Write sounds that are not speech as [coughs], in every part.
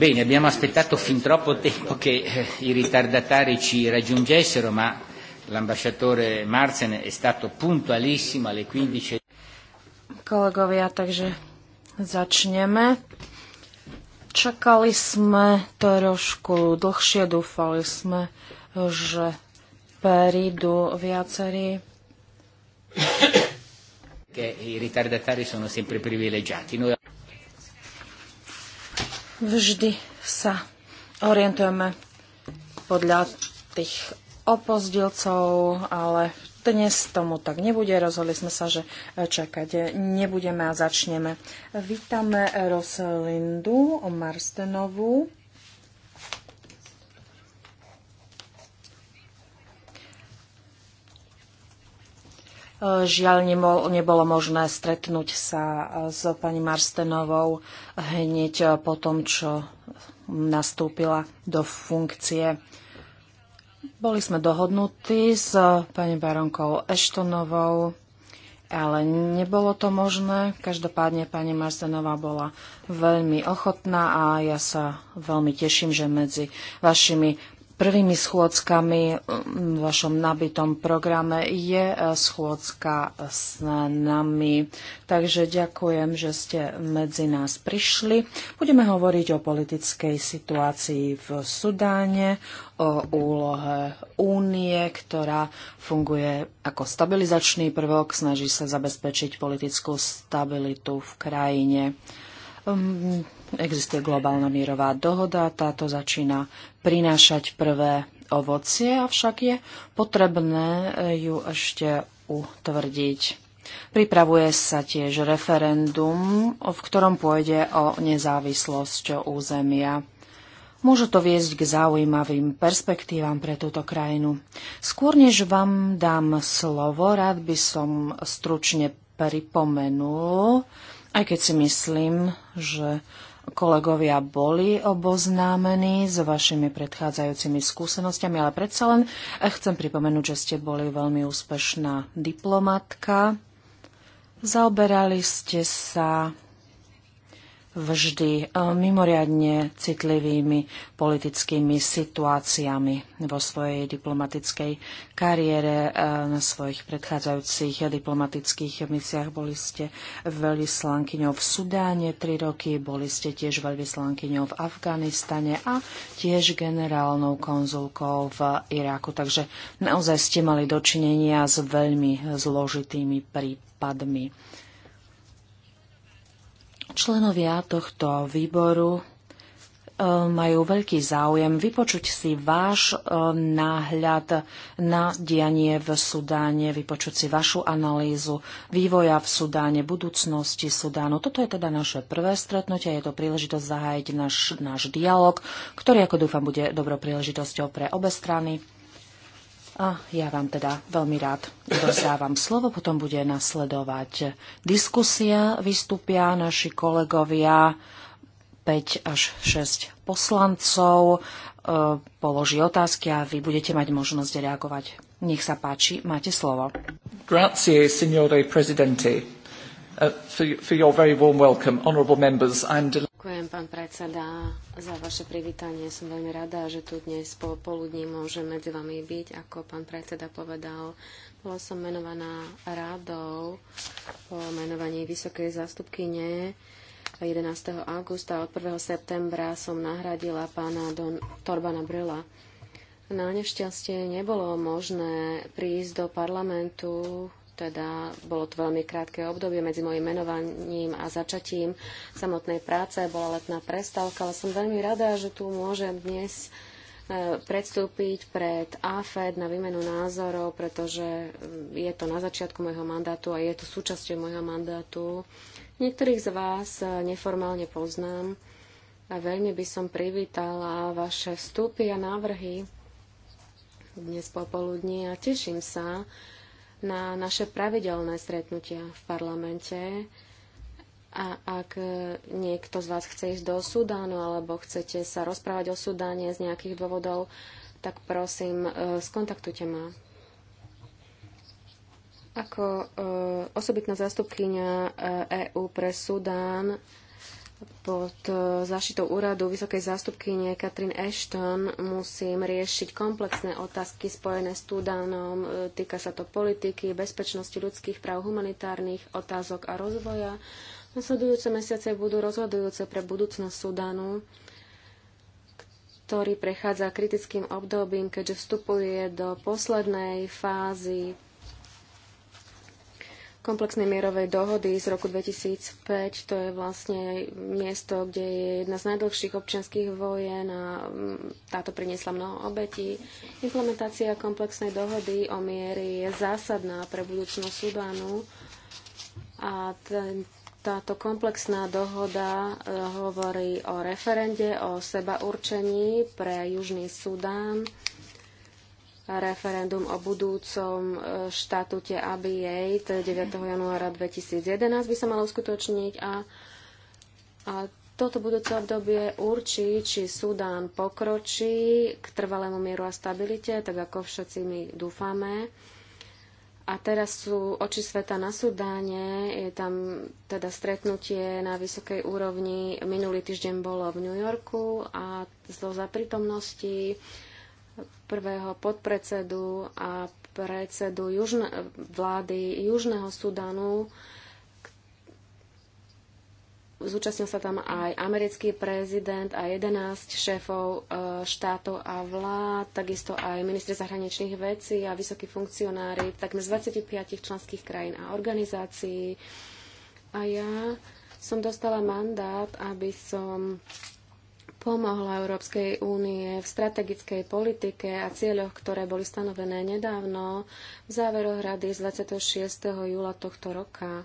Bene, abbiamo aspettato fin troppo tempo che eh, i ritardatari ci raggiungessero, ma l'ambasciatore Marzen è stato puntualissimo alle 15. Kolegovia, takže začneme. Čakali sme trošku dlhšie, dúfali sme, že prídu viacerí. Che i ritardatari sono sempre privilegiati. Noi... Vždy sa orientujeme podľa tých opozdilcov, ale dnes tomu tak nebude. Rozhodli sme sa, že čakať nebudeme a začneme. Vítame Rosalindu Marstenovú Žiaľ, nebolo možné stretnúť sa e, s pani Marstenovou hneď e, po tom, čo nastúpila do funkcie. Boli sme dohodnutí s pani baronkou Eštonovou, ale nebolo to možné. Každopádne pani Marstenová bola veľmi ochotná a ja sa veľmi teším, že medzi vašimi prvými schôdzkami mm, v vašom nabitom programe je e, schôdzka s nami. Takže ďakujem, že ste medzi nás prišli. Budeme hovoriť o politickej situácii v Sudáne, o úlohe únie, ktorá funguje ako stabilizačný prvok, snaží sa zabezpečiť politickú stabilitu v krajine. Ehm, Existuje globálna mierová dohoda, táto začína prinášať prvé ovocie, avšak je potrebné ju ešte utvrdiť. Pripravuje sa tiež referendum, v ktorom pôjde o nezávislosť územia. Môže to viesť k zaujímavým perspektívam pre túto krajinu. Skôr než vám dám slovo, rád by som stručne pripomenul, aj keď si myslím, že kolegovia boli oboznámení s vašimi predchádzajúcimi skúsenostiami, ale predsa len eh, chcem pripomenúť, že ste boli veľmi úspešná diplomatka. Zaoberali ste sa vždy e, mimoriadne citlivými politickými situáciami vo svojej diplomatickej kariére. E, na svojich predchádzajúcich diplomatických misiách boli ste veľvyslankyňou v Sudáne tri roky, boli ste tiež veľvyslankyňou v Afganistane a tiež generálnou konzulkou v Iraku. Takže naozaj ste mali dočinenia s veľmi zložitými prípadmi. Členovia tohto výboru e, majú veľký záujem vypočuť si váš e, náhľad na dianie v Sudáne, vypočuť si vašu analýzu vývoja v Sudáne, budúcnosti Sudánu. Toto je teda naše prvé stretnutie, je to príležitosť zahájiť náš, náš dialog, ktorý, ako dúfam, bude dobrou príležitosťou pre obe strany. A ja vám teda veľmi rád dostávam slovo, potom bude nasledovať diskusia, vystúpia naši kolegovia, 5 až 6 poslancov, e, položí otázky a vy budete mať možnosť reagovať. Nech sa páči, máte slovo. Grazie, signore presidente. Uh, for, for your very warm welcome, honorable members. I'm Ďakujem, pán predseda, za vaše privítanie. Som veľmi rada, že tu dnes po poludní môžem medzi vami byť. Ako pán predseda povedal, bola som menovaná rádou po menovaní vysokej zástupkyne 11. augusta. Od 1. septembra som nahradila pána Don, Torbana Brila. Na nešťastie nebolo možné prísť do parlamentu teda bolo to veľmi krátke obdobie medzi mojim menovaním a začatím samotnej práce. Bola letná prestávka, ale som veľmi rada, že tu môžem dnes e, predstúpiť pred AFED na výmenu názorov, pretože mm, je to na začiatku môjho mandátu a je to súčasťou môjho mandátu. Niektorých z vás e, neformálne poznám a veľmi by som privítala vaše vstupy a návrhy dnes popoludní a teším sa, na naše pravidelné stretnutia v parlamente. A ak niekto z vás chce ísť do Sudánu alebo chcete sa rozprávať o Sudáne z nejakých dôvodov, tak prosím, e, skontaktujte ma. Ako e, osobitná zástupkynia EÚ e pre Sudán pod e, zašitou úradu vysokej zástupkyne Katrin Ashton musím riešiť komplexné otázky spojené s Tudanom. E, týka sa to politiky, bezpečnosti ľudských práv, humanitárnych otázok a rozvoja. Nasledujúce mesiace budú rozhodujúce pre budúcnosť Sudanu, ktorý prechádza kritickým obdobím, keďže vstupuje do poslednej fázy komplexnej mierovej dohody z roku 2005. To je vlastne miesto, kde je jedna z najdlhších občianských vojen a mm, táto priniesla mnoho obetí. Implementácia komplexnej dohody o miery je zásadná pre budúcnosť Sudánu a ten, táto komplexná dohoda e, hovorí o referende, o seba určení pre Južný Sudán referendum o budúcom e, štatúte ABA 9. januára 2011 by sa malo uskutočniť a, a toto budúce obdobie určí, či Sudán pokročí k trvalému mieru a stabilite, tak ako všetci my dúfame. A teraz sú oči sveta na Sudáne, je tam teda stretnutie na vysokej úrovni. Minulý týždeň bolo v New Yorku a zlo za prítomnosti prvého podpredsedu a predsedu južne, vlády Južného Sudanu. Zúčastnil sa tam aj americký prezident a 11 šéfov e, štátov a vlád, takisto aj ministri zahraničných vecí a vysokí funkcionári takmer z 25 členských krajín a organizácií. A ja som dostala mandát, aby som pomohla Európskej únie v strategickej politike a cieľoch, ktoré boli stanovené nedávno v záveroch rady z 26. júla tohto roka.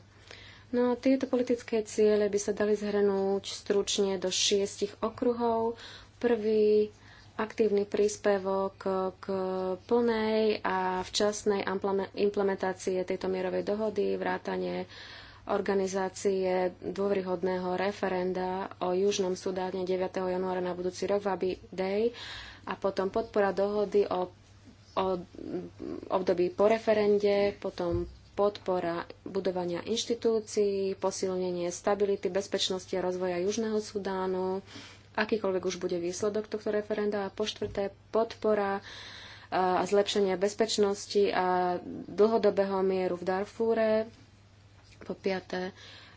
No a tieto politické ciele by sa dali zhrnúť stručne do šiestich okruhov. Prvý aktívny príspevok k plnej a včasnej implementácie tejto mierovej dohody, vrátanie organizácie dôvryhodného referenda o Južnom Sudáne 9. januára na budúci rok v Day a potom podpora dohody o, o období po referende, potom podpora budovania inštitúcií, posilnenie stability, bezpečnosti a rozvoja Južného Sudánu, akýkoľvek už bude výsledok tohto referenda a po štvrté podpora a zlepšenie bezpečnosti a dlhodobého mieru v Darfúre, po piaté,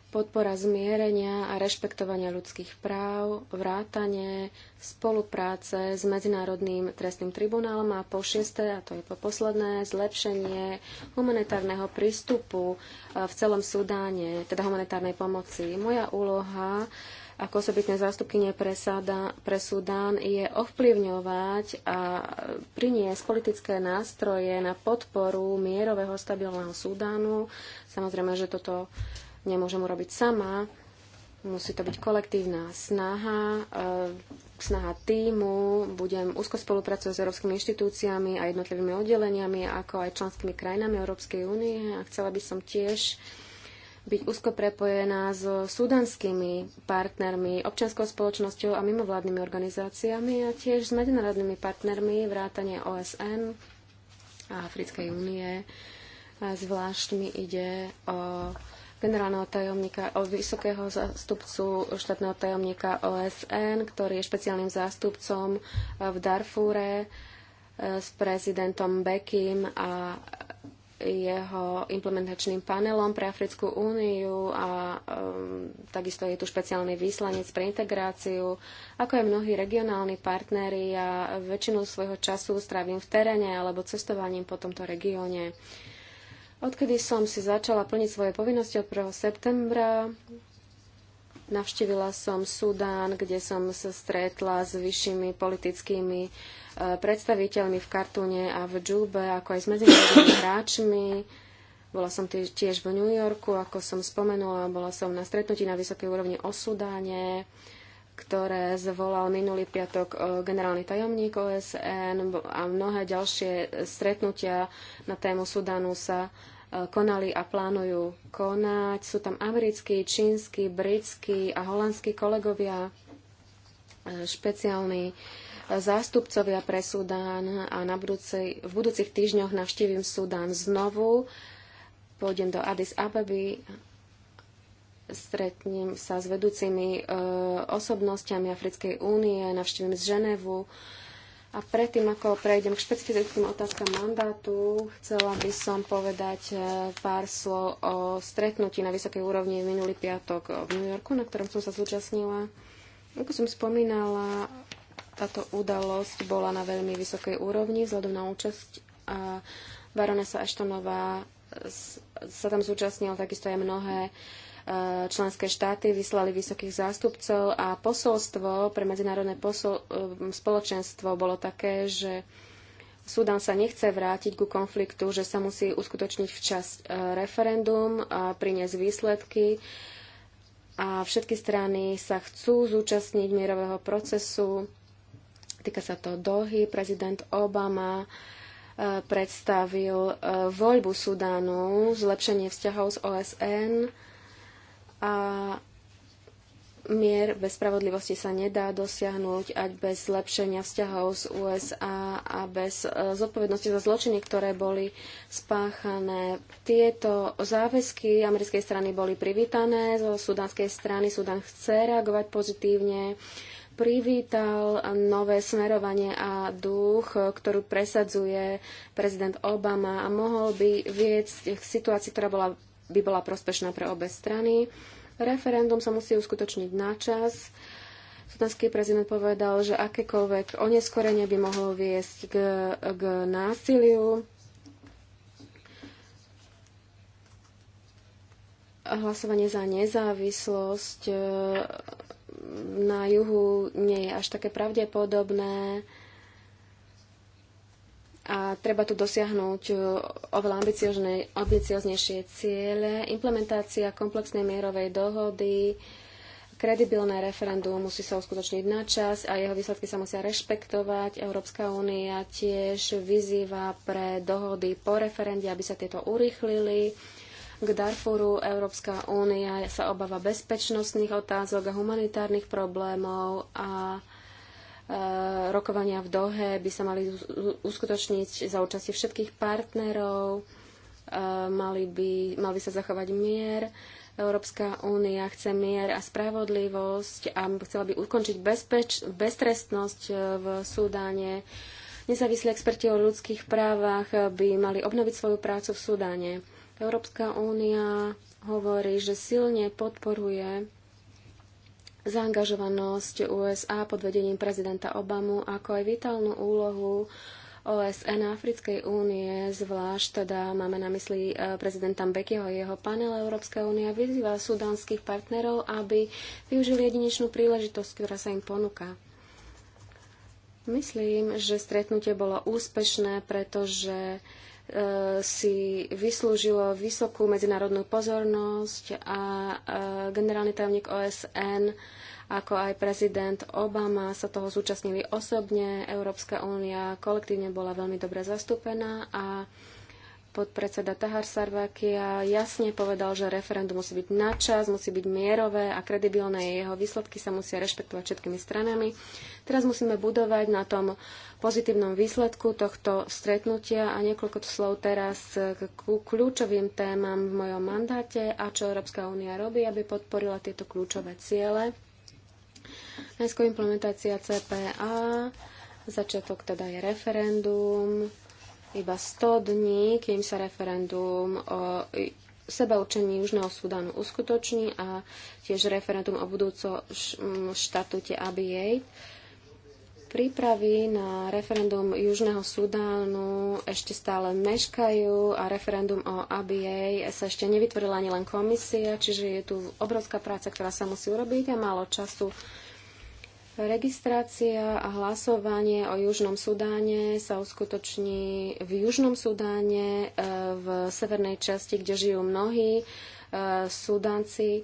podpora zmierenia a rešpektovania ľudských práv, vrátanie spolupráce s Medzinárodným trestným tribunálom a po šiesté, a to je po posledné, zlepšenie humanitárneho prístupu e, v celom Sudáne, teda humanitárnej pomoci. Moja úloha ako osobitné zástupkynie pre, pre Sudán je ovplyvňovať a priniesť politické nástroje na podporu mierového stabilného Sudánu Samozrejme, že toto nemôžem urobiť sama. Musí to byť kolektívna snaha, e, snaha týmu. Budem úzko spolupracovať s európskymi inštitúciami a jednotlivými oddeleniami, ako aj členskými krajinami Európskej únie. A chcela by som tiež byť úzko prepojená so sudanskými partnermi, občianskou spoločnosťou a mimovládnymi organizáciami a tiež s medzinárodnými partnermi vrátane OSN a Africkej únie a zvlášť mi ide o generálneho tajomníka, o vysokého zástupcu štátneho tajomníka OSN, ktorý je špeciálnym zástupcom v Darfúre e, s prezidentom Bekim a jeho implementačným panelom pre Africkú úniu a um, takisto je tu špeciálny výslanec pre integráciu, ako aj mnohí regionálni partnery. a väčšinu svojho času strávim v teréne alebo cestovaním po tomto regióne. Uh, Odkedy som si začala plniť svoje povinnosti od 1. septembra, navštívila som Sudán, kde som sa stretla s vyššími politickými e, predstaviteľmi v Kartúne a v Džube, ako aj s medzinárodnými [coughs] hráčmi. Bola som tiež v New Yorku, ako som spomenula, bola som na stretnutí na vysokej úrovni o Sudáne ktoré zvolal minulý piatok e, generálny tajomník OSN a mnohé ďalšie stretnutia na tému Sudanu sa e, konali a plánujú konať. Sú tam americkí, čínsky, britskí a holandskí kolegovia, e, špeciálni zástupcovia pre Sudán a na budúcej, v budúcich týždňoch navštívim Sudán znovu. Pôjdem do Addis Abeby Stretnem sa s vedúcimi e, osobnosťami Africkej únie, navštívim z Ženevu. A predtým, ako prejdem k špecifickým otázkam mandátu, chcela by som povedať e, pár slov o stretnutí na vysokej úrovni minulý piatok v New Yorku, na ktorom som sa zúčastnila. Ako som spomínala, táto udalosť bola na veľmi vysokej úrovni vzhľadom na účasť a baronesa Ashtonová sa tam zúčastnila takisto aj mnohé uh, E, členské štáty vyslali vysokých zástupcov a posolstvo pre medzinárodné posol, e, spoločenstvo bolo také, že Súdan sa nechce vrátiť ku konfliktu, že sa musí uskutočniť včas e, referendum a priniesť výsledky a všetky strany sa chcú zúčastniť mierového procesu. Týka sa to Dohy. Prezident Obama predstavil voľbu Sudánu, zlepšenie vzťahov s OSN a mier bez spravodlivosti sa nedá dosiahnuť ať bez zlepšenia vzťahov z USA a bez e, zodpovednosti za zločiny, ktoré boli spáchané. Tieto záväzky americkej strany boli privítané zo sudanskej strany. Sudan chce reagovať pozitívne privítal nové smerovanie a duch, ktorú presadzuje prezident Obama a mohol by viesť k situácii, ktorá bola by bola prospešná pre obe strany. Referendum sa musí uskutočniť na čas. Sudanský prezident povedal, že akékoľvek oneskorenie by mohlo viesť k, k násiliu. Hlasovanie za nezávislosť e, na juhu nie je až také pravdepodobné a treba tu dosiahnuť e, oveľa ambicioznejšie ciele. Implementácia komplexnej mierovej dohody, kredibilné referendum musí sa uskutočniť na čas a jeho výsledky sa musia rešpektovať. Európska únia tiež vyzýva pre dohody po referende, aby sa tieto urýchlili. K Darfuru Európska únia sa obáva bezpečnostných otázok a humanitárnych problémov a Eh, rokovania v Dohe by sa mali uskutočniť za účasti všetkých partnerov, eh, mali by, mal by sa zachovať mier. Európska únia chce mier a spravodlivosť a chcela by ukončiť bezpeč, beztrestnosť eh, v Súdáne. Nezávislí experti o ľudských právach by mali obnoviť svoju prácu v Súdáne. Európska únia hovorí, že silne podporuje zaangažovanosť USA pod vedením prezidenta Obamu, ako aj vitálnu úlohu OSN Africkej únie, zvlášť teda máme na mysli e, prezidenta Bekieho a jeho panel Európska únia, vyzýva sudánskych partnerov, aby využili jedinečnú príležitosť, ktorá sa im ponúka. Myslím, že stretnutie bolo úspešné, pretože E, si vyslúžilo vysokú medzinárodnú pozornosť a e, generálny tajomník OSN ako aj prezident Obama sa toho zúčastnili osobne. Európska únia kolektívne bola veľmi dobre zastúpená a podpredseda Tahar Sarvakia jasne povedal, že referendum musí byť na čas, musí byť mierové a kredibilné. Jeho výsledky sa musia rešpektovať všetkými stranami. Teraz musíme budovať na tom pozitívnom výsledku tohto stretnutia a niekoľko slov teraz k kľúčovým témam v mojom mandáte a čo Európska únia robí, aby podporila tieto kľúčové ciele. Najskôr implementácia CPA, začiatok teda je referendum, iba 100 dní, kým sa referendum o sebaurčení Južného Sudánu uskutoční a tiež referendum o budúco štatúte ABA. Prípravy na referendum Južného Sudánu ešte stále meškajú a referendum o ABA sa ešte nevytvorila ani len komisia, čiže je tu obrovská práca, ktorá sa musí urobiť a málo času Registrácia a hlasovanie o Južnom Sudáne sa uskutoční v Južnom Sudáne, e, v severnej časti, kde žijú mnohí e, Sudánci.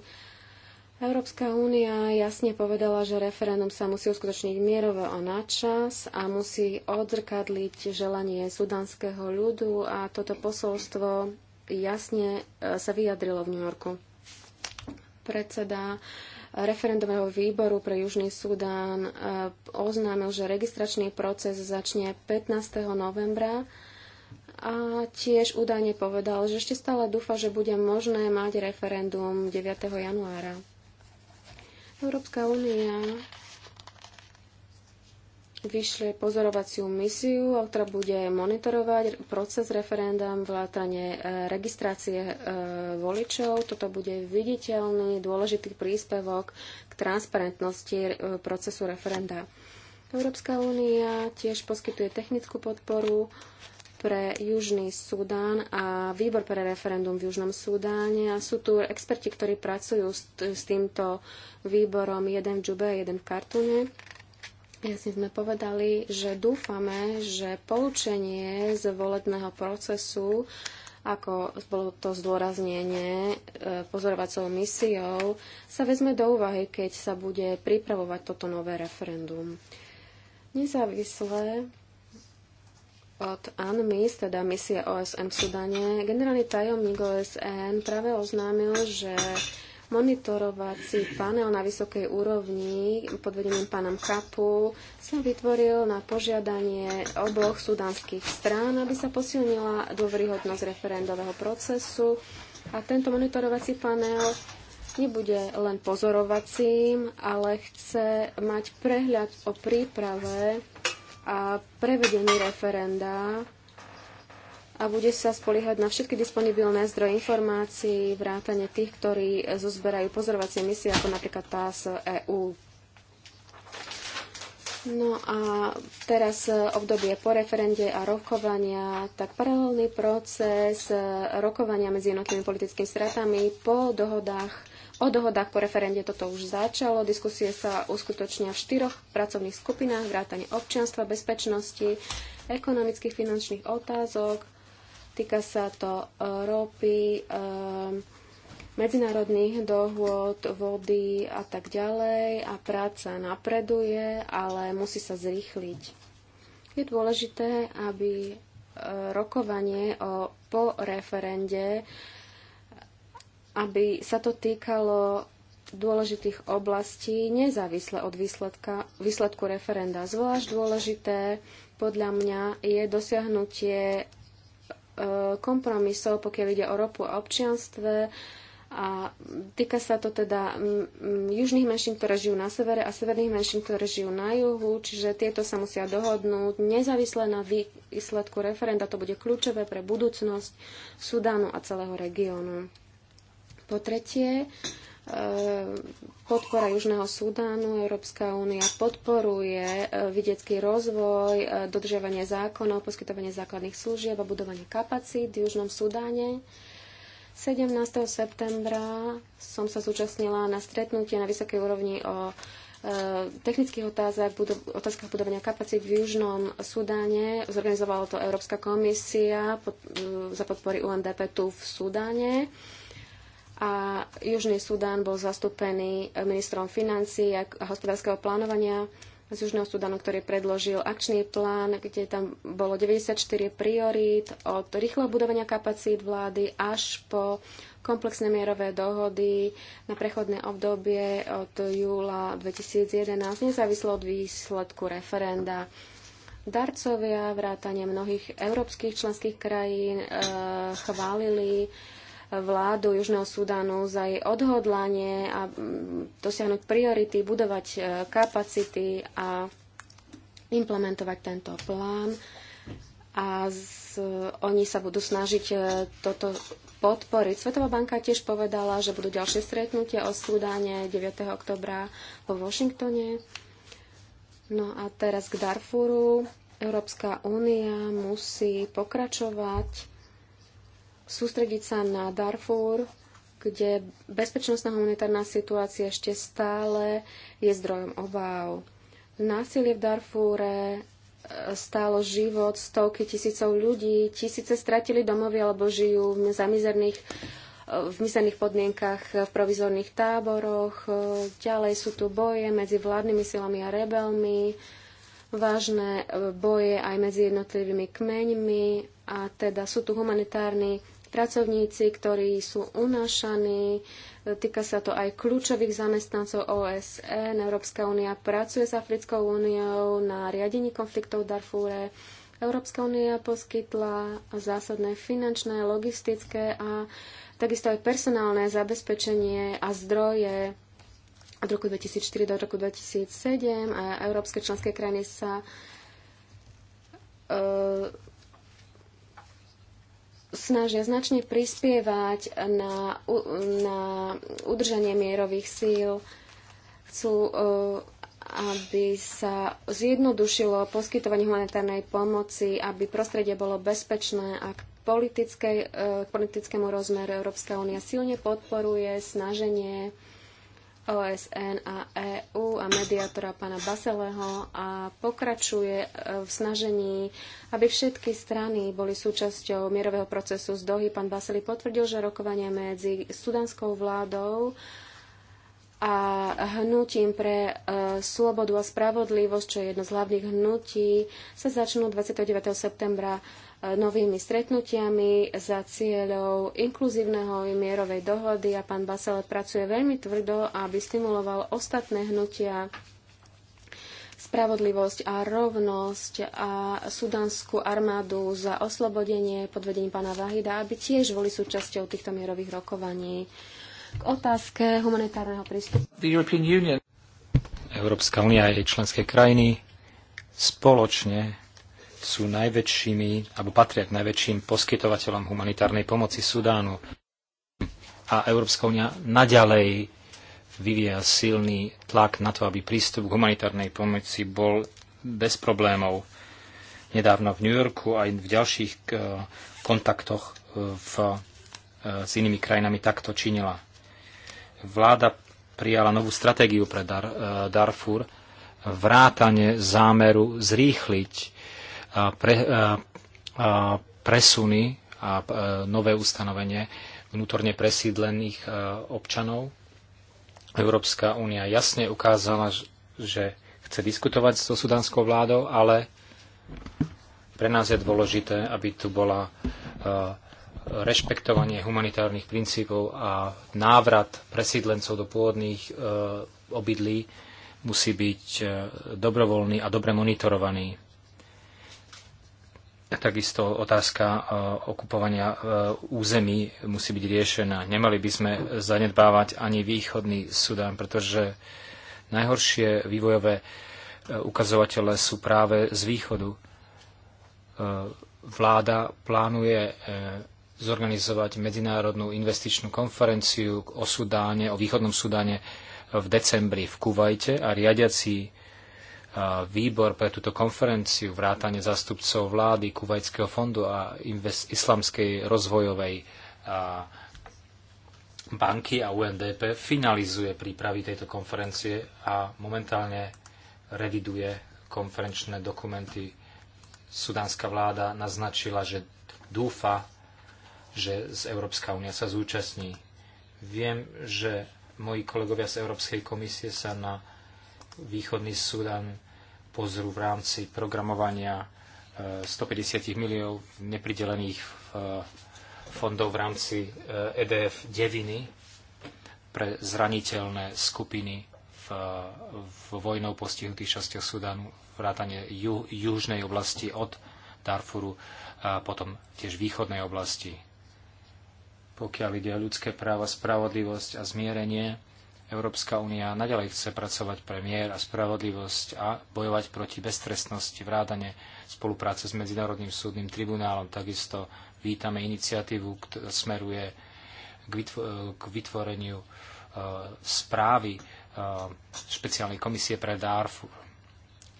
Európska únia jasne povedala, že referendum sa musí uskutočniť mierové a načas a musí odzrkadliť želanie sudánskeho ľudu a toto posolstvo jasne e, sa vyjadrilo v New Yorku. Predseda uh, referendového výboru pre Južný Sudán e, oznámil, že registračný proces začne 15. novembra a tiež údajne povedal, že ešte stále dúfa, že bude možné mať referendum 9. januára. Európska únia vyšle pozorovaciu misiu, ktorá bude monitorovať proces referenda vlátanie e, registrácie e, voličov. Toto bude viditeľný, dôležitý príspevok k transparentnosti e, procesu referenda. Európska únia tiež poskytuje technickú podporu pre Južný Sudán a výbor pre referendum v Južnom Sudáne. A sú tu experti, ktorí pracujú s, s týmto výborom, jeden v Džube a jeden v Kartune Jasne sme povedali, že dúfame, že poučenie z volebného procesu, ako bolo to zdôraznenie pozorovacou misiou, sa vezme do úvahy, keď sa bude pripravovať toto nové referendum. Nezávisle od ANMIS, teda misie OSN v Sudane, generálny tajomník OSN práve oznámil, že Monitorovací panel na vysokej úrovni pod vedením pánom Kapu sa vytvoril na požiadanie oboch sudánskych strán, aby sa posilnila dôveryhodnosť referendového procesu. A tento monitorovací panel nebude len pozorovacím, ale chce mať prehľad o príprave a prevedení referenda a bude sa spoliehať na všetky disponibilné zdroje informácií, vrátane tých, ktorí zozberajú pozorovacie misie, ako napríklad tá z e No a teraz obdobie po referende a rokovania, tak paralelný proces rokovania medzi jednotnými politickými stratami po dohodách O dohodách po referende toto už začalo. Diskusie sa uskutočnia v štyroch pracovných skupinách, vrátane občianstva, bezpečnosti, ekonomických finančných otázok, Týka sa to e, ropy, e, medzinárodných dohôd, vody a tak ďalej a práca napreduje, ale musí sa zrýchliť. Je dôležité, aby e, rokovanie o, po referende, aby sa to týkalo dôležitých oblastí nezávisle od výsledka, výsledku referenda. Zvlášť dôležité podľa mňa je dosiahnutie kompromisov, pokiaľ ide o ropu a občianstve. A týka sa to teda južných menšín, ktoré žijú na severe a severných menšín, ktoré žijú na juhu, čiže tieto sa musia dohodnúť nezávisle na výsledku referenda. To bude kľúčové pre budúcnosť Sudánu a celého regiónu. Po tretie, Eh, podpora Južného Sudánu. Európska únia podporuje eh, vidiecký rozvoj, eh, dodržiavanie zákonov, poskytovanie základných služieb a budovanie kapacít v Južnom Sudáne. 17. septembra som sa zúčastnila na stretnutie na vysokej úrovni o technických otázkach, budov, otázkach budovania kapacít v Južnom Sudáne. Zorganizovala to Európska komisia pod, za podpory UNDP tu v Sudáne a Južný Sudán bol zastúpený ministrom financí a hospodárskeho plánovania z Južného Sudánu, ktorý predložil akčný plán, kde tam bolo 94 priorít od rýchleho budovania kapacít vlády až po komplexné mierové dohody na prechodné obdobie od júla 2011, nezávislo od výsledku referenda darcovia, vrátane mnohých európskych členských krajín, e, chválili vládu Južného Sudánu za jej odhodlanie a mm, dosiahnuť priority, budovať e, kapacity a implementovať tento plán. A z, oni sa budú snažiť e, toto podporiť. Svetová banka tiež povedala, že budú ďalšie stretnutie o Sudáne 9. oktobra vo Washingtone. No a teraz k Darfuru. Európska únia musí pokračovať sústrediť sa na Darfur, kde bezpečnostná humanitárna situácia ešte stále je zdrojom obáv. Násilie v Darfúre e, stálo život stovky tisícov ľudí, tisíce stratili domovy alebo žijú v nezamizerných e, v mizerných podmienkach e, v provizorných táboroch. Ďalej sú tu boje medzi vládnymi silami a rebelmi, vážne boje aj medzi jednotlivými kmeňmi a teda sú tu humanitárni pracovníci, ktorí sú unášaní. Týka sa to aj kľúčových zamestnancov OSN. Európska únia pracuje s Africkou úniou na riadení konfliktov v Darfúre. Európska únia poskytla zásadné finančné, logistické a takisto aj personálne zabezpečenie a zdroje od roku 2004 do roku 2007 a európske členské krajiny sa e, snažia značne prispievať na, na udržanie mierových síl. Chcú, e, aby sa zjednodušilo poskytovanie humanitárnej pomoci, aby prostredie bolo bezpečné a k, e, k politickému rozmeru Európska únia silne podporuje snaženie OSN a EÚ a mediátora pána Baseleho a pokračuje e, v snažení, aby všetky strany boli súčasťou mierového procesu z Dohy. Pán Basely potvrdil, že rokovania medzi sudanskou vládou a hnutím pre e, slobodu a spravodlivosť, čo je jedno z hlavných hnutí, sa začnú 29. septembra E, novými stretnutiami za cieľou inkluzívneho i mierovej dohody a pán Basele pracuje veľmi tvrdo, aby stimuloval ostatné hnutia spravodlivosť a rovnosť a sudanskú armádu za oslobodenie pod vedením pána Vahida, aby tiež boli súčasťou týchto mierových rokovaní. K otázke humanitárneho prístupu. Európska únia a jej členské krajiny spoločne sú najväčšími, alebo patria k najväčším poskytovateľom humanitárnej pomoci Sudánu. A Európska únia naďalej vyvíja silný tlak na to, aby prístup k humanitárnej pomoci bol bez problémov. Nedávno v New Yorku aj v ďalších eh, kontaktoch eh, v, eh, s inými krajinami takto činila. Vláda prijala novú stratégiu pre Dar, Darfur, vrátane zámeru zrýchliť pre, presuny a e, nové ustanovenie vnútorne presídlených e, občanov. Európska únia jasne ukázala, že chce diskutovať so sudánskou vládou, ale pre nás je dôležité, aby tu bola e, rešpektovanie humanitárnych princípov a návrat presídlencov do pôvodných e, obydlí musí byť dobrovoľný a dobre monitorovaný. Takisto otázka e, okupovania e, území musí byť riešená. Nemali by sme zanedbávať ani východný Sudán, pretože najhoršie vývojové e, ukazovatele sú práve z východu. Vláda plánuje zorganizovať medzinárodnú investičnú konferenciu o Sudáne, o východnom Sudáne v decembri v Kuvajte a riadiaci výbor pre túto konferenciu, vrátane zástupcov vlády Kuvajského fondu a invest- Islamskej rozvojovej a banky a UNDP finalizuje prípravy tejto konferencie a momentálne reviduje konferenčné dokumenty. Sudánska vláda naznačila, že dúfa, že z Európska únia sa zúčastní. Viem, že moji kolegovia z Európskej komisie sa na východný Sudan pozrú v rámci programovania 150 e, miliónov nepridelených e, fondov v rámci EDF e 9 pre zraniteľné skupiny v, v vojnou postihnutých častiach Sudanu, vrátane ju, južnej oblasti od Darfuru a potom tiež východnej oblasti. Pokiaľ ide o ľudské práva, spravodlivosť a zmierenie, Európska únia naďalej chce pracovať pre mier a spravodlivosť a bojovať proti beztrestnosti, vrádane spolupráce s Medzinárodným súdnym tribunálom. Takisto vítame iniciatívu, ktorá smeruje k, vytvoreniu e, správy e, špeciálnej komisie pre Darfur.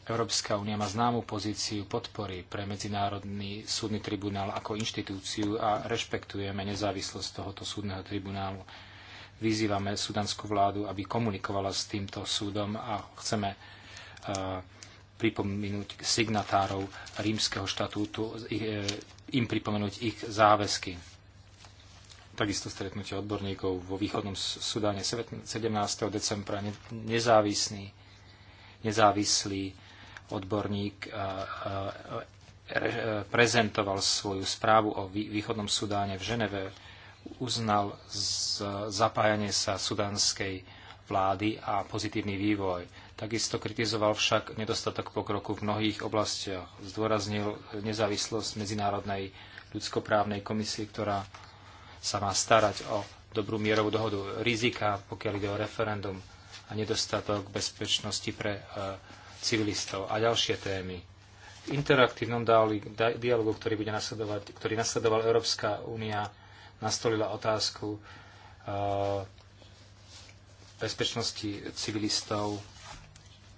Európska únia má známu pozíciu podpory pre Medzinárodný súdny tribunál ako inštitúciu a rešpektujeme nezávislosť tohoto súdneho tribunálu Vyzývame sudanskú vládu, aby komunikovala s týmto súdom a chceme e, pripomenúť signatárov rímskeho štatútu, e, im pripomenúť ich záväzky. Takisto stretnutie odborníkov vo východnom Sudáne 17. decembra nezávislý, nezávislý odborník e, prezentoval svoju správu o východnom Sudáne v Ženeve uznal zapájanie sa sudanskej vlády a pozitívny vývoj. Takisto kritizoval však nedostatok pokroku v mnohých oblastiach. Zdôraznil nezávislosť Medzinárodnej ľudskoprávnej komisie, ktorá sa má starať o dobrú mierovú dohodu, rizika, pokiaľ ide o referendum a nedostatok bezpečnosti pre e, civilistov a ďalšie témy. V interaktívnom dialogu, ktorý bude nasledovať, ktorý nasledoval Európska únia, nastolila otázku uh, bezpečnosti civilistov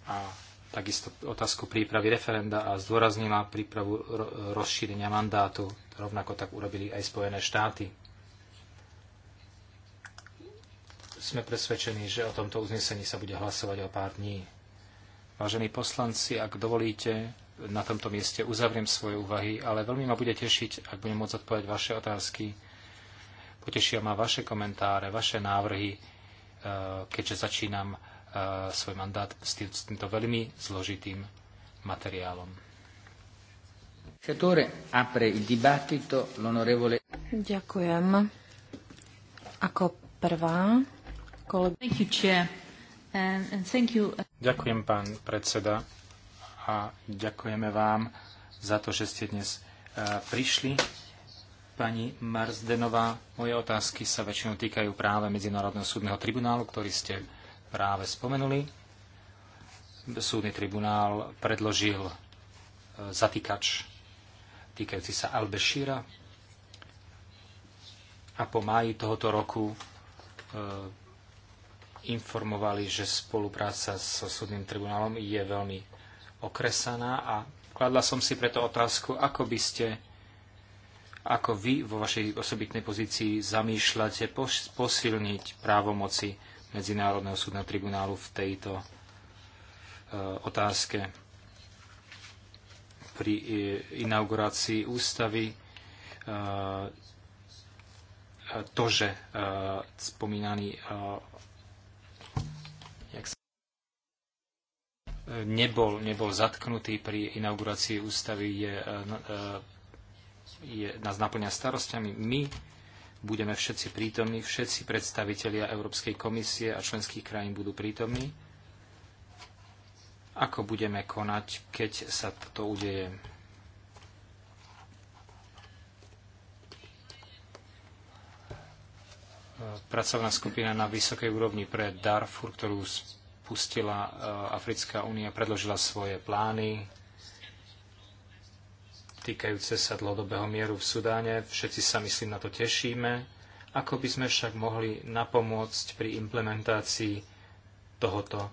a takisto otázku prípravy referenda a zdôraznila prípravu rozšírenia mandátu. Rovnako tak urobili aj Spojené štáty. Sme presvedčení, že o tomto uznesení sa bude hlasovať o pár dní. Vážení poslanci, ak dovolíte, na tomto mieste uzavriem svoje úvahy, ale veľmi ma bude tešiť, ak budem môcť odpovedať vaše otázky Potešia ma vaše komentáre, vaše návrhy, e, keďže začínam e, svoj mandát s týmto veľmi zložitým materiálom. Ďakujem. Ako prvá kolega... Um, Ďakujem, pán predseda, a ďakujeme vám za to, že ste dnes e, prišli Pani Marsdenová, moje otázky sa väčšinou týkajú práve Medzinárodného súdneho tribunálu, ktorý ste práve spomenuli. Súdny tribunál predložil e, zatýkač týkajúci sa Albešíra. a po máji tohoto roku e, informovali, že spolupráca so súdnym tribunálom je veľmi okresaná a kladla som si preto otázku, ako by ste ako vy vo vašej osobitnej pozícii zamýšľate posilniť právomoci Medzinárodného súdneho tribunálu v tejto e, otázke. Pri e, inaugurácii ústavy e, to, že spomínaný nebol, nebol zatknutý pri inaugurácii ústavy, je no, je, nás naplňa starostiami. My budeme všetci prítomní, všetci predstavitelia Európskej komisie a členských krajín budú prítomní. Ako budeme konať, keď sa to udeje? pracovná skupina na vysokej úrovni pre Darfur, ktorú spustila e, Africká únia, predložila svoje plány týkajúce sa dlhodobého mieru v Sudáne. Všetci sa, myslím, na to tešíme. Ako by sme však mohli napomôcť pri implementácii tohoto,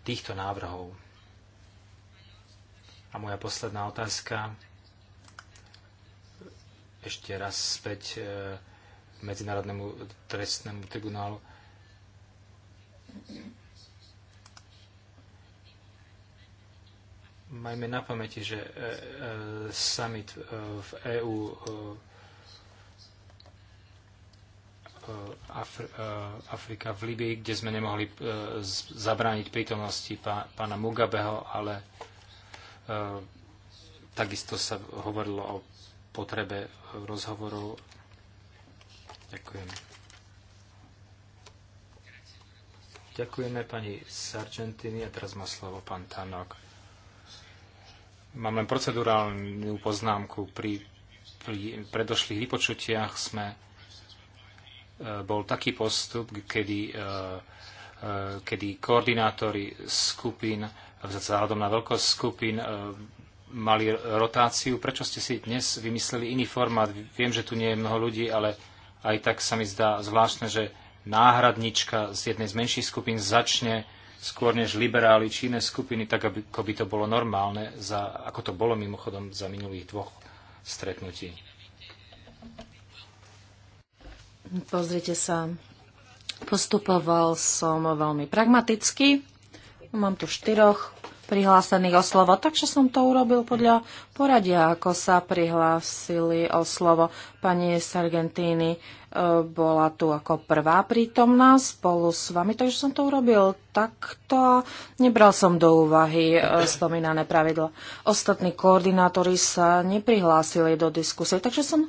týchto návrhov? A moja posledná otázka. Ešte raz späť k e, Medzinárodnému trestnému tribunálu Majme na pamäti, že e, e, summit e, v EÚ Afri Afrika v Libii, kde sme nemohli zabrániť prítomnosti pána Mugabeho, ale takisto sa hovorilo o potrebe rozhovorov. Ďakujem. Ďakujeme pani Sargentini a teraz má slovo pán Tanok. Mám len procedurálnu poznámku. Pri, pri predošlých vypočutiach sme e, bol taký postup, kedy, e, e, kedy koordinátori skupín, vzhľadom na veľkosť skupín, mali rotáciu. Prečo ste si dnes vymysleli iný formát? Viem, že tu nie je mnoho ľudí, ale aj tak sa mi zdá zvláštne, že náhradnička z jednej z menších skupín začne skôr než liberáli či iné skupiny, tak aby, ako by to bolo normálne, za, ako to bolo mimochodom za minulých dvoch stretnutí. Pozrite sa, postupoval som veľmi pragmaticky. Mám tu štyroch prihlásených o slovo, takže som to urobil podľa poradia, ako sa prihlásili o slovo pani Sargentini bola tu ako prvá prítomná spolu s vami, takže som to urobil takto. a Nebral som do úvahy e, spomínané pravidlo. Ostatní koordinátori sa neprihlásili do diskusie, takže som e,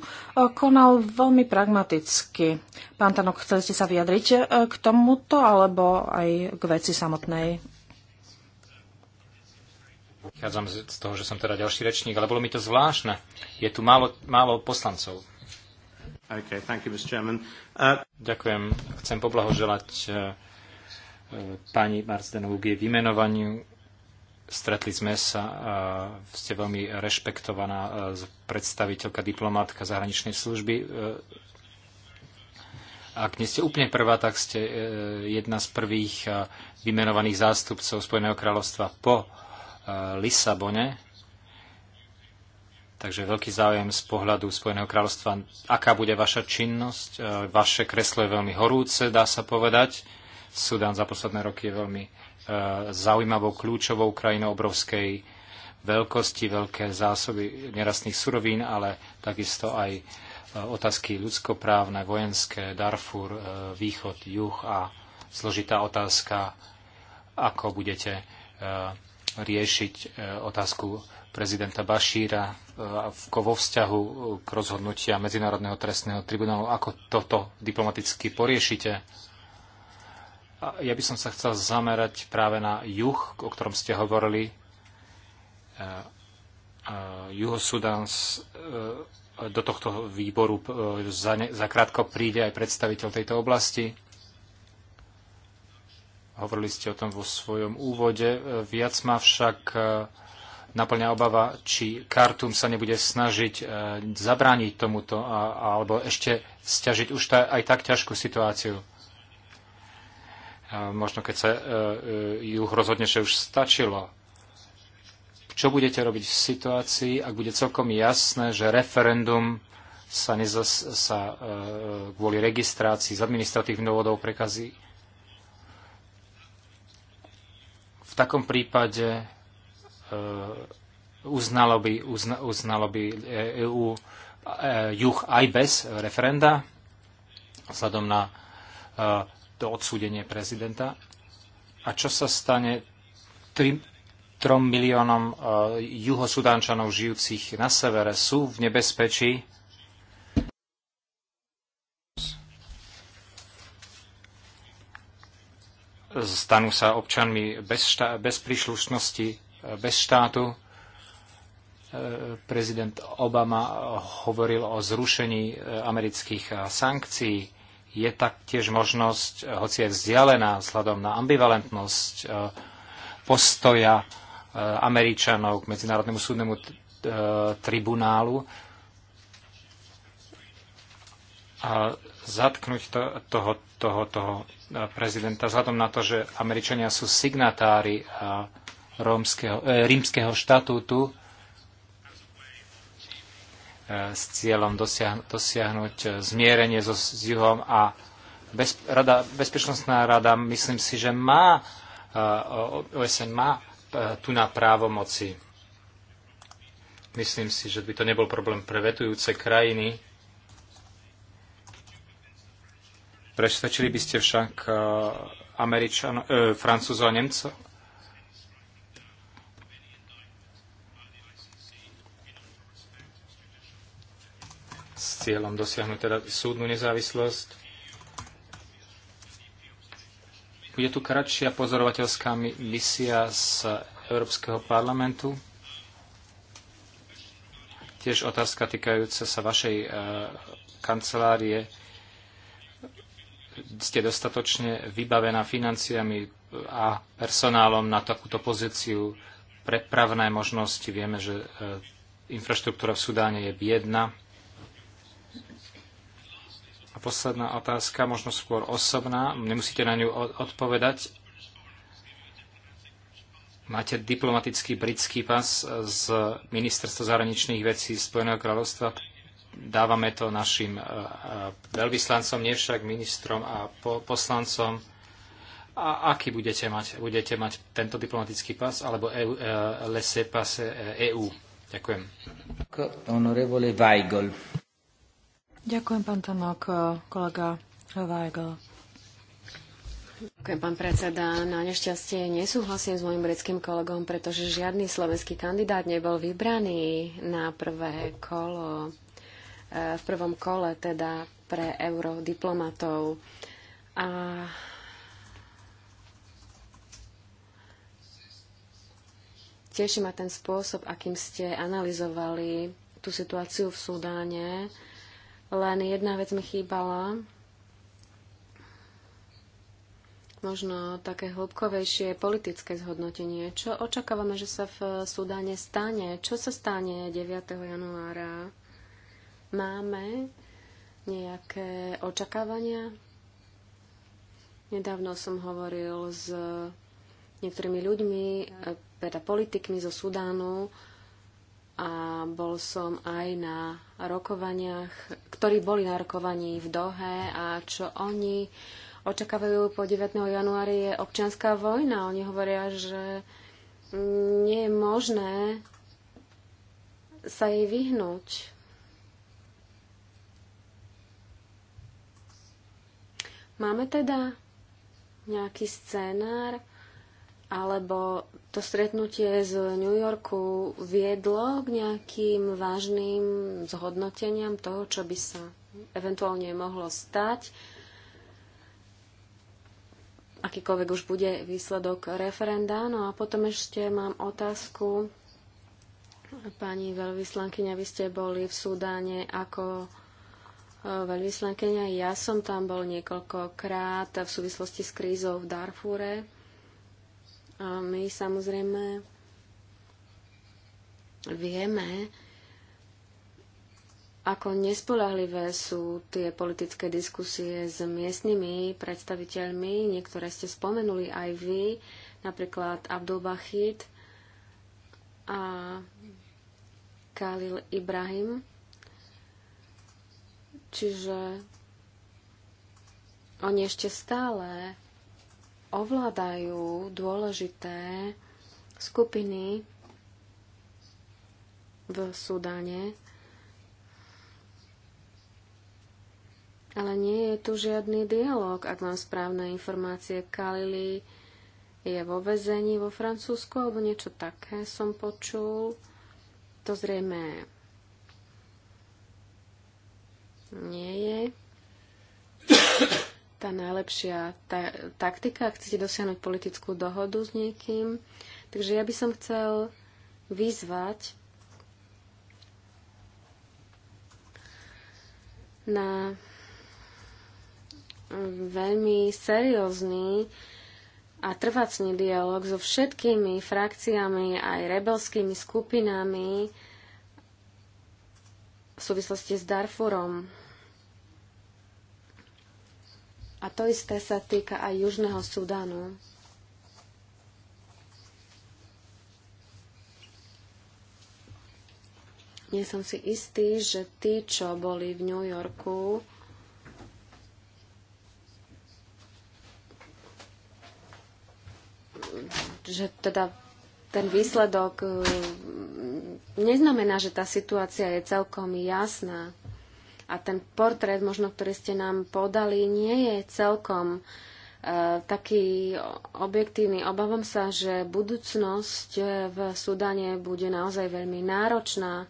konal veľmi pragmaticky. Pán Tanok, chceli ste sa vyjadriť e, k tomuto alebo aj k veci samotnej? Vychádzam z toho, že som teda ďalší rečník, ale bolo mi to zvláštne. Je tu málo, málo poslancov. Okay, thank you, Mr. Chairman. Uh... Ďakujem. Chcem poblahoželať uh, pani Marsdenovu k jej vymenovaniu. Stretli sme sa, uh, ste veľmi rešpektovaná uh, predstaviteľka, diplomátka zahraničnej služby. Uh, ak nie ste úplne prvá, tak ste jedna z prvých vymenovaných zástupcov Spojeného kráľovstva po Lisabone Takže veľký záujem z pohľadu Spojeného kráľovstva, aká bude vaša činnosť. E, vaše kreslo je veľmi horúce, dá sa povedať. Sudán za posledné roky je veľmi e, zaujímavou, kľúčovou krajinou obrovskej veľkosti, veľké zásoby nerastných surovín, ale takisto aj e, otázky ľudskoprávne, vojenské, Darfur, východ, juh a zložitá otázka, ako budete riešiť e, otázku prezidenta Bašíra e, vo vzťahu e, k rozhodnutia Medzinárodného trestného tribunálu. Ako toto diplomaticky poriešite? Ja by som sa chcel zamerať práve na juh, o ktorom ste hovorili. Juhosudans do tohto výboru zakrátko príde aj predstaviteľ tejto oblasti Hovorili ste o tom vo svojom úvode. E, viac ma však e, naplňa obava, či Kartum sa nebude snažiť e, zabrániť tomuto alebo ešte stiažiť už aj tak ťažkú situáciu. Možno keď sa ju rozhodne, že už stačilo. Čo budete robiť v situácii, ak bude celkom jasné, že referendum sa, nezas, sa kvôli registrácii z administratívnych dôvodov prekazí V takom prípade e, uznalo by, uzna, uznalo by e, EU e, juh aj bez referenda, vzhľadom na to odsúdenie prezidenta. A čo sa stane tri, trom miliónom juhosudánčanov žijúcich na severe? Sú v nebezpečí stanú sa občanmi bez, štá, bez príšlušnosti, bez štátu. E, prezident Obama hovoril o zrušení e, amerických e, sankcií. Je taktiež možnosť, hoci je vzdialená vzhľadom na ambivalentnosť postoja Američanov k Medzinárodnému súdnemu tribunálu, zatknúť to, toho, toho, toho eh, prezidenta, vzhľadom na to, že Američania sú signatári eh, rómskeho, e, rímskeho štatútu e, s cieľom dosiah, dosiahnuť zmierenie so, s juhom a bez, rada, Bezpečnostná rada, myslím si, že má, e, OSN má tu na právomoci. Myslím si, že by to nebol problém pre vetujúce krajiny, Presvedčili by ste však eh, Američan, e, eh, Francúzov a Nemcov? S cieľom dosiahnuť teda súdnu nezávislosť. Je tu kratšia pozorovateľská misia z Európskeho parlamentu. Tiež otázka týkajúca sa vašej e, kancelárie ste dostatočne vybavená financiami a personálom na takúto pozíciu prepravné možnosti. Vieme, že e, infraštruktúra v Sudáne je biedna. A posledná otázka, možno skôr osobná, nemusíte na ňu odpovedať. Máte diplomatický britský pas z Ministerstva zahraničných vecí Spojeného kráľovstva dávame to našim e, e, veľvyslancom, nie však ministrom a poslancom. A aký budete mať? Budete mať tento diplomatický pas alebo EU, e, lese pas EU? Ďakujem. Ďakujem, pán Tanok, kolega Weigl. Ďakujem, pán predseda. Na nešťastie nesúhlasím s mojim britským kolegom, pretože žiadny slovenský kandidát nebol vybraný na prvé kolo v prvom kole teda pre eurodiplomatov. A teší ma ten spôsob, akým ste analyzovali tú situáciu v Sudáne. Len jedna vec mi chýbala. Možno také hĺbkovejšie politické zhodnotenie. Čo očakávame, že sa v Sudáne stane? Čo sa stane 9. januára? Máme nejaké očakávania? Nedávno som hovoril s niektorými ľuďmi, teda politikmi zo Sudánu a bol som aj na rokovaniach, ktorí boli na rokovaní v Dohe a čo oni očakávajú po 9. januári je občianská vojna. Oni hovoria, že nie je možné sa jej vyhnúť. Máme teda nejaký scénár, alebo to stretnutie z New Yorku viedlo k nejakým vážnym zhodnoteniam toho, čo by sa eventuálne mohlo stať. Akýkoľvek už bude výsledok referenda. No a potom ešte mám otázku. Pani veľvyslankyňa, vy ste boli v súdáne ako veľvyslankyňa. Ja som tam bol niekoľkokrát v súvislosti s krízou v Darfúre. A my samozrejme vieme, ako nespolahlivé sú tie politické diskusie s miestnymi predstaviteľmi. Niektoré ste spomenuli aj vy, napríklad Abdul Bachid a Khalil Ibrahim. Čiže oni ešte stále ovládajú dôležité skupiny v Sudane, ale nie je tu žiadny dialog, ak mám správne informácie. Kalili je vo vezení vo Francúzsku alebo niečo také som počul. To zrejme nie je tá najlepšia ta- taktika, ak chcete dosiahnuť politickú dohodu s niekým. Takže ja by som chcel vyzvať na veľmi seriózny a trvacný dialog so všetkými frakciami, aj rebelskými skupinami v súvislosti s Darfurom. A to isté sa týka aj Južného Sudánu. Nie som si istý, že tí, čo boli v New Yorku, že teda ten výsledok mm, neznamená, že tá situácia je celkom jasná. A ten portrét, možno, ktorý ste nám podali, nie je celkom e, taký objektívny. Obávam sa, že budúcnosť e, v Sudane bude naozaj veľmi náročná.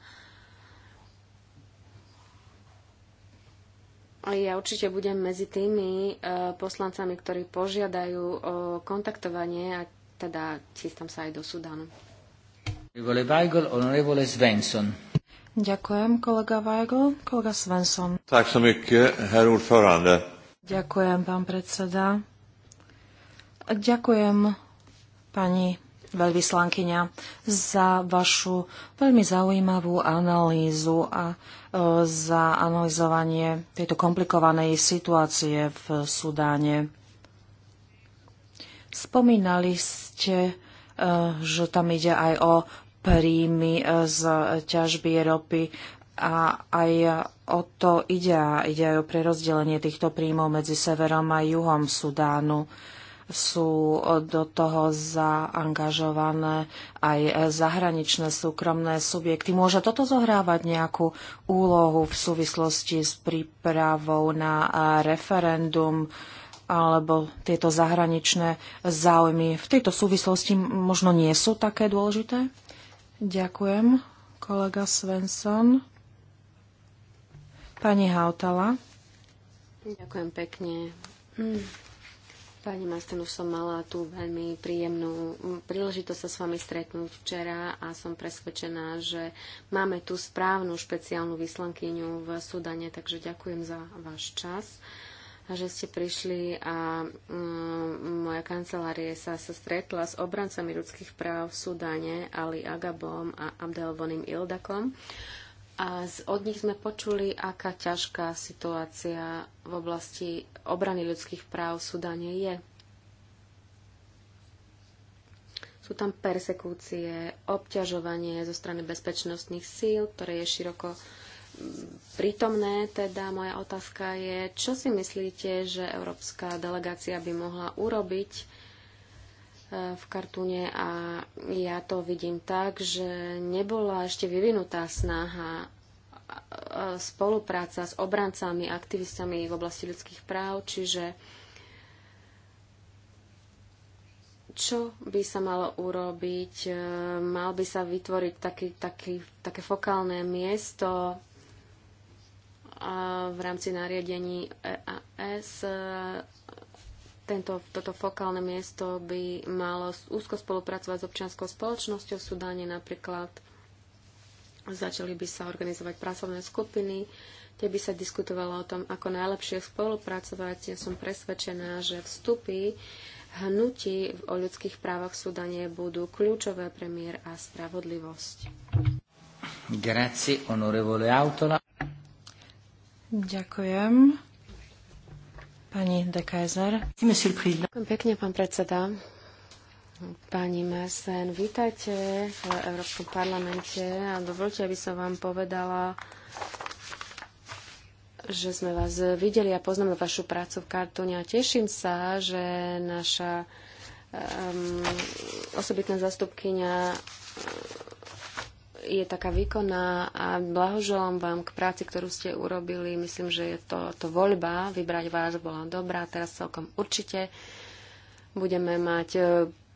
Ja určite budem medzi tými e, poslancami, ktorí požiadajú o kontaktovanie a teda chystám sa aj do Sudanu. Honorevole Svensson. Ďakujem, kolega Weigl. Kolega Svensson. Tak herr Ďakujem, pán predseda. Ďakujem, pani veľvyslankyňa, za vašu veľmi zaujímavú analýzu a e, za analyzovanie tejto komplikovanej situácie v Sudáne. Spomínali ste, e, že tam ide aj o príjmy e, z ťažby ropy a aj o to ide, ide aj o prerozdelenie týchto príjmov medzi severom a juhom Sudánu. Sú e, do toho zaangažované aj zahraničné súkromné subjekty. Môže toto zohrávať nejakú úlohu v súvislosti s prípravou na e, referendum alebo tieto zahraničné záujmy v tejto súvislosti možno nie sú také dôležité? Ďakujem, kolega Svensson. Pani Hautala. Ďakujem pekne. Hm. Pani Masten, už som mala tú veľmi príjemnú príležitosť sa s vami stretnúť včera a som presvedčená, že máme tú správnu špeciálnu vyslankyňu v Sudane, takže ďakujem za váš čas. Uh, že ste prišli a um, moja kancelárie sa, sa stretla s obrancami ľudských práv v Sudáne, Ali Agabom a Abdelvonim Ildakom. A z, od nich sme počuli, aká ťažká situácia v oblasti obrany ľudských práv v Sudáne je. Sú tam persekúcie, obťažovanie zo strany bezpečnostných síl, ktoré je široko uh, prítomné. Teda moja otázka je, čo si myslíte, že európska delegácia by mohla urobiť e, v kartúne a ja to vidím tak, že nebola ešte vyvinutá snaha e, spolupráca s obrancami, aktivistami v oblasti ľudských práv, čiže čo by sa malo urobiť? E, mal by sa vytvoriť taký, taký, také fokálne miesto v rámci nariadení EAS e, tento, toto fokálne miesto by malo úzko spolupracovať s občianskou spoločnosťou v Sudáne napríklad. Začali by sa organizovať pracovné skupiny, kde by sa diskutovalo o tom, ako najlepšie spolupracovať. Ja som presvedčená, že vstupy hnutí o ľudských právach v Sudáne budú kľúčové pre mier a spravodlivosť. Grazie, onorevole Autola. Ďakujem. Pani de Kaiser. Ďakujem pekne, pán predseda. Pani Mersen, vítajte v Európskom parlamente a dovolte, aby som vám povedala, že sme vás videli a poznám vašu prácu v kartúne a teším sa, že naša um, osobitná zastupkynia je taká výkonná a blahoželám vám k práci, ktorú ste urobili. Myslím, že je to, to voľba, vybrať vás bola dobrá, teraz celkom určite budeme mať e,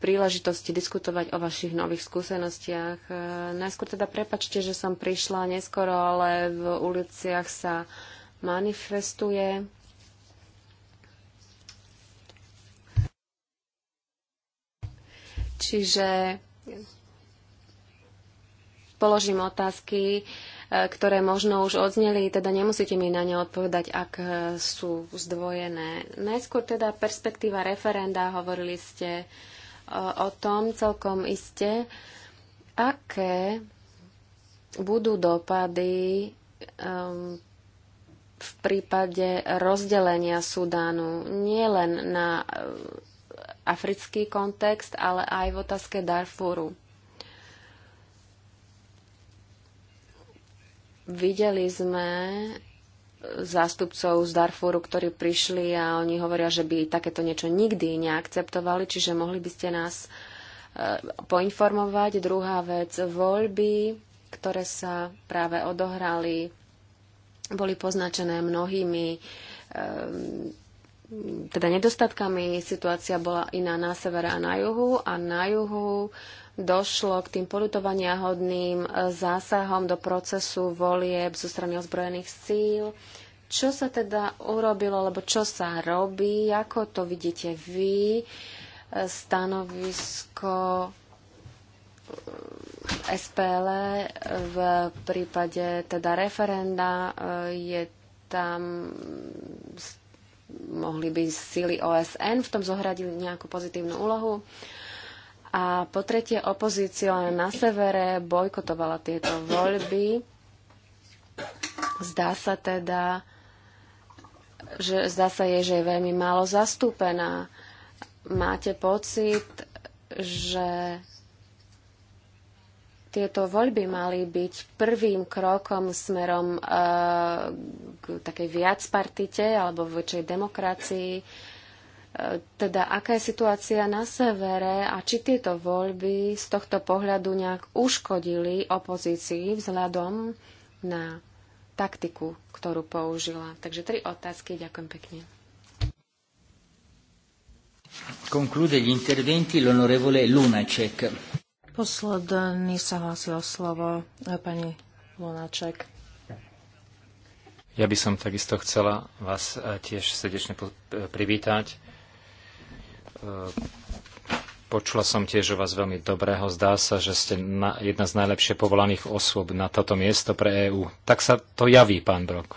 príležitosti diskutovať o vašich nových skúsenostiach. E, najskôr teda prepačte, že som prišla neskoro, ale v uliciach sa manifestuje. Čiže položím otázky, e, ktoré možno už odzneli, teda nemusíte mi na ne odpovedať, ak e, sú zdvojené. Najskôr teda perspektíva referenda, hovorili ste e, o tom celkom iste, aké budú dopady um, v prípade rozdelenia Sudánu nielen na africký kontext, ale aj v otázke Darfuru. Videli sme zástupcov z Darfúru, ktorí prišli a oni hovoria, že by takéto niečo nikdy neakceptovali, čiže mohli by ste nás e, poinformovať. Druhá vec, voľby, ktoré sa práve odohrali, boli poznačené mnohými e, teda nedostatkami. Situácia bola iná na severe a na juhu a na juhu došlo k tým polutovaniahodným e, zásahom do procesu volieb zo strany ozbrojených síl. Čo sa teda urobilo, alebo čo sa robí, ako to vidíte vy, e, stanovisko e, SPL v prípade teda referenda je tam mohli by sily OSN v tom zohradiť nejakú pozitívnu úlohu. Uh, a po tretie, opozícia na severe bojkotovala tieto voľby. Zdá sa teda, že zdá sa jej, že je veľmi málo zastúpená. Máte pocit, že tieto voľby mali byť prvým krokom smerom uh, k takej viacpartite alebo väčšej demokracii teda aká je situácia na severe a či tieto voľby z tohto pohľadu nejak uškodili opozícii vzhľadom na taktiku, ktorú použila. Takže tri otázky, ďakujem pekne. gli interventi l'onorevole Lunacek. Posledný sa hlási o slovo e, pani Lunaček. Ja by som takisto chcela vás e, tiež srdečne e, privítať E, počula som tiež o vás veľmi dobrého. Zdá sa, že ste na, jedna z najlepšie povolaných osôb na toto miesto pre EÚ. Tak sa to javí, pán Brok.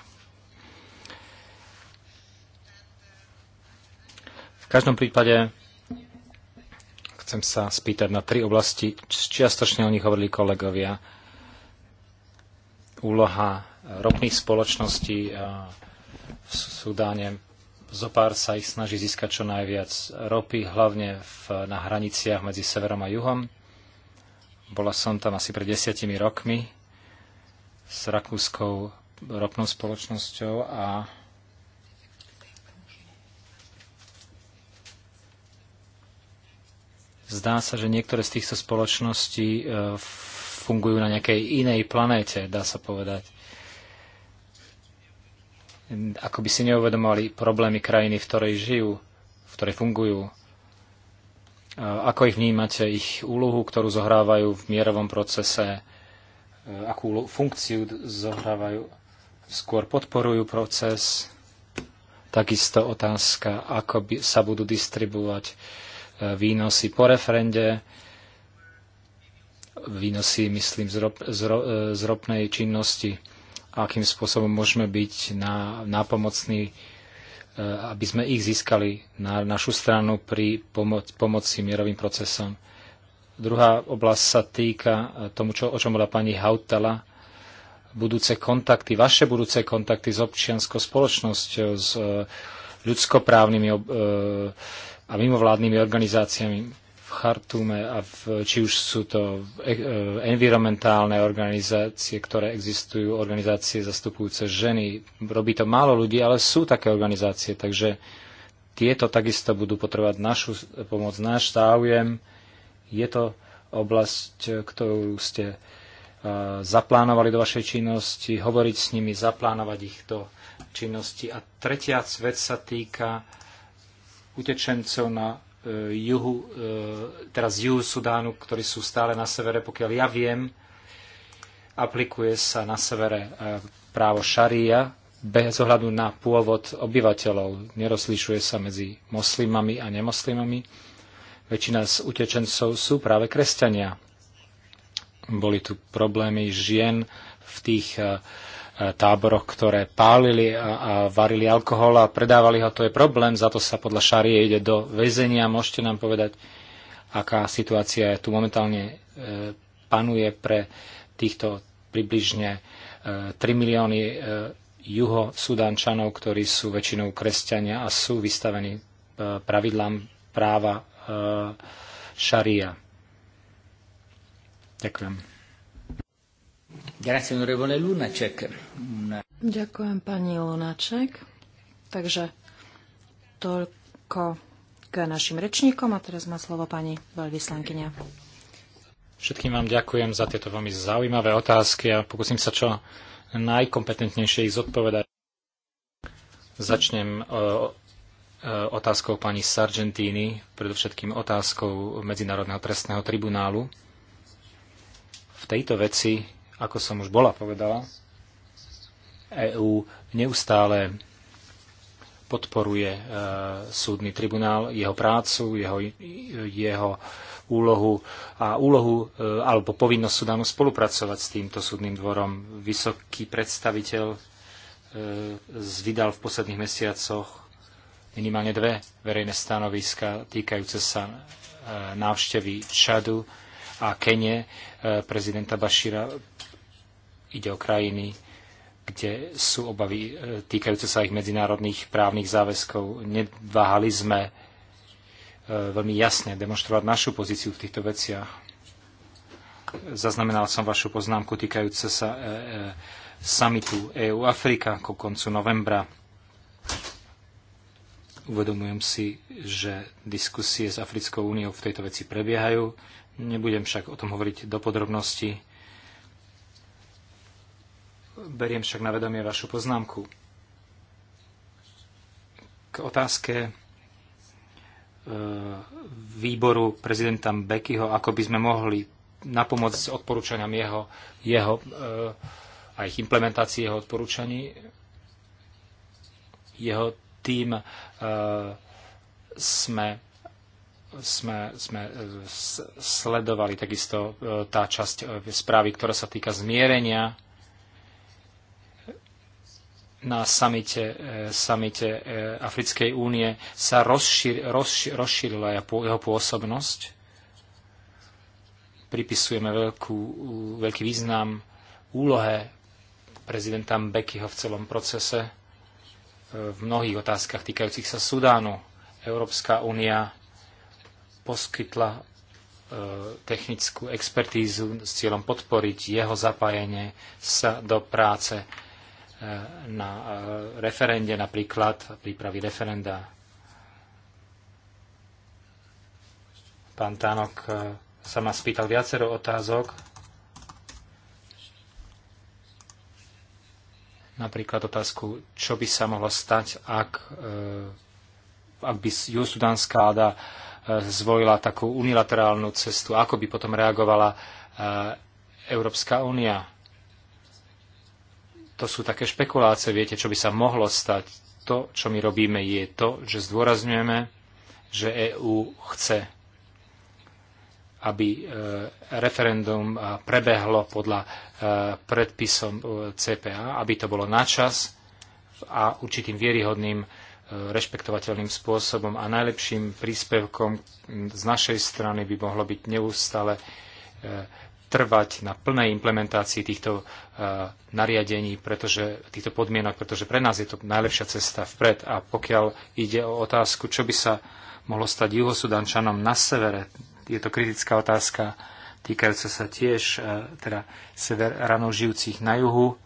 V každom prípade chcem sa spýtať na tri oblasti. Čiastočne o nich hovorili kolegovia. Úloha ropných spoločností e, v Sudáne, Zopár sa ich snaží získať čo najviac ropy, hlavne v, na hraniciach medzi severom a juhom. Bola som tam asi pred desiatimi rokmi s rakúskou ropnou spoločnosťou a zdá sa, že niektoré z týchto spoločností e, fungujú na nejakej inej planéte, dá sa povedať ako by si neuvedomovali problémy krajiny, v ktorej žijú, v ktorej fungujú. Ako ich vnímate, ich úlohu, ktorú zohrávajú v mierovom procese, e, akú funkciu zohrávajú, skôr podporujú proces. Takisto otázka, ako by, sa budú distribuovať e, výnosy po referende, výnosy, myslím, z, rop, z, ro, e, z ropnej činnosti akým spôsobom môžeme byť nápomocní, e, aby sme ich získali na našu stranu pri pomoc, pomoci mierovým procesom. Druhá oblasť sa týka e, tomu, čo, o čom bola pani Hautala, budúce kontakty, vaše budúce kontakty s občianskou spoločnosťou, s e, ľudskoprávnymi a mimovládnymi organizáciami. Chartume, a v, či už sú to eh, eh, environmentálne organizácie, ktoré existujú, organizácie zastupujúce ženy. Robí to málo ľudí, ale sú také organizácie, takže tieto takisto budú potrebovať našu pomoc, náš záujem. Je to oblasť, eh, ktorú ste zaplánovali do vašej činnosti, hovoriť s nimi, zaplánovať ich do činnosti. A tretia vec sa týka utečencov na E, juhu, e, teraz juhu Sudánu, ktorí sú stále na severe, pokiaľ ja viem, aplikuje sa na severe e, právo šaria bez ohľadu na pôvod obyvateľov. Nerozlišuje sa medzi moslimami a nemoslimami. Väčšina z utečencov sú práve kresťania. Boli tu problémy žien v tých uh, táboroch, ktoré pálili a, a varili alkohol a predávali ho, to je problém, za to sa podľa šarie ide do väzenia. Môžete nám povedať, aká situácia tu momentálne e, panuje pre týchto približne 3 e, milióny e, juho-sudančanov, ktorí sú väčšinou kresťania a sú vystavení pravidlám práva šaria. Ďakujem. Ďakujem pani Lunaček. Takže toľko k našim rečníkom a teraz má slovo pani veľvyslankyňa. Všetkým vám ďakujem za tieto veľmi zaujímavé otázky a pokúsim sa čo najkompetentnejšie ich zodpovedať. Začnem e, e, otázkou pani Sargentini, predovšetkým otázkou Medzinárodného trestného tribunálu. V tejto veci ako som už bola povedala, EÚ neustále podporuje e, súdny tribunál, jeho prácu, jeho, jeho úlohu a úlohu e, alebo povinnosť Sudánu spolupracovať s týmto súdnym dvorom. Vysoký predstaviteľ e, zvidal v posledných mesiacoch minimálne dve verejné stanoviska týkajúce sa návštevy Čadu a Kene prezidenta Bašíra Ide o krajiny, kde sú obavy e, týkajúce sa ich medzinárodných právnych záväzkov. Neváhali sme e, veľmi jasne demonstrovať našu pozíciu v týchto veciach. Zaznamenal som vašu poznámku týkajúce sa e, samitu EU-Afrika ku koncu novembra. Uvedomujem si, že diskusie s Africkou úniou v tejto veci prebiehajú. Nebudem však o tom hovoriť do podrobnosti Beriem však na vedomie vašu poznámku. K otázke e, výboru prezidenta Bekyho, ako by sme mohli napomôcť s odporúčaniam jeho, jeho e, a ich implementácii jeho odporúčaní. Jeho tým e, sme, sme, sme sledovali takisto tá časť správy, ktorá sa týka zmierenia na samite, e, samite e, Africkej únie sa rozšír, rozšír, rozšírila jeho pôsobnosť. Pripisujeme veľkú, veľký význam úlohe prezidenta Mbekyho v celom procese e, v mnohých otázkach týkajúcich sa Sudánu. Európska únia poskytla technickú expertízu s cieľom podporiť jeho zapájenie sa do práce Eh, na eh, referende napríklad, prípravy referenda. Pán Tánok eh, sa ma spýtal viacero otázok. Napríklad otázku, čo by sa mohlo stať, ak, ak by Južsudánska vláda zvolila takú unilaterálnu cestu, ako by potom reagovala Európska únia to sú také špekulácie, viete, čo by sa mohlo stať. To, čo my robíme, je to, že zdôrazňujeme, že EÚ chce, aby e, referendum e, prebehlo podľa e, predpisom CPA, aby to bolo načas a určitým vieryhodným rešpektovateľným spôsobom a najlepším príspevkom z našej strany by mohlo byť neustále trvať na plnej implementácii týchto e, nariadení, pretože, týchto podmienok, pretože pre nás je to najlepšia cesta vpred. A pokiaľ ide o otázku, čo by sa mohlo stať juhosudančanom na severe, je to kritická otázka týkajúca sa tiež e, teda severano žijúcich na juhu.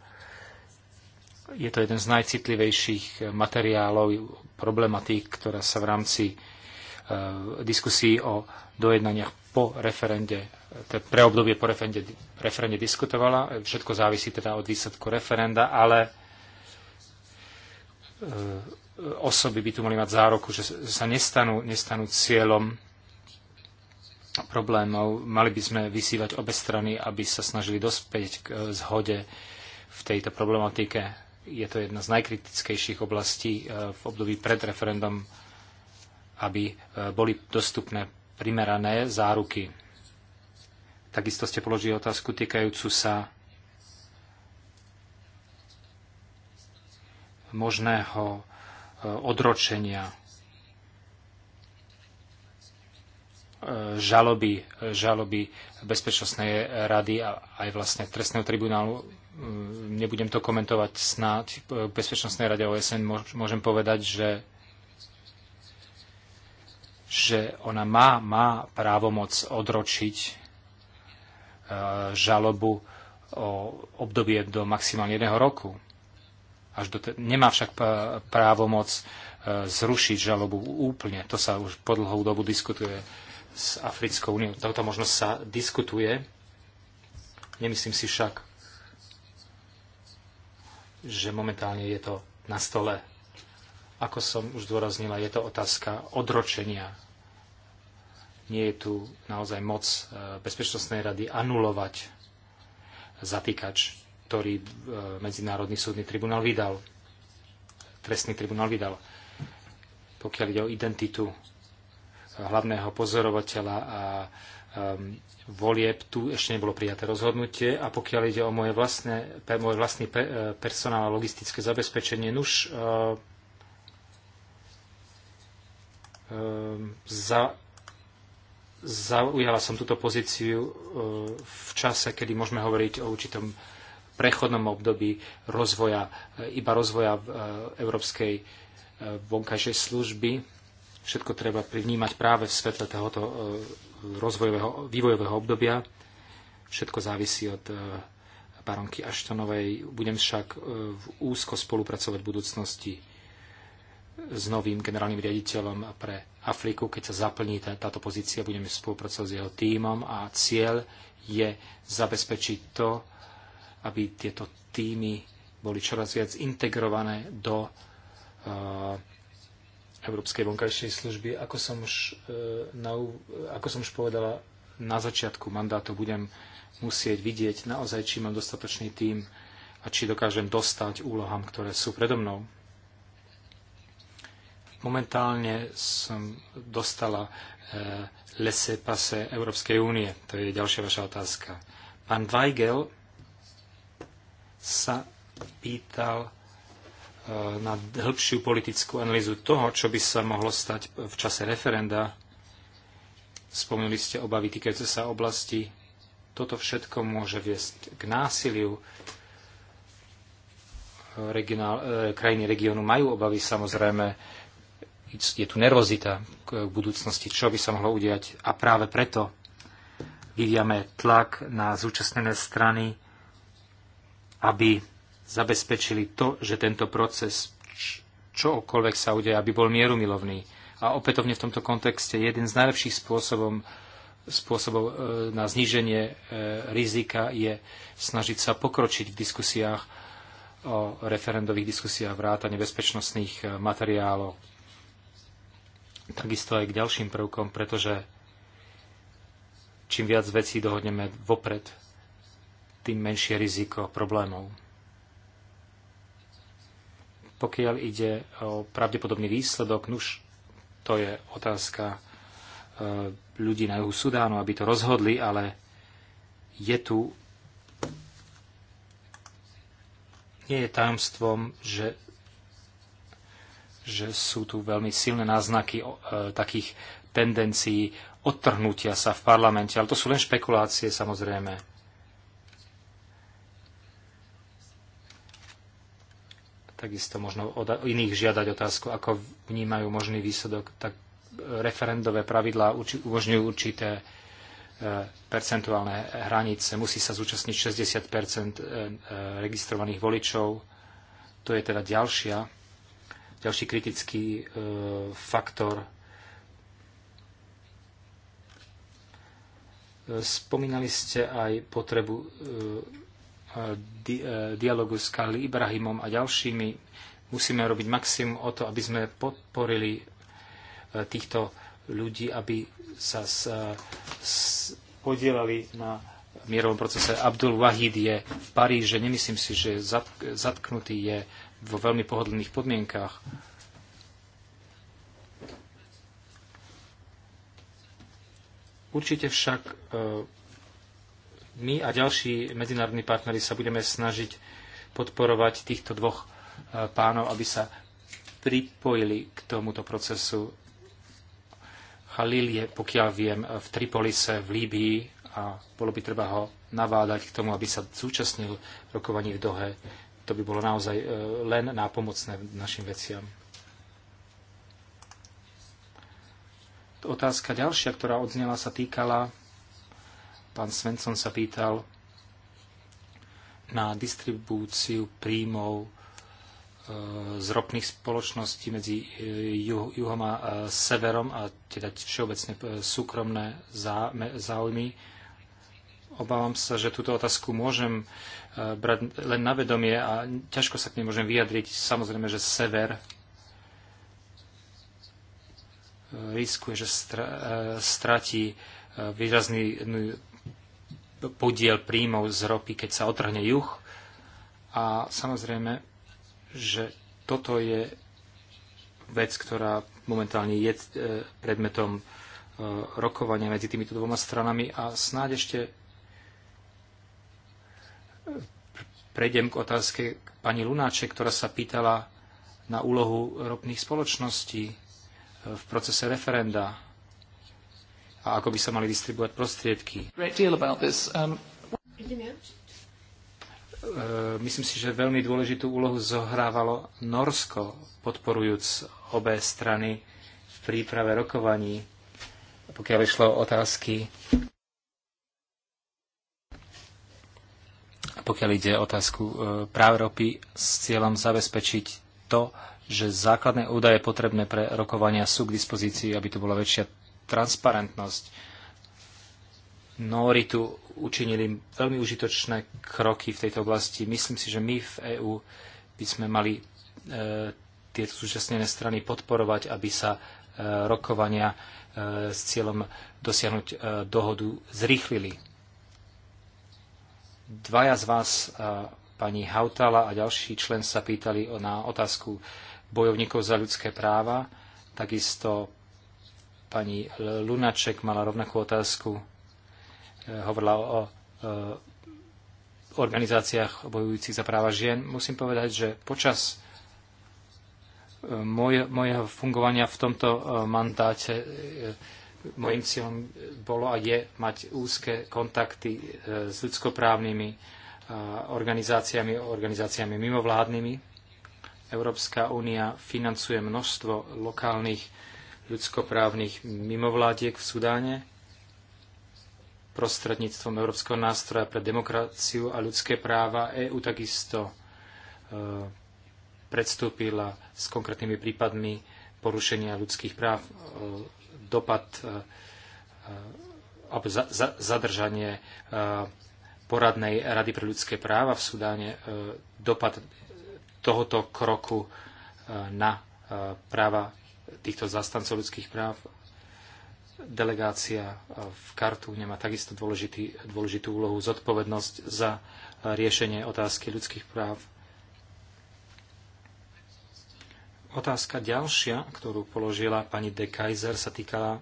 Je to jeden z najcitlivejších materiálov, problematík, ktorá sa v rámci e, diskusí o dojednaniach po referende pre obdobie po referende, referende diskutovala. Všetko závisí teda od výsledku referenda, ale e, osoby by tu mali mať zároku, že sa nestanú, nestanú cieľom problémov. Mali by sme vysývať obe strany, aby sa snažili dospieť k e, zhode v tejto problematike. Je to jedna z najkritickejších oblastí e, v období pred referendum, aby boli dostupné primerané záruky Takisto ste položili otázku týkajúcu sa možného e, odročenia e, žaloby, e, žaloby Bezpečnostnej rady a aj vlastne trestného tribunálu. Nebudem to komentovať snáď. V Bezpečnostnej rade OSN môžem povedať, že že ona má, má právomoc odročiť Eh, žalobu o obdobie do maximálne jedného roku. Až do te- nemá však právomoc eh, zrušiť žalobu úplne. To sa už po dlhú dobu diskutuje s Africkou úniou. Toto možnosť sa diskutuje. Nemyslím si však, že momentálne je to na stole. Ako som už zdôraznila, je to otázka odročenia nie je tu naozaj moc e, Bezpečnostnej rady anulovať zatýkač, ktorý e, Medzinárodný súdny tribunál vydal, trestný tribunál vydal. Pokiaľ ide o identitu e, hlavného pozorovateľa a um, volieb, tu ešte nebolo prijaté rozhodnutie a pokiaľ ide o moje vlastné, pe, môj vlastný pe, personál a logistické zabezpečenie, nuž uh, um, za zaujala som túto pozíciu e, v čase, kedy môžeme hovoriť o určitom prechodnom období rozvoja, e, iba rozvoja e, európskej vonkajšej služby. Všetko treba privnímať práve v svetle tohoto rozvojového, vývojového obdobia. Všetko závisí od baronky Aštonovej. Budem však úzko spolupracovať v budúcnosti s novým generálnym riaditeľom pre Afriku. Keď sa zaplní táto pozícia, budeme spolupracovať s jeho tímom a cieľ je zabezpečiť to, aby tieto týmy boli čoraz viac integrované do eh, Európskej vonkajšej služby. Ako som už, eh, na, ako som už povedala, na začiatku mandátu budem musieť vidieť naozaj, či mám dostatočný tím a či dokážem dostať úlohám, ktoré sú predo mnou. Momentálne som dostala eh, lese pase Európskej únie. To je ďalšia vaša otázka. Pán Weigel sa pýtal eh, na hĺbšiu politickú analýzu toho, čo by sa mohlo stať v čase referenda. Spomínali ste obavy týkajúce sa oblasti. Toto všetko môže viesť k násiliu. Regionál, eh, krajiny regiónu majú obavy samozrejme je tu nervozita k budúcnosti, čo by sa mohlo udiať. A práve preto vyviame tlak na zúčastnené strany, aby zabezpečili to, že tento proces čokoľvek sa udeje, aby bol mierumilovný. A opätovne v tomto kontexte jeden z najlepších spôsobom, spôsobov e, na zníženie e, rizika je snažiť sa pokročiť v diskusiách o referendových diskusiách vrátane bezpečnostných e, materiálov takisto aj k ďalším prvkom, pretože čím viac vecí dohodneme vopred, tým menšie riziko problémov. Pokiaľ ide o pravdepodobný výsledok, nuž to je otázka e, ľudí na juhu Sudánu, aby to rozhodli, ale je tu nie je tajomstvom, že že sú tu veľmi silné náznaky e, takých tendencií odtrhnutia sa v parlamente, ale to sú len špekulácie samozrejme. Takisto možno od iných žiadať otázku, ako vnímajú možný výsledok. Tak e, referendové pravidlá umožňujú určité e, percentuálne hranice. Musí sa zúčastniť 60 e, registrovaných voličov. To je teda ďalšia ďalší kritický e, faktor. E, spomínali ste aj potrebu e, di, e, dialogu s Kali Ibrahimom a ďalšími. Musíme robiť maximum o to, aby sme podporili e, týchto ľudí, aby sa s, e, s, podielali na mierovom procese. Abdul Wahid je v Paríže, nemyslím si, že zatknutý je vo veľmi pohodlných podmienkách. Určite však e, my a ďalší medzinárodní partnery sa budeme snažiť podporovať týchto dvoch e, pánov, aby sa pripojili k tomuto procesu. Halil je, pokiaľ viem, v Tripolise, v Líbii a bolo by treba ho navádať k tomu, aby sa zúčastnil rokovaní v Dohe. To by bolo naozaj e, len nápomocné našim veciam. Otázka ďalšia, ktorá odznela, sa týkala, pán Svensson sa pýtal na distribúciu príjmov e, z ropných spoločností medzi e, juhom a severom a teda všeobecne súkromné záujmy obávam sa, že túto otázku môžem e, brať len na vedomie a ťažko sa k nej môžem vyjadriť. Samozrejme, že sever e, riskuje, že e, stratí výrazný no, podiel príjmov z ropy, keď sa otrhne juh. A samozrejme, že toto je vec, ktorá momentálne je predmetom rokovania medzi týmito dvoma stranami a snáď ešte prejdem k otázke k pani Lunáček, ktorá sa pýtala na úlohu ropných spoločností e, v procese referenda a ako by sa mali distribuovať prostriedky. Um, e, myslím si, že veľmi dôležitú úlohu zohrávalo Norsko, podporujúc obe strany v príprave rokovaní, pokiaľ išlo o otázky pokiaľ ide o otázku e, práve ropy, s cieľom zabezpečiť to, že základné údaje potrebné pre rokovania sú k dispozícii, aby tu bola väčšia transparentnosť. Nóri tu učinili veľmi užitočné kroky v tejto oblasti. Myslím si, že my v EÚ by sme mali e, tieto súčasnené strany podporovať, aby sa e, rokovania e, s cieľom dosiahnuť e, dohodu zrýchlili. Dvaja z vás, e, pani Hautala a ďalší člen, sa pýtali na otázku bojovníkov za ľudské práva. Takisto pani Lunaček mala rovnakú otázku. E, hovorila o e, organizáciách bojujúcich za práva žien. Musím povedať, že počas moje, fungovania v tomto mandáte Mojím cieľom bolo a je mať úzke kontakty e, s ľudskoprávnymi e, organizáciami, organizáciami mimovládnymi. Európska únia financuje množstvo lokálnych ľudskoprávnych mimovládiek v Sudáne prostredníctvom Európskeho nástroja pre demokraciu a ľudské práva. EÚ takisto e, predstúpila s konkrétnymi prípadmi porušenia ľudských práv dopad e, e, alebo za, za, zadržanie e, poradnej Rady pre ľudské práva v Sudáne, dopad tohoto kroku na práva týchto zastancov ľudských práv. Delegácia v Kartúne má takisto dôležitý, dôležitú úlohu zodpovednosť za riešenie otázky ľudských práv Otázka ďalšia, ktorú položila pani De Kaiser, sa týkala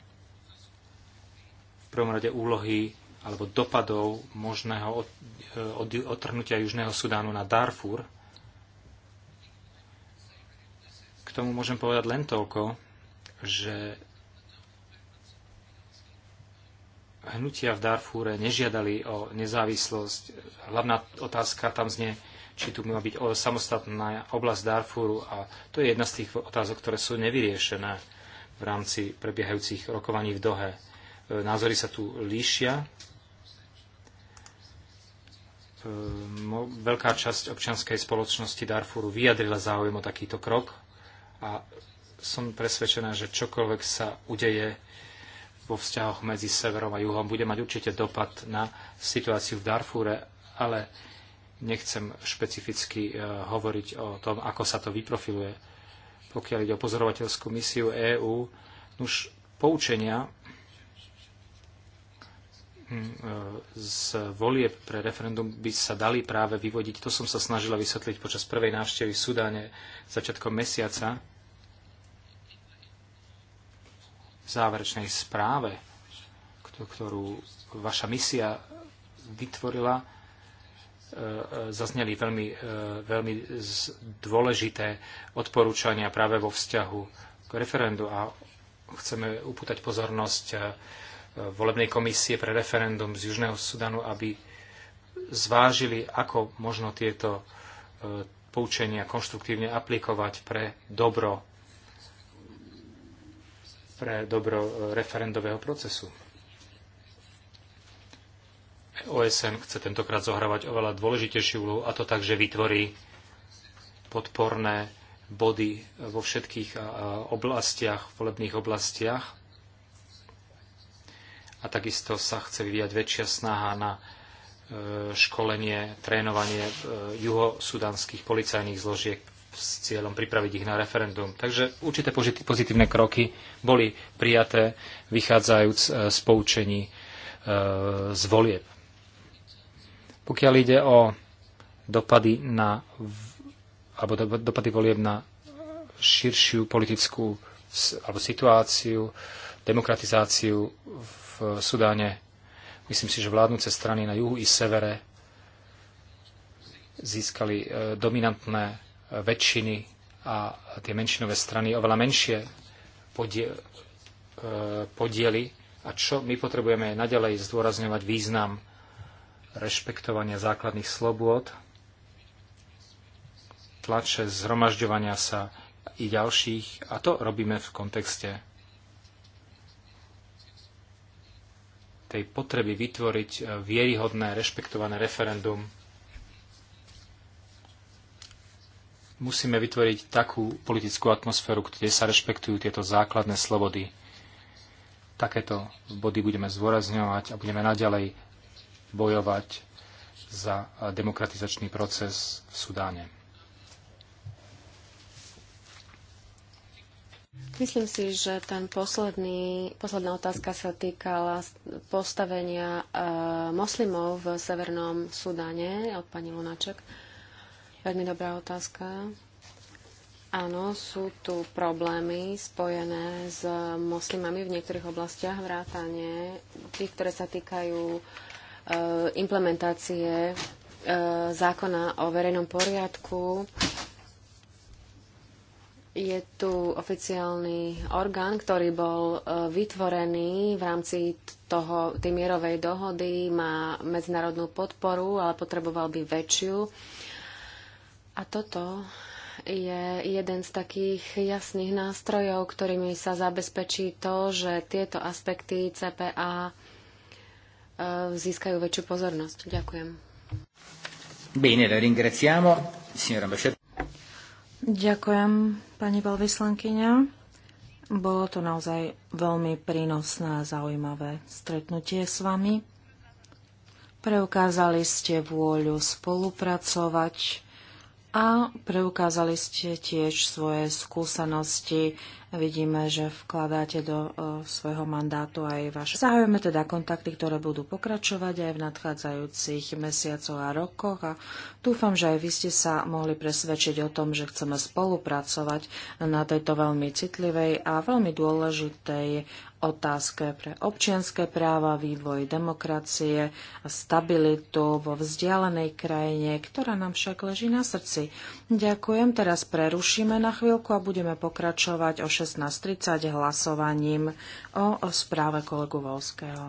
v prvom rade úlohy alebo dopadov možného e, odtrhnutia Južného Sudánu na Darfur. K tomu môžem povedať len toľko, že hnutia v Darfúre nežiadali o nezávislosť. Hlavná otázka tam znie, či tu má byť samostatná oblasť Darfúru a to je jedna z tých otázok, ktoré sú nevyriešené v rámci prebiehajúcich rokovaní v Dohe. E, názory sa tu líšia. E, veľká časť občianskej spoločnosti Darfúru vyjadrila záujem o takýto krok a som presvedčená, že čokoľvek sa udeje vo vzťahoch medzi severom a juhom, bude mať určite dopad na situáciu v Darfúre, ale Nechcem špecificky e, hovoriť o tom, ako sa to vyprofiluje. Pokiaľ ide o pozorovateľskú misiu EÚ, už poučenia hm, e, z volie pre referendum by sa dali práve vyvodiť. To som sa snažila vysvetliť počas prvej návštevy v Sudáne začiatkom mesiaca. V záverečnej správe, ktorú vaša misia vytvorila, E, e, zazneli veľmi, e, veľmi dôležité odporúčania práve vo vzťahu k referendu a chceme upútať pozornosť volebnej komisie pre referendum z Južného Sudanu, aby zvážili, ako možno tieto poučenia konštruktívne aplikovať pre dobro, pre dobro referendového procesu. OSN chce tentokrát zohrávať oveľa dôležitejšiu úlohu a to tak, že vytvorí podporné body vo všetkých oblastiach, volebných oblastiach. A takisto sa chce vyvíjať väčšia snaha na e, školenie, trénovanie e, juhosudanských policajných zložiek s cieľom pripraviť ich na referendum. Takže určité pozitívne kroky boli prijaté, vychádzajúc e, z poučení z volieb. Pokiaľ ide o dopady na alebo dopady volieb na širšiu politickú alebo situáciu, demokratizáciu v Sudáne. Myslím si, že vládnúce strany na juhu i severe získali e, dominantné e, väčšiny a tie menšinové strany oveľa menšie podie, e, podiely. A čo my potrebujeme naďalej zdôrazňovať význam rešpektovania základných slobôd, tlače, zhromažďovania sa i ďalších, a to robíme v kontexte tej potreby vytvoriť e, vieryhodné, rešpektované referendum. Musíme vytvoriť takú politickú atmosféru, kde sa rešpektujú tieto základné slobody. Takéto body budeme zdôrazňovať a budeme naďalej bojovať za demokratizačný proces v Sudáne. Myslím si, že ten posledný, posledná otázka sa týkala postavenia e, moslimov v Severnom Sudáne od pani Lunaček. Veľmi dobrá otázka. Áno, sú tu problémy spojené s moslimami v niektorých oblastiach vrátane tých, ktoré sa týkajú e, E, implementácie e, zákona o verejnom poriadku. Je tu oficiálny orgán, ktorý bol e, vytvorený v rámci toho, tej mierovej dohody, má medzinárodnú podporu, ale potreboval by väčšiu. A toto je jeden z takých jasných nástrojov, ktorými sa zabezpečí to, že tieto aspekty CPA Eh, získajú väčšiu pozornosť. Ďakujem. Bene, ringraziamo, signora Ďakujem, pani veľvyslankyňa. Bolo to naozaj veľmi prínosné a zaujímavé stretnutie s vami. Preukázali ste vôľu spolupracovať a preukázali ste tiež svoje skúsenosti. Vidíme, že vkladáte do e, svojho mandátu aj vaše. Zahajujeme teda kontakty, ktoré budú pokračovať aj v nadchádzajúcich mesiacoch a rokoch a dúfam, že aj vy ste sa mohli presvedčiť o tom, že chceme spolupracovať na tejto veľmi citlivej a veľmi dôležitej otázke pre občianské práva, vývoj demokracie a stabilitu vo vzdialenej krajine, ktorá nám však leží na srdci. Ďakujem, teraz prerušíme na chvíľku a budeme pokračovať o 16.30 hlasovaním o, o správe kolegu Volského.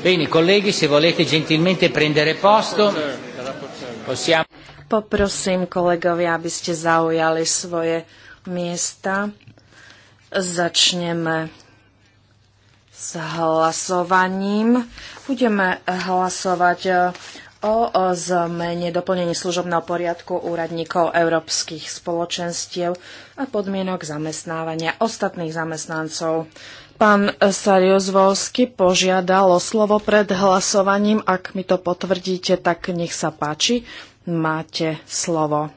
Bene, colleghi, se volete gentilmente prendere posto, possiamo... Poprosím kolegovia, aby ste zaujali svoje miesta. Začneme s hlasovaním. Budeme hlasovať e, o zmene doplnení služobného poriadku úradníkov európskych spoločenstiev a podmienok zamestnávania ostatných zamestnancov. Pán Sarius Volsky požiadal o slovo pred hlasovaním. Ak mi to potvrdíte, tak nech sa páči. Máte slovo.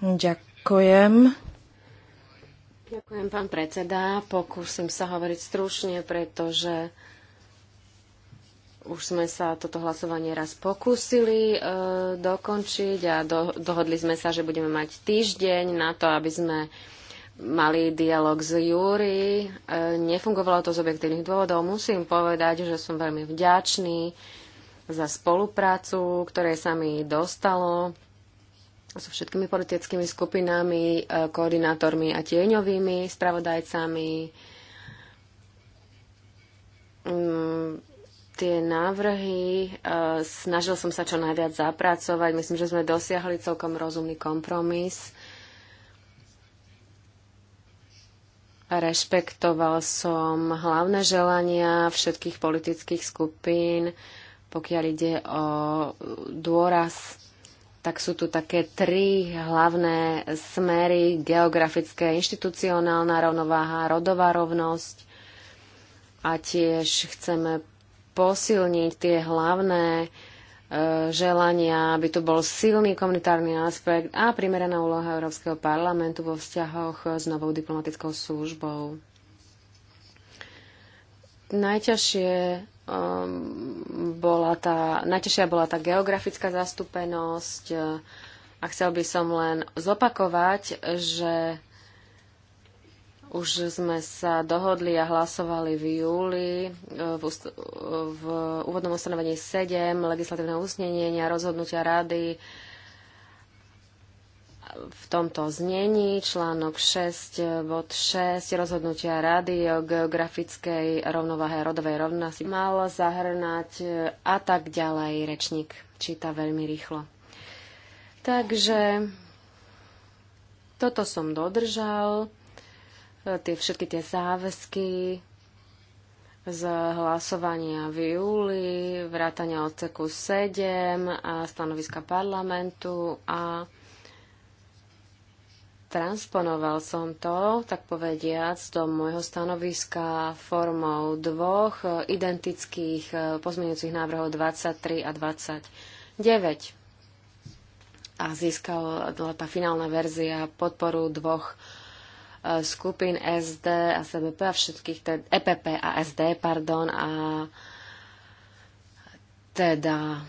Ďakujem. Ďakujem, pán predseda. Pokúsim sa hovoriť stručne, pretože už sme sa toto hlasovanie raz pokúsili e, dokončiť a do, dohodli sme sa, že budeme mať týždeň na to, aby sme mali dialog s Júri. E, nefungovalo to z objektívnych dôvodov. Musím povedať, že som veľmi vďačný za spoluprácu, ktoré sa mi dostalo so všetkými politickými skupinami, e, koordinátormi a tieňovými spravodajcami. Mm, tie návrhy, e, snažil som sa čo najviac zapracovať. Myslím, že sme dosiahli celkom rozumný kompromis Rešpektoval som hlavné želania všetkých politických skupín, pokiaľ ide o dôraz tak sú tu také tri hlavné smery geografické, inštitucionálna rovnováha, rodová rovnosť a tiež chceme posilniť tie hlavné Eh, želania, aby tu bol silný komunitárny aspekt a primeraná úloha Európskeho parlamentu vo vzťahoch s novou diplomatickou službou. Najťažšie eh, bola tá, najťažšia bola tá geografická zastúpenosť eh, a chcel by som len zopakovať, že už sme sa dohodli a hlasovali v júli e, v, v úvodnom ustanovení 7 legislatívne usnenia rozhodnutia rady v tomto znení článok 6 bod 6 rozhodnutia rady o geografickej rovnováhe rodovej rovnosti mal zahrnať a tak ďalej. Rečník číta veľmi rýchlo. Takže toto som dodržal tie, všetky tie záväzky z hlasovania v júli, vrátania odseku 7 a stanoviska parlamentu a transponoval som to, tak povediac, do môjho stanoviska formou dvoch identických pozmeňujúcich návrhov 23 a 29. A získal tá finálna verzia podporu dvoch skupín SD a CBP a všetkých, te, EPP a SD, pardon, a teda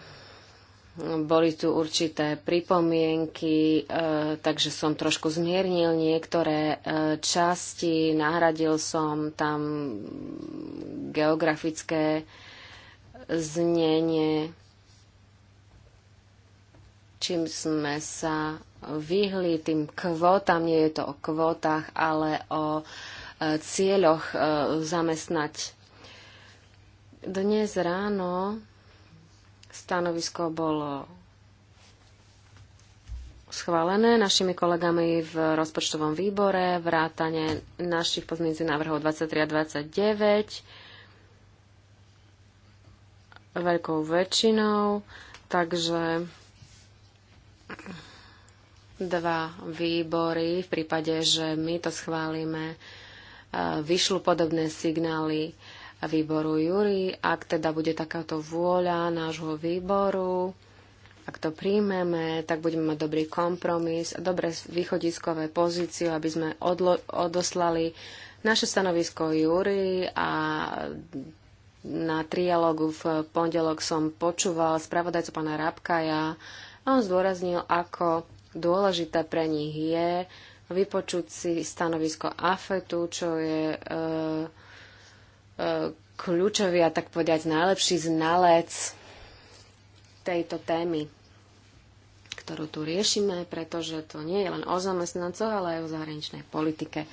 boli tu určité pripomienky, e, takže som trošku zmiernil niektoré e, časti, nahradil som tam geografické znenie, čím sme sa vyhli tým kvótam. Nie je to o kvótach, ale o e, cieľoch e, zamestnať. Dnes ráno stanovisko bolo schválené našimi kolegami v rozpočtovom výbore, vrátane našich pozmienci návrhov 23 a 29 veľkou väčšinou, takže dva výbory v prípade, že my to schválime, e, vyšľú podobné signály výboru Júri, ak teda bude takáto vôľa nášho výboru, ak to príjmeme, tak budeme mať dobrý kompromis a dobré východiskové pozíciu, aby sme odlo- odoslali naše stanovisko Júri a na trialogu v pondelok som počúval spravodajcu pána Rabkaja a on zdôraznil, ako Dôležité pre nich je vypočuť si stanovisko AFETu, čo je e, e, kľúčový a tak povedať najlepší znalec tejto témy, ktorú tu riešime, pretože to nie je len o zamestnancoch, ale aj o zahraničnej politike.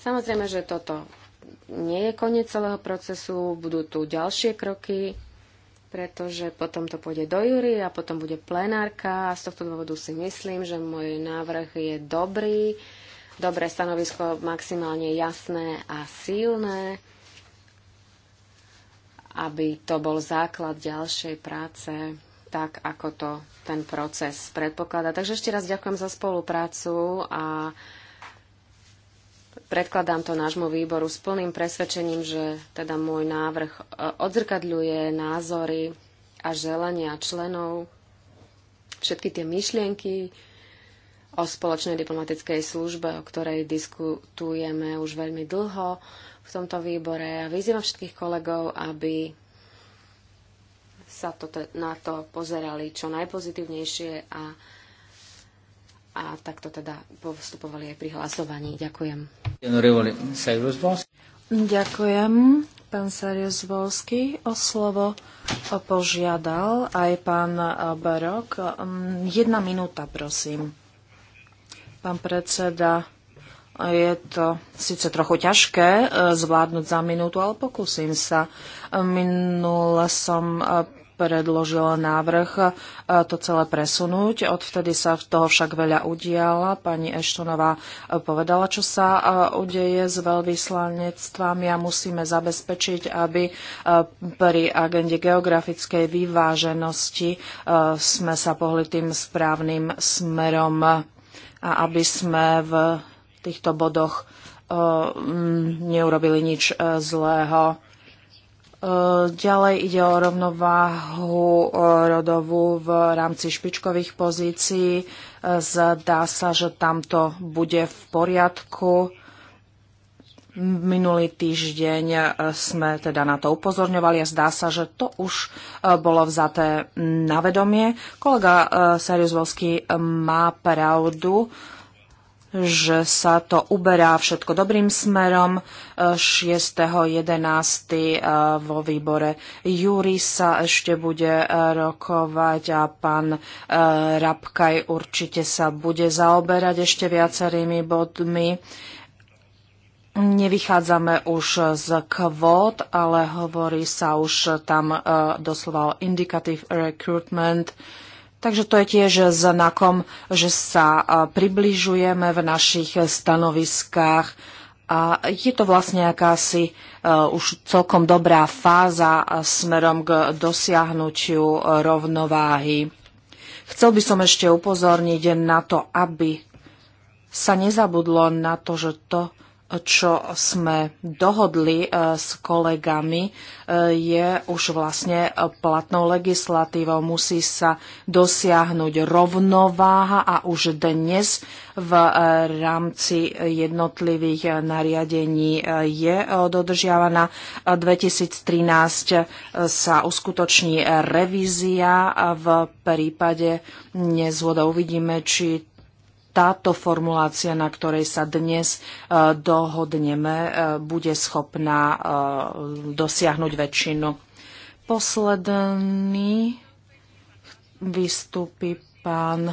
Samozrejme, že toto nie je koniec celého procesu, budú tu ďalšie kroky, pretože potom to pôjde do jury a potom bude plenárka a z tohto dôvodu si myslím, že môj návrh je dobrý, dobré stanovisko maximálne jasné a silné, aby to bol základ ďalšej práce tak, ako to ten proces predpokladá. Takže ešte raz ďakujem za spoluprácu a Predkladám to nášmu výboru s plným presvedčením, že teda môj návrh e, odzrkadľuje názory a želania členov, všetky tie myšlienky o spoločnej diplomatickej službe, o ktorej diskutujeme už veľmi dlho v tomto výbore. A vyzývam všetkých kolegov, aby sa to, na to pozerali čo najpozitívnejšie a a takto teda postupovali aj pri hlasovaní. Ďakujem. Ďakujem. Pán Sarius Volsky o slovo požiadal aj pán Barok. Jedna minúta, prosím. Pán predseda, je to síce trochu ťažké eh, zvládnuť za minútu, ale pokúsim sa. Minule som eh, predložila návrh e, to celé presunúť. Odvtedy sa toho však veľa udiala. Pani Eštonová e, povedala, čo sa e, udeje s veľvyslanectvami a musíme zabezpečiť, aby pri agende geografickej vyváženosti sme sa pohli tým správnym smerom a aby sme v týchto bodoch mm, neurobili nič zlého Eh, ďalej ide o rovnováhu eh, rodovú v rámci špičkových pozícií. Eh, zdá sa, že tamto bude v poriadku. Minulý týždeň sme teda na to upozorňovali a zdá sa, že to už bolo vzaté na vedomie. Kolega Serius Volsky má pravdu že sa to uberá všetko dobrým smerom. 6.11. E, vo výbore Júri sa ešte bude e, rokovať a pán e, Rabkaj určite sa bude zaoberať ešte viacerými bodmi. Nevychádzame už z kvót, ale hovorí sa už tam doslova o indicative recruitment. Uh, Takže to je tiež znakom, že sa približujeme v našich stanoviskách a je to vlastne akási už celkom dobrá fáza smerom k dosiahnutiu rovnováhy. Chcel by som ešte upozorniť na to, aby sa nezabudlo na to, že to, čo sme dohodli e, s kolegami, e, je už vlastne platnou legislatívou. Musí sa dosiahnuť rovnováha a už dnes v e, rámci jednotlivých nariadení je dodržiavaná. 2013 sa uskutoční revízia v prípade nezvoda. Uvidíme, či táto formulácia, na ktorej sa dnes e, dohodneme, e, bude schopná e, dosiahnuť väčšinu. Posledný vystúpi pán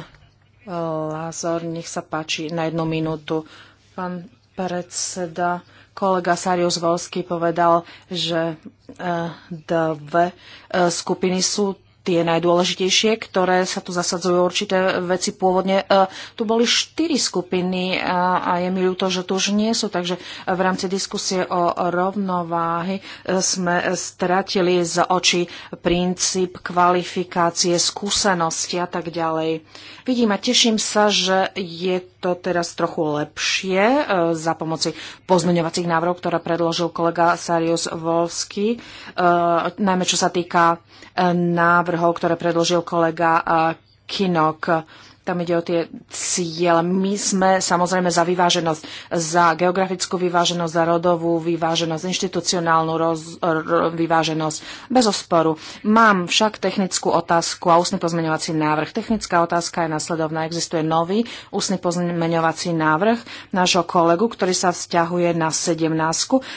Lázor. Nech sa páči na jednu minútu. Pán predseda, kolega Sarius Volsky povedal, že dve skupiny sú tie najdôležitejšie, ktoré sa tu zasadzujú určité veci pôvodne. E, tu boli štyri skupiny a je mi ľúto, že tu už nie sú, takže v rámci diskusie o rovnováhy e, sme stratili z očí princíp kvalifikácie, skúsenosti a tak ďalej. Vidím a teším sa, že je to teraz trochu lepšie e, za pomoci pozmeňovacích návrhov, ktoré predložil kolega Sarius Volsky, e, najmä čo sa týka e, návrhov, ktoré predložil kolega Kinok tam ide o tie ciele. My sme samozrejme za vyváženosť, za geografickú vyváženosť, za rodovú vyváženosť, inštitucionálnu roz, r, vyváženosť. Bez osporu. Mám však technickú otázku a ústny pozmeňovací návrh. Technická otázka je nasledovná. Existuje nový ústny pozmeňovací návrh nášho kolegu, ktorý sa vzťahuje na 17.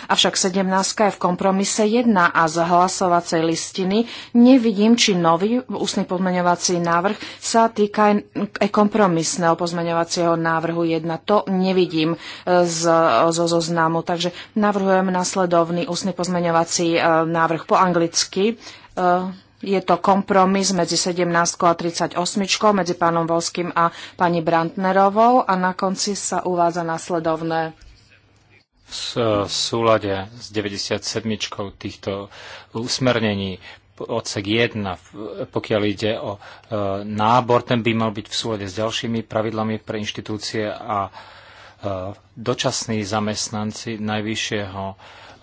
Avšak 17 je v kompromise 1 a z hlasovacej listiny nevidím, či nový ústny pozmeňovací návrh sa týka kompromisného pozmeňovacieho návrhu 1. To nevidím e, zo zoznamu, takže navrhujem nasledovný ústny pozmeňovací e, návrh po anglicky. E, je to kompromis medzi 17 a 38, medzi pánom Volským a pani Brantnerovou a na konci sa uvádza nasledovné. V súlade s 97 týchto usmernení odsek 1, pokiaľ ide o e, nábor, ten by mal byť v súlade s ďalšími pravidlami pre inštitúcie a e, dočasní zamestnanci najvyššieho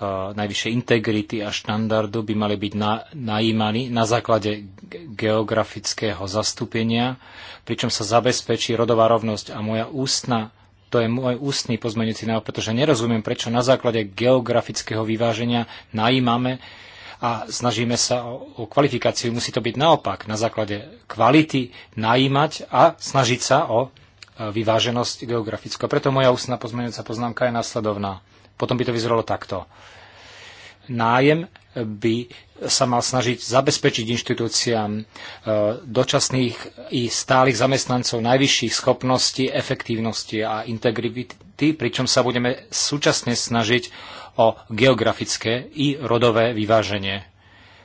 e, najvyššej integrity a štandardu by mali byť na, najímaní na základe geografického zastúpenia, pričom sa zabezpečí rodová rovnosť a moja ústna to je môj ústny pozmeňujúci návrh, pretože nerozumiem, prečo na základe geografického vyváženia najímame uh, a snažíme sa o, o kvalifikáciu. Musí to byť naopak, na základe kvality najímať a snažiť sa o e, vyváženosť geografickú. preto moja ústna pozmeňujúca poznámka je následovná. Potom by to vyzeralo takto. Nájem by sa mal snažiť zabezpečiť inštitúciám e, dočasných i stálych zamestnancov najvyšších schopností, efektívnosti a integrity, pričom sa budeme súčasne snažiť o geografické i rodové vyváženie.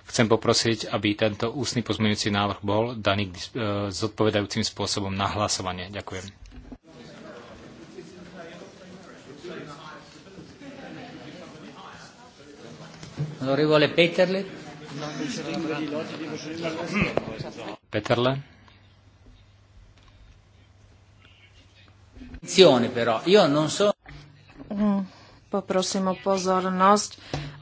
Chcem poprosiť, aby tento ústny pozmeňujúci návrh bol daný s e, odpovedajúcim spôsobom na hlasovanie. Ďakujem. Onorevole Peterle. Peterle. Attenzione però, io non so... Mm. Poprosím o pozornosť.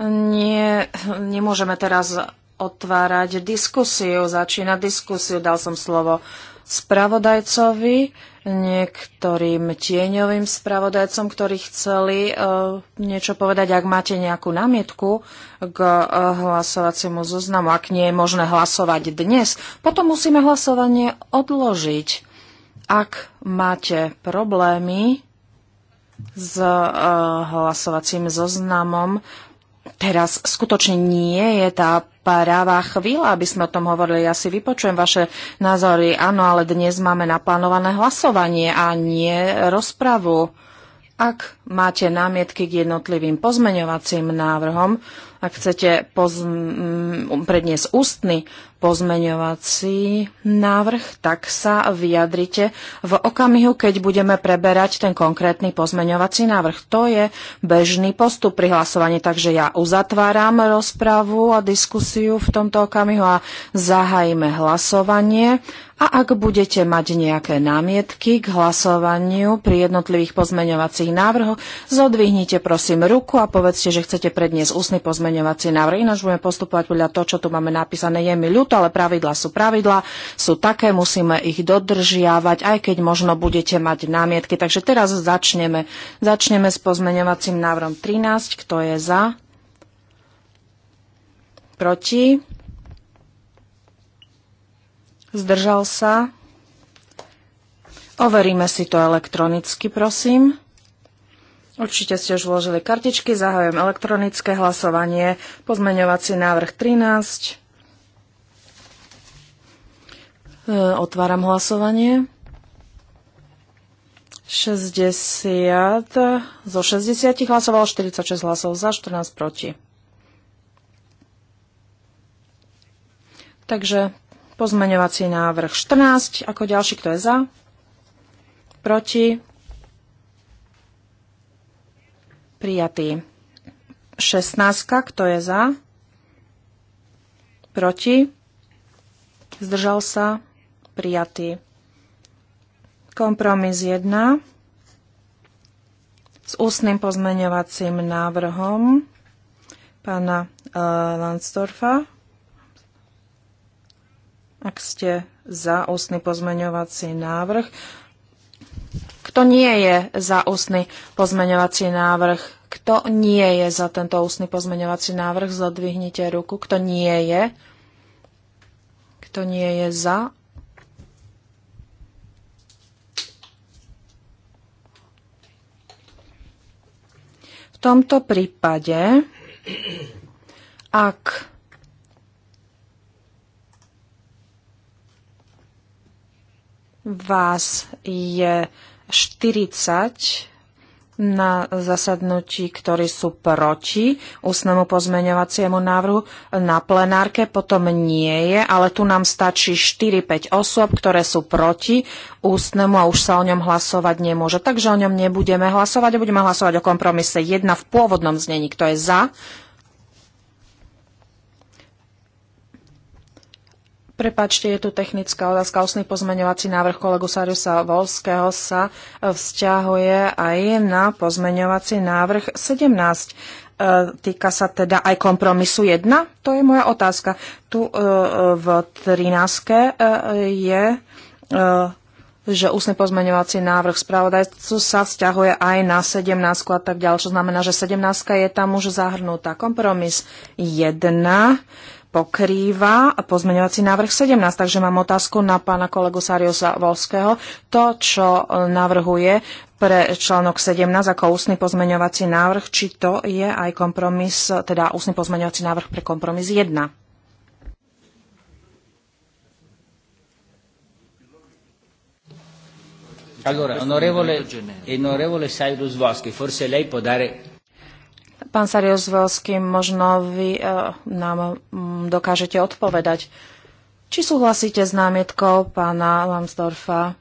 Nie, nemôžeme teraz otvárať diskusiu, začína diskusiu. Dal som slovo spravodajcovi, niektorým tieňovým spravodajcom, ktorí chceli uh, niečo povedať, ak máte nejakú námietku k uh, hlasovaciemu zoznamu. Ak nie je možné hlasovať dnes, potom musíme hlasovanie odložiť. Ak máte problémy, s eh, hlasovacím zoznamom. Teraz skutočne nie je tá práva chvíľa, aby sme o tom hovorili. Ja si vypočujem vaše názory, áno, ale dnes máme naplánované hlasovanie a nie rozpravu. Ak máte námietky k jednotlivým pozmeňovacím návrhom, ak chcete pozm- predniesť ústny pozmeňovací návrh, tak sa vyjadrite v okamihu, keď budeme preberať ten konkrétny pozmeňovací návrh. To je bežný postup pri hlasovaní, takže ja uzatváram rozpravu a diskusiu v tomto okamihu a zahajíme hlasovanie. A ak budete mať nejaké námietky k hlasovaniu pri jednotlivých pozmeňovacích návrhoch, zodvihnite prosím ruku a povedzte, že chcete predniesť ústny pozmeňovací návrh. Ináč budeme postupovať podľa toho, čo tu máme napísané. Je mi ľúto, ale pravidla sú pravidla, sú také, musíme ich dodržiavať, aj keď možno budete mať námietky. Takže teraz začneme. Začneme s pozmeňovacím návrhom 13. Kto je za? Proti? Zdržal sa? Overíme si to elektronicky, prosím. Určite ste už vložili kartičky, zahajujem elektronické hlasovanie, pozmeňovací návrh 13. E, otváram hlasovanie. 60, zo 60 hlasovalo 46 hlasov za, 14 proti. Takže Pozmeňovací návrh 14. Ako ďalší, kto je za? Proti? Prijatý. 16. Kto je za? Proti? Zdržal sa? Prijatý. Kompromis 1 s ústnym pozmeňovacím návrhom pána uh, eh, Landstorfa. Ak ste za ústny pozmeňovací návrh, kto nie je za ústny pozmeňovací návrh? Kto nie je za tento ústny pozmeňovací návrh? Zadvihnite ruku. Kto nie je? Kto nie je za? V tomto prípade, ak vás je 40 na zasadnutí, ktorí sú proti ústnemu pozmeňovaciemu návrhu na plenárke, potom nie je, ale tu nám stačí 4-5 osôb, ktoré sú proti ústnemu a už sa o ňom hlasovať nemôže. Takže o ňom nebudeme hlasovať a budeme hlasovať o kompromise 1 v pôvodnom znení. Kto je za, Prepačte, je tu technická otázka. Osný pozmeňovací návrh kolegu Sariusa Volského sa e, vzťahuje aj na pozmeňovací návrh 17. E, týka sa teda aj kompromisu 1? To je moja otázka. Tu e, v 13. je že ústny pozmeňovací návrh spravodajcu sa vzťahuje aj na 17 a tak ďalej, čo znamená, že 17 je tam už zahrnutá. Kompromis 1 pokrýva pozmeňovací návrh 17, takže mám otázku na pána kolegu Sariusa Volského. To, čo e, navrhuje pre článok 17 ako ústny pozmeňovací návrh, či to je aj kompromis, teda ústny pozmeňovací návrh pre kompromis 1. Allora, onorevole, onorevole Cyrus Vosky, forse lei può dare Pán Sarius možno vy uh, nám um, dokážete odpovedať. Či súhlasíte s námietkou pána Lambsdorfa,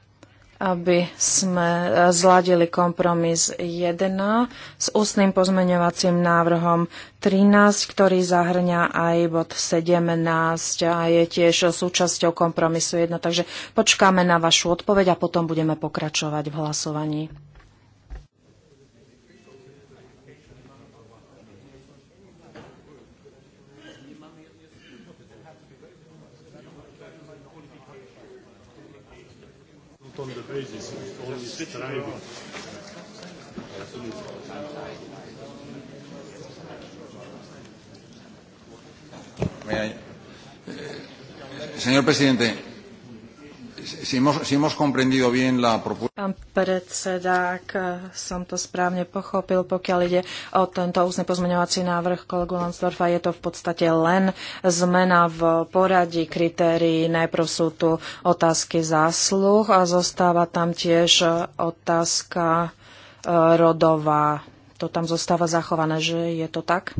aby sme e, zladili kompromis 1 s ústnym pozmeňovacím návrhom 13, ktorý zahrňa aj bod 17 a je tiež súčasťou kompromisu 1. Takže počkáme na vašu odpoveď a potom budeme pokračovať v hlasovaní. Eh, señor presidente, si hemos, si hemos comprendido bien la propuesta... Pán predseda, ak som to správne pochopil, pokiaľ ide o tento ústny pozmeňovací návrh kolegu Lansdorfa, je to v podstate len zmena v poradí kritérií. Najprv sú tu otázky zásluh a zostáva tam tiež otázka eh, rodová. To tam zostáva zachované, že je to tak?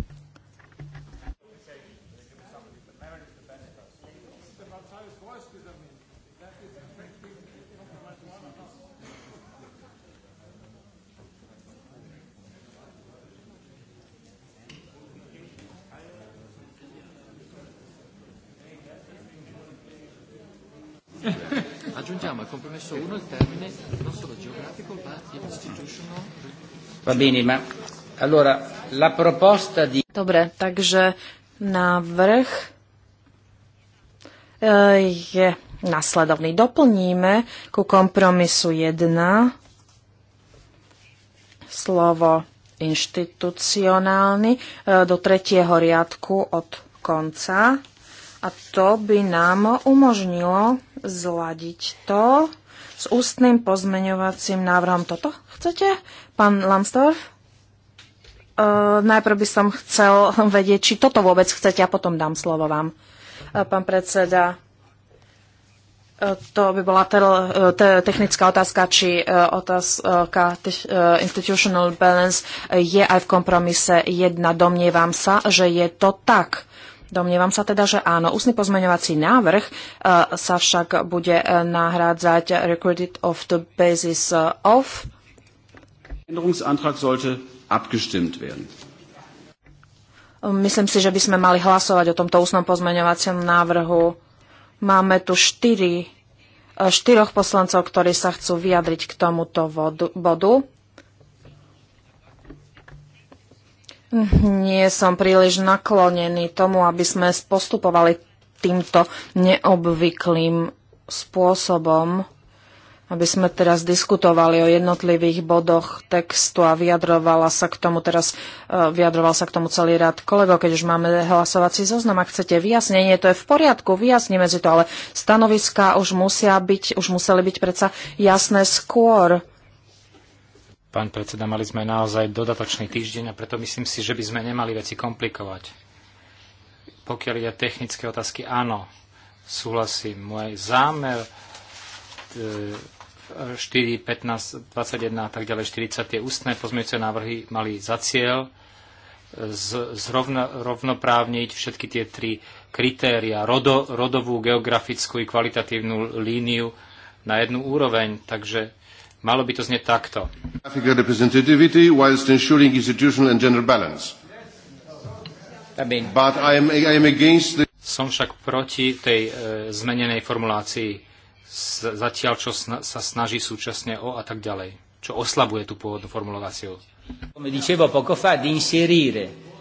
[laughs] Aggiungiamo al compromesso 1 il termine non solo geografico ma institutional. Va bene, ma allora la proposta di... Dobre, takže návrh eh, je nasledovný. Doplníme ku kompromisu 1 slovo inštitucionálny eh, do tretieho riadku od konca a to by nám umožnilo zladiť to s ústnym pozmeňovacím návrhom. Toto chcete, pán Lansdorf? Uh, e, najprv by som chcel vedieť, či toto vôbec chcete a potom dám slovo vám. Uh, pán predseda, uh, to by bola tel, te, technická otázka, či otázka te, institutional balance je aj v kompromise jedna. Domnievam sa, že je to tak. Domnievam sa teda, že áno. Ústny pozmeňovací návrh e, sa však bude e, nahrádzať recorded of the basis of. Änderungsantrag sollte abgestimmt werden. Myslím si, že by sme mali hlasovať o tomto ústnom pozmeňovacom návrhu. Máme tu štyri, e, štyroch poslancov, ktorí sa chcú vyjadriť k tomuto vodu, bodu. nie som príliš naklonený tomu, aby sme postupovali týmto neobvyklým spôsobom, aby sme teraz diskutovali o jednotlivých bodoch textu a vyjadrovala sa k tomu teraz, e, vyjadroval sa k tomu celý rád kolegov, keď už máme hlasovací zoznam. Ak chcete vyjasnenie, to je v poriadku, vyjasníme si to, ale stanoviská už, musia byť, už museli byť predsa jasné skôr Pán predseda, mali sme naozaj dodatočný týždeň a preto myslím si, že by sme nemali veci komplikovať. Pokiaľ ide technické otázky, áno, súhlasím. Môj zámer 4, 15, 21 a tak ďalej, 40, tie ústne pozmeňujúce návrhy mali za cieľ e, z, zrovna, rovnoprávniť všetky tie tri kritéria, rodo, rodovú, geografickú i kvalitatívnu líniu na jednu úroveň. Takže Malo by to znieť takto. Som však proti tej e, zmenenej formulácii zatiaľ, čo sna- sa snaží súčasne o a tak ďalej, čo oslabuje tú pôvodnú formuláciu. Come dicevo poco fa, di inserire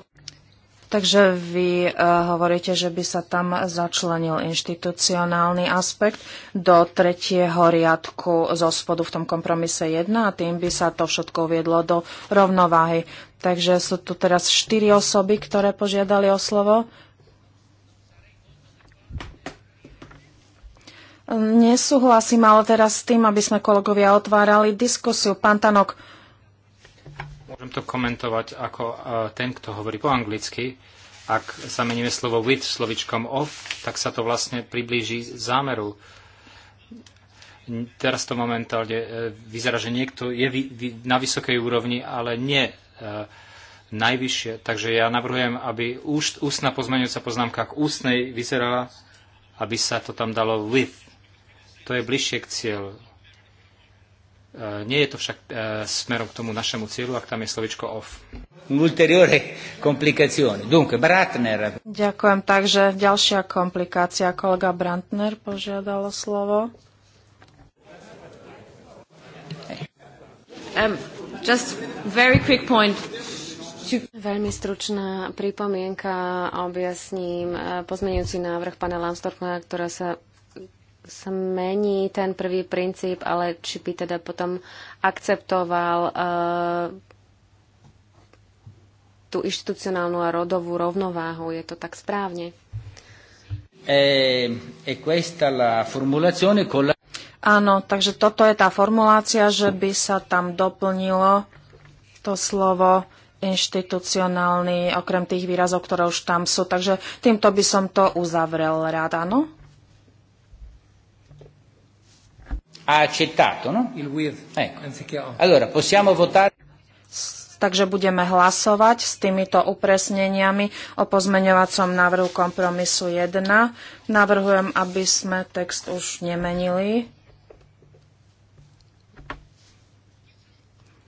Takže vy e, hovoríte, že by sa tam začlenil inštitucionálny aspekt do tretieho riadku zo spodu v tom kompromise 1 a tým by sa to všetko viedlo do rovnováhy. Takže sú tu teraz štyri osoby, ktoré požiadali o slovo. Nesúhlasím ale teraz s tým, aby sme kolegovia otvárali diskusiu. Pán Tanok, Môžem to komentovať ako e, ten, kto hovorí po anglicky. Ak zameníme slovo with slovičkom of, tak sa to vlastne priblíži zámeru. Teraz to momentálne e, vyzerá, že niekto je na vysokej úrovni, ale nie e, najvyššie. Takže ja navrhujem, aby ústna pozmeňujúca poznámka k ústnej vyzerala, aby sa to tam dalo with. To je bližšie k cieľu E, nie je to však e, smerom k tomu našemu cieľu, ak tam je slovičko off. Ulteriore komplikácione. Dunque, Brantner. Ďakujem. Takže ďalšia komplikácia. Kolega Brantner požiadal slovo. Um, just very quick point. Veľmi stručná pripomienka objasním e, pozmeňujúci návrh pana Lamstorkna, ktorá sa zmení ten prvý princíp, ale či by teda potom akceptoval e, tú inštitucionálnu a rodovú rovnováhu. Je to tak správne? E, e questa la formulazione con la... Áno, takže toto je tá formulácia, že by sa tam doplnilo to slovo inštitucionálny, okrem tých výrazov, ktoré už tam sú. Takže týmto by som to uzavrel rád, áno? Ha accettato, no? Il with. Ecco. anziché Allora, possiamo votare... Takže budeme hlasovať s týmito upresneniami o pozmeňovacom návrhu kompromisu 1. Navrhujem, aby sme text už nemenili.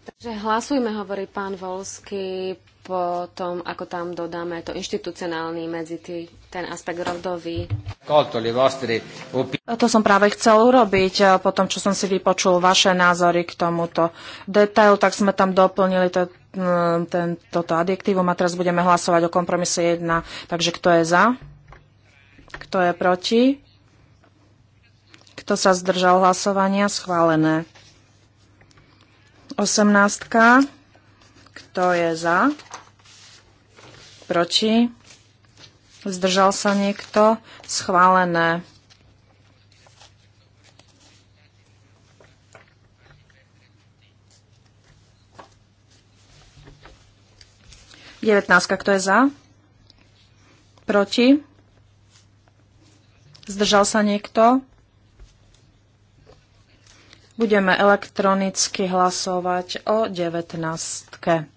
Takže hlasujme, hovorí pán Volsky, potom, ako tam dodáme to inštitucionálny medzi tý, ten aspekt rodový. To som práve chcel urobiť. Po tom, čo som si vypočul vaše názory k tomuto detailu, tak sme tam doplnili to, ten, toto adjektívum a teraz budeme hlasovať o kompromise 1. Takže kto je za? Kto je proti? Kto sa zdržal hlasovania? Schválené. 18. Kto je za? Proti? Zdržal sa niekto? Schválené. Devetnáctka, kto je za? Proti? Zdržal sa niekto? Budeme elektronicky hlasovať o devetnáctke.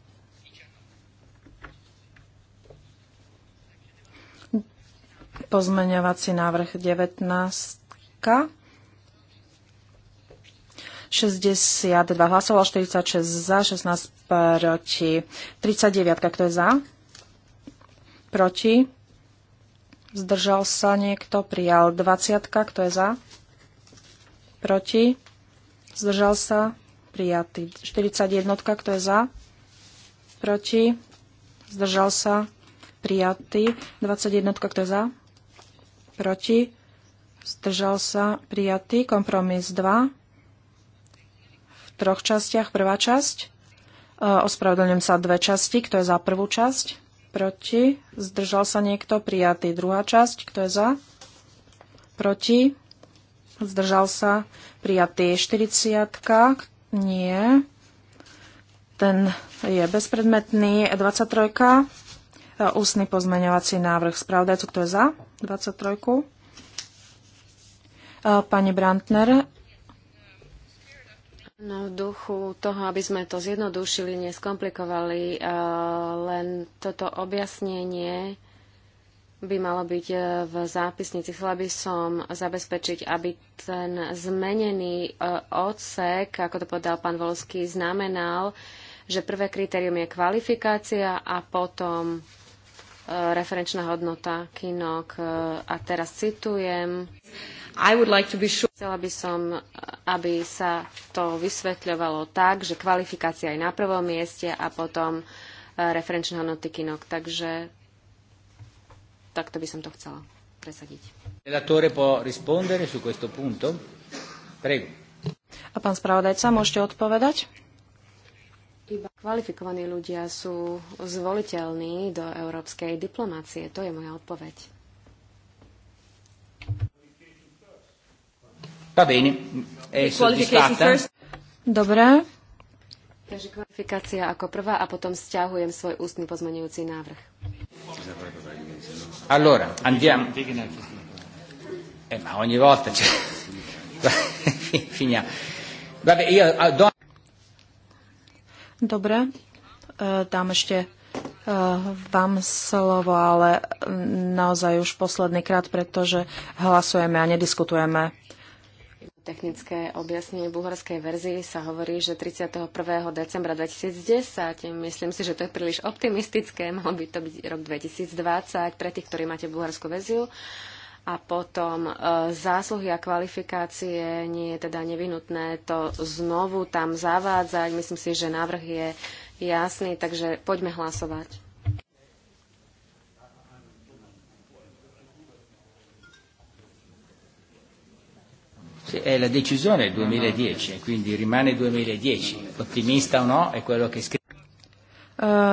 Pozmeňovací návrh 19. 62 hlasovalo, 46 za, 16 proti. 39, kto je za? Proti. Zdržal sa niekto, prijal 20, kto je za? Proti. Zdržal sa, prijatý. 41, kto je za? Proti. Zdržal sa, prijatý. 21, kto je za? proti, zdržal sa, prijatý. Kompromis 2 v troch častiach. Prvá časť, e, ospravedlňujem sa dve časti, kto je za prvú časť, proti, zdržal sa niekto, prijatý. Druhá časť, kto je za, proti, zdržal sa, prijatý. 40, nie, ten je bezpredmetný. 23. E, ústny pozmeňovací návrh spravodajcu, kto je za? 23. E, pani Brantner. No, v duchu toho, aby sme to zjednodušili, neskomplikovali, e, len toto objasnenie by malo byť e, v zápisnici. Chcela by som zabezpečiť, aby ten zmenený odsek, ako to povedal pán Volský, znamenal, že prvé kritérium je kvalifikácia a potom Eh, referenčná hodnota kinok. Eh, a teraz citujem. I would like to be sure. Chcela by som, aby sa to vysvetľovalo tak, že kvalifikácia je na prvom mieste a potom eh, referenčná hodnoty kinok. Takže takto by som to chcela presadiť. Relatore può rispondere su questo punto? Prego. A pán spravodajca, môžete odpovedať? Iba kvalifikovaní ľudia sú zvoliteľní do európskej diplomácie. To je moja odpoveď. Eh, Dobre. Takže kvalifikácia ako prvá a potom stiahujem svoj ústny pozmenujúci návrh. Allora, andiamo. Eh, ma ogni volta c'è... [laughs] Finiamo. Vabbè, io ah, do... Dobre, e, dám ešte e, vám slovo, ale naozaj už posledný krát, pretože hlasujeme a nediskutujeme. Technické objasnenie bulharskej verzii sa hovorí, že 31. decembra 2010. Myslím si, že to je príliš optimistické. Mal by to byť rok 2020 pre tých, ktorí máte bulharskú verziu. Uh, a potom e, zásluhy a kvalifikácie nie je teda nevinutné to znovu tam zavádzať. Myslím si, že návrh je jasný, takže poďme hlasovať. È la decisione 2010, quindi rimane 2010. Ottimista o no, è quello che scrive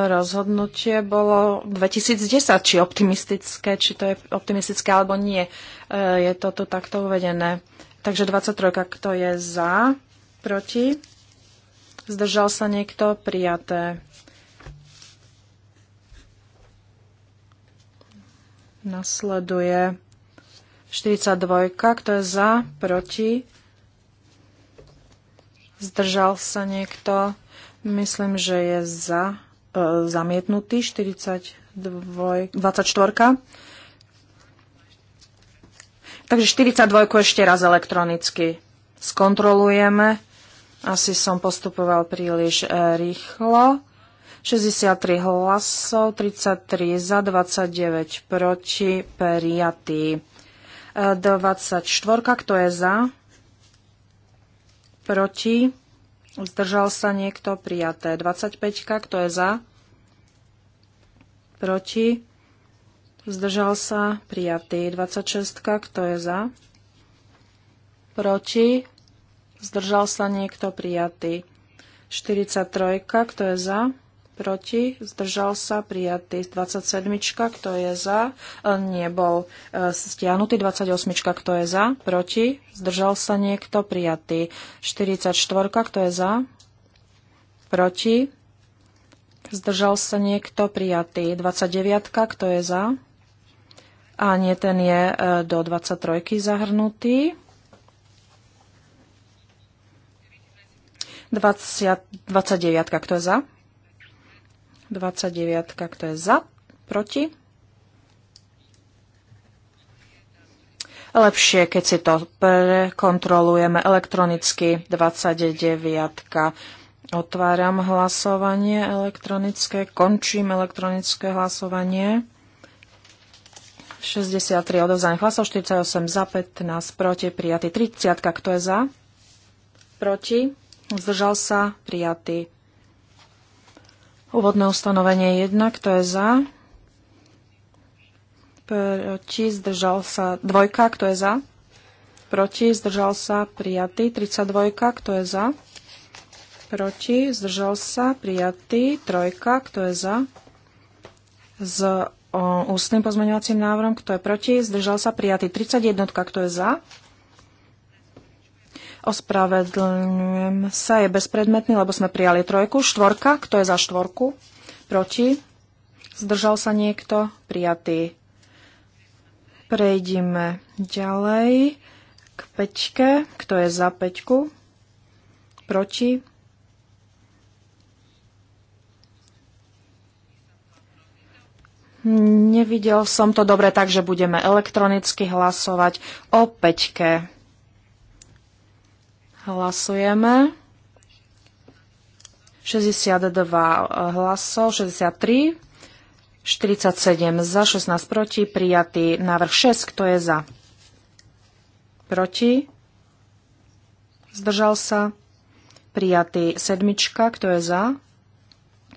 rozhodnutie bolo 2010, či optimistické, či to je optimistické alebo nie. E, je to tu takto uvedené. Takže 23, kto je za, proti, zdržal sa niekto, prijaté. Nasleduje 42, kto je za, proti, zdržal sa niekto, myslím, že je za E, zamietnutý, 42, 24. Takže 42 ešte raz elektronicky skontrolujeme. Asi som postupoval príliš e, rýchlo. 63 hlasov, 33 za, 29 proti, prijatý. 24, e, kto je za? Proti? Zdržal sa niekto? Prijaté. 25. Kto je za? Proti? Zdržal sa? Prijatý. 26. Kto je za? Proti? Zdržal sa niekto? Prijatý. 43. Kto je za? proti, zdržal sa, prijatý 27, kto je za, e, nebol e, stiahnutý 28, kto je za, proti, zdržal sa niekto, prijatý 44, kto je za, proti, zdržal sa niekto, prijatý 29, kto je za, a nie, ten je e, do 23 zahrnutý. 20, 29, kto je za? 29, kto je za, proti. Lepšie, keď si to prekontrolujeme elektronicky. 29. Otváram hlasovanie elektronické, končím elektronické hlasovanie. 63 odovzdaných hlasov, 48 za, 15 proti, prijatý 30. Kto je za? Proti? Zdržal sa? Prijatý Úvodné ustanovenie 1, kto je za? Proti, zdržal sa. Dvojka, kto je za? Proti, zdržal sa, prijatý. 32, kto je za? Proti, zdržal sa, prijatý. Trojka, kto je za? S ústnym pozmeňovacím návrhom, kto je proti? Zdržal sa, prijatý. 31, kto je za? Ospravedlňujem sa, je bezpredmetný, lebo sme prijali trojku. Štvorka, kto je za štvorku? Proti? Zdržal sa niekto? Prijatý. Prejdime ďalej k peťke. Kto je za peťku? Proti? Nevidel som to dobre, takže budeme elektronicky hlasovať o peťke. Hlasujeme. 62 hlasov, 63, 47 za, 16 proti, prijatý návrh 6, kto je za? Proti? Zdržal sa? Prijatý sedmička, kto je za?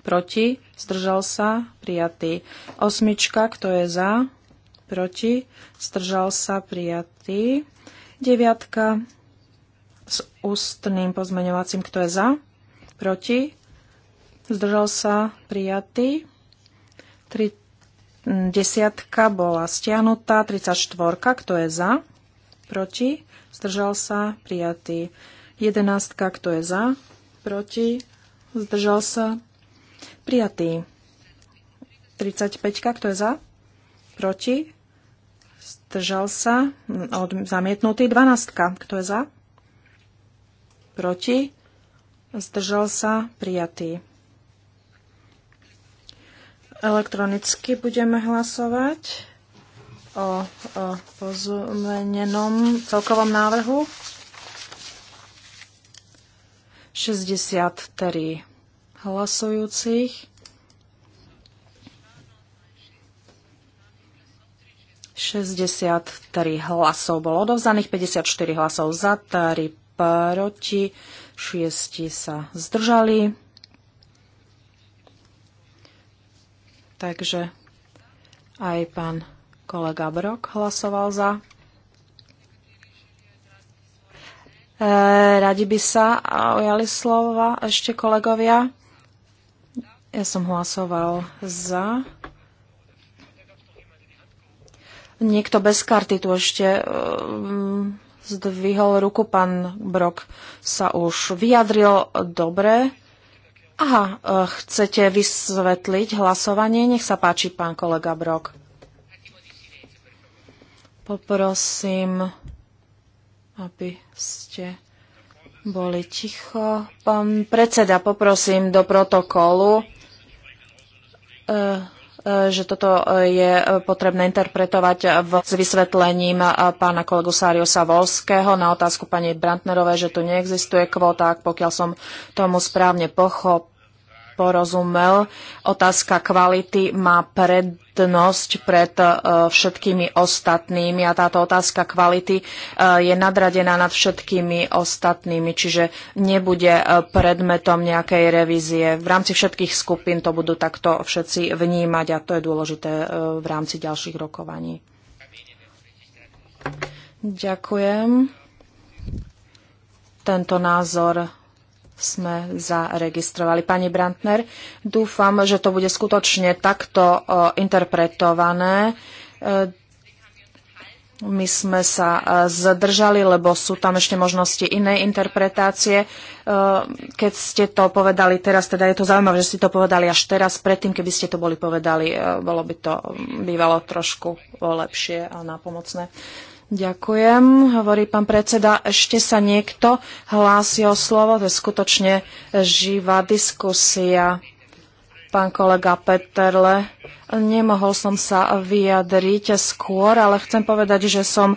Proti? Zdržal sa? Prijatý osmička, kto je za? Proti? Zdržal sa? Prijatý deviatka, s ústným pozmeňovacím, kto je za, proti, zdržal sa, prijatý. Tri, mm, desiatka bola stiahnutá, 34, kto je za, proti, zdržal sa, prijatý. Jedenástka, kto je za, proti, zdržal sa, prijatý. 35, kto je za, proti, zdržal sa, mm, od, zamietnutý. 12, kto je za, proti, zdržal sa, prijatý. Elektronicky budeme hlasovať o, o pozmenenom celkovom návrhu. 63 hlasujúcich. 63 hlasov bolo odovzdaných, 54 hlasov za, 3 proti, šiesti sa zdržali. Takže aj pán kolega Brok hlasoval za. E, radi by sa ojali slova ešte kolegovia. Ja som hlasoval za. Niekto bez karty tu ešte um, zdvihol ruku, pán Brok sa už vyjadril dobre. Aha, e, chcete vysvetliť hlasovanie? Nech sa páči, pán kolega Brok. Poprosím, aby ste boli ticho. Pán predseda, poprosím do protokolu e, že toto eh, je eh, potrebné interpretovať eh, v, s vysvetlením pána kolegu Sáriosa Volského na otázku pani Brantnerovej, že tu neexistuje kvóta, pokiaľ som tomu správne pochopil porozumel. Otázka kvality má prednosť pred e, všetkými ostatnými a táto otázka kvality e, je nadradená nad všetkými ostatnými, čiže nebude e, predmetom nejakej revízie. V rámci všetkých skupín to budú takto všetci vnímať a to je dôležité v rámci ďalších rokovaní. Ďakujem. Tento názor sme zaregistrovali. Pani Brantner, dúfam, že to bude skutočne takto e, interpretované. E, my sme sa e, zdržali, lebo sú tam ešte možnosti inej interpretácie. Keď ste to povedali teraz, teda je to zaujímavé, že ste to povedali až teraz, predtým, keby ste to boli povedali, bolo by to bývalo trošku lepšie a nápomocné. Ďakujem, hovorí pán predseda. Ešte sa niekto hlási o slovo? To je skutočne živá diskusia. Pán kolega Peterle, nemohol som sa vyjadriť skôr, ale chcem povedať, že som e,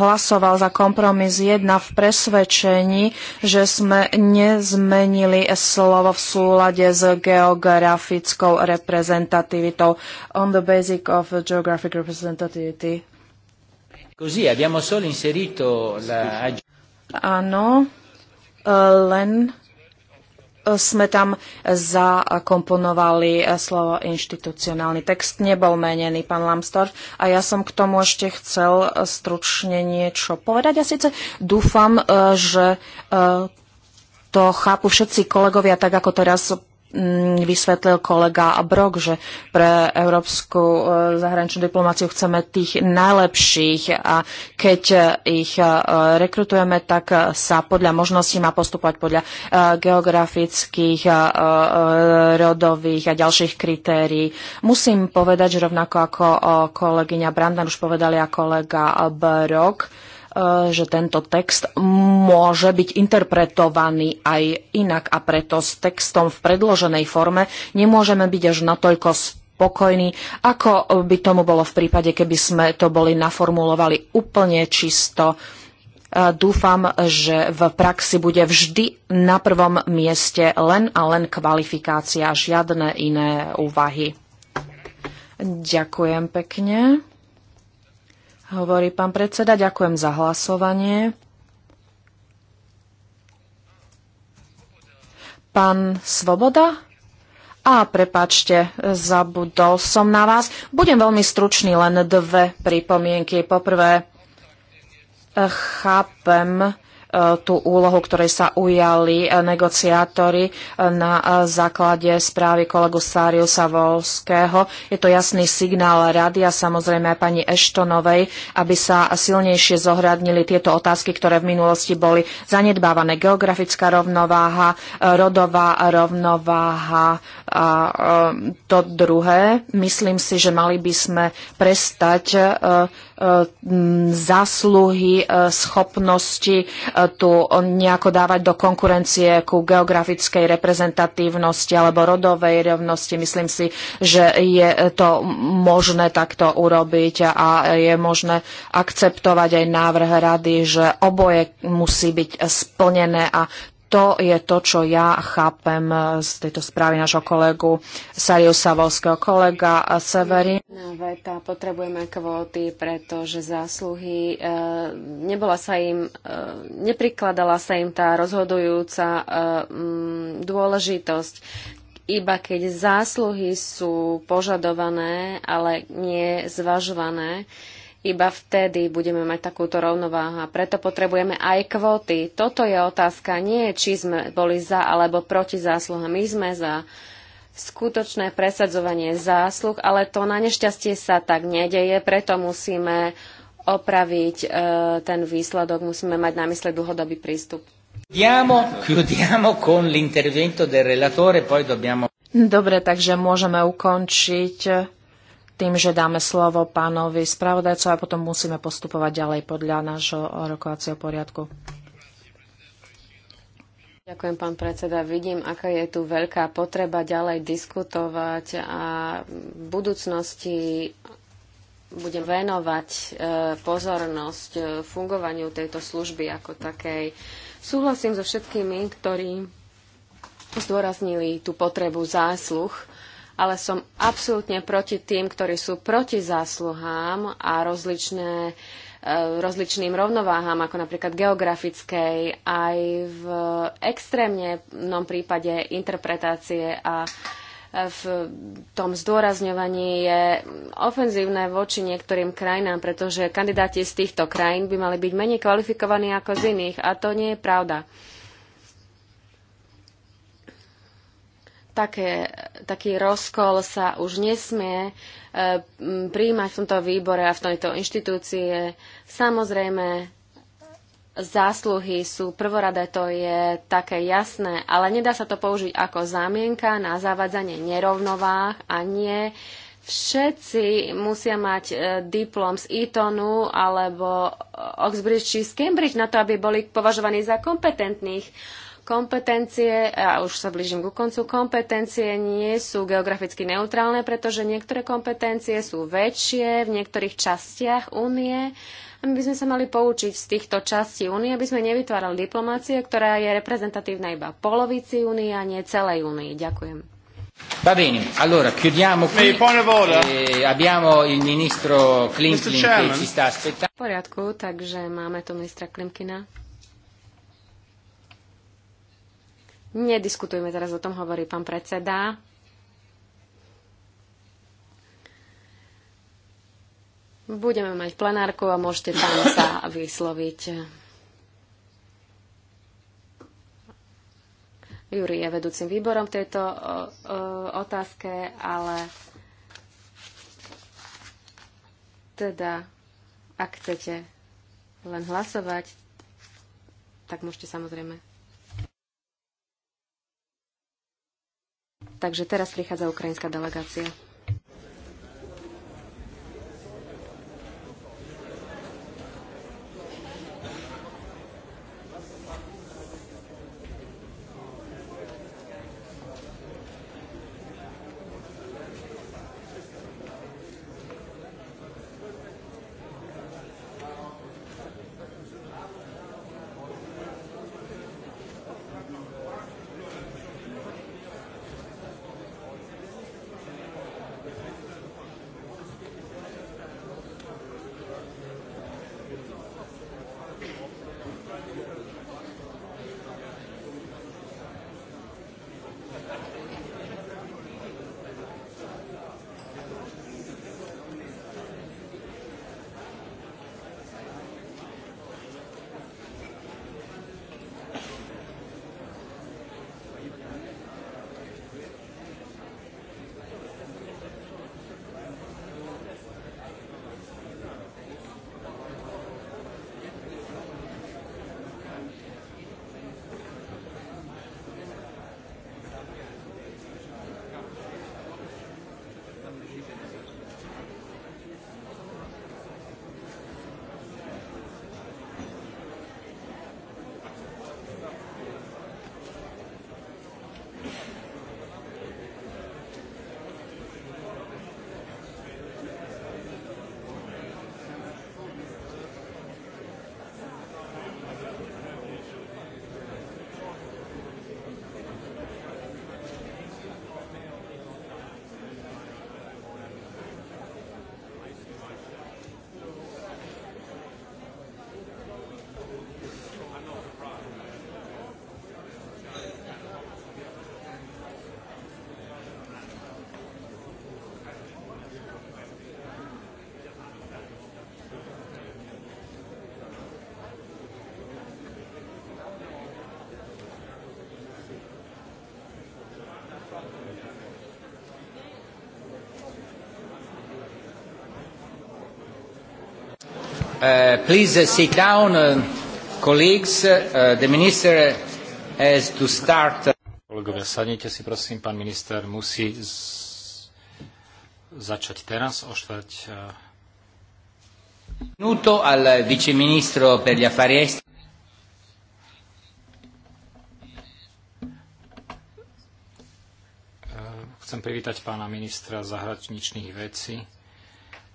hlasoval za kompromis 1 v presvedčení, že sme nezmenili slovo v súlade s geografickou reprezentativitou on the basic of geographic representativity Così abbiamo solo inserito la... Áno, e, len e, sme tam zakomponovali e, slovo inštitucionálny. Text nebol menený, pán Lambsdorff, a ja som k tomu ešte chcel stručne niečo povedať. A síce dúfam, že to chápu všetci kolegovia, tak ako teraz Mm, vysvetlil kolega Brok, že pre európsku e, zahraničnú diplomáciu chceme tých najlepších a keď e, ich e, rekrutujeme, tak sa podľa možností má postupovať podľa geografických, rodových a ďalších kritérií. Musím povedať, že rovnako ako kolegyňa Brandner už povedali a kolega Brok, Eh, že tento text môže byť interpretovaný aj inak a preto s textom v predloženej forme nemôžeme byť až natoľko spokojní, ako by tomu bolo v prípade, keby sme to boli naformulovali úplne čisto eh, dúfam, že v praxi bude vždy na prvom mieste len a len kvalifikácia, žiadne iné úvahy. Ďakujem pekne hovorí pán predseda. Ďakujem za hlasovanie. Pán Svoboda? A prepáčte, zabudol som na vás. Budem veľmi stručný, len dve pripomienky. Poprvé, chápem, Eh, tú úlohu, ktorej sa ujali eh, negociátori eh, na základe správy kolegu Sáriusa Volského. Je to jasný signál rady a samozrejme aj pani Eštonovej, aby sa silnejšie zohradnili tieto otázky, ktoré v minulosti boli zanedbávané. Geografická rovnováha, rodová rovnováha, a e, to druhé, myslím si, že mali by sme prestať e, e, zásluhy, schopnosti tu nejako dávať do konkurencie ku geografickej reprezentatívnosti alebo rodovej rovnosti. Myslím si, že je to možné takto urobiť a je možné akceptovať aj návrh rady, že oboje musí byť splnené a to je to, čo ja chápem z tejto správy nášho kolegu Sariu Savolského, kolega Severy. Veta, potrebujeme kvóty, pretože zásluhy, eh, nebola sa im, eh, neprikladala sa im tá rozhodujúca eh, mm, dôležitosť iba keď zásluhy sú požadované, ale nie zvažované, iba vtedy budeme mať takúto rovnováhu a preto potrebujeme aj kvóty. Toto je otázka, nie či sme boli za alebo proti zásluhám. My sme za skutočné presadzovanie zásluh, ale to na nešťastie sa tak nedeje, preto musíme opraviť e, ten výsledok, musíme mať na mysle dlhodobý prístup. Dobre, takže môžeme ukončiť tým, že dáme slovo pánovi spravodajcu a potom musíme postupovať ďalej podľa nášho rokovacieho poriadku. Ďakujem, pán predseda. Vidím, aká je tu veľká potreba ďalej diskutovať a v budúcnosti budem venovať e, pozornosť e, fungovaniu tejto služby ako takej. Súhlasím so všetkými, ktorí zdôraznili tú potrebu zásluh ale som absolútne proti tým, ktorí sú proti zásluhám a rozličné, e, rozličným rovnováhám, ako napríklad geografickej, aj v extrémnom prípade interpretácie a e, v tom zdôrazňovaní je ofenzívne voči niektorým krajinám, pretože kandidáti z týchto krajín by mali byť menej kvalifikovaní ako z iných a to nie je pravda. také, taký rozkol sa už nesmie e, príjmať v tomto výbore a v tejto inštitúcie. Samozrejme, zásluhy sú prvoradé, to je také jasné, ale nedá sa to použiť ako zámienka na zavadzanie nerovnováh a nie všetci musia mať e, diplom z Etonu alebo Oxbridge či z Cambridge na to, aby boli považovaní za kompetentných kompetencie, a už sa blížim ku koncu, kompetencie nie sú geograficky neutrálne, pretože niektoré kompetencie sú väčšie v niektorých častiach únie. A my by sme sa mali poučiť z týchto častí únie, aby sme nevytvárali diplomácie, ktorá je reprezentatívna iba polovici únie a nie celej Únie. Ďakujem. Va bene, allora chiudiamo qui. Eh, abbiamo il ministro Klimkin che ci sta aspettando. poriadku, takže máme tu ministra Klimkina. Nediskutujme teraz o tom, hovorí pán predseda. Budeme mať plenárku a môžete tam sa vysloviť. Júri je vedúcim výborom tejto o, o, otázke, ale teda, ak chcete len hlasovať, tak môžete samozrejme Takže teraz prichádza ukrajinská delegácia. Uh, please uh, sit down, uh, colleagues. the minister has to start. Kolegovia, sadnite si prosím, pán minister musí začať teraz o štvrť. Minuto al viceministro per gli affari esteri. Chcem privítať pána ministra zahraničných vecí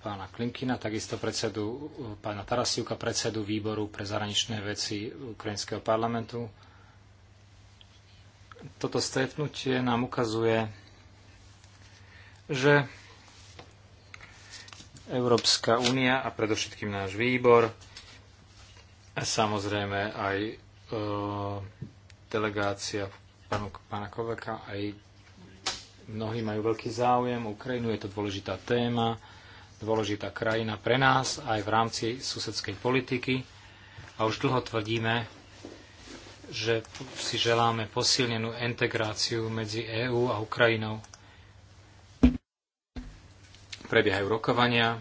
pána Klimkina, takisto predsedu, pána Tarasiuka, predsedu výboru pre zahraničné veci Ukrajinského parlamentu. Toto stretnutie nám ukazuje, že Európska únia a predovšetkým náš výbor a samozrejme aj e, delegácia pánu, pána Koveka, aj mnohí majú veľký záujem. Ukrajinu je to dôležitá téma dôležitá krajina pre nás aj v rámci susedskej politiky a už dlho tvrdíme, že si želáme posilnenú integráciu medzi EÚ a Ukrajinou. Prebiehajú rokovania.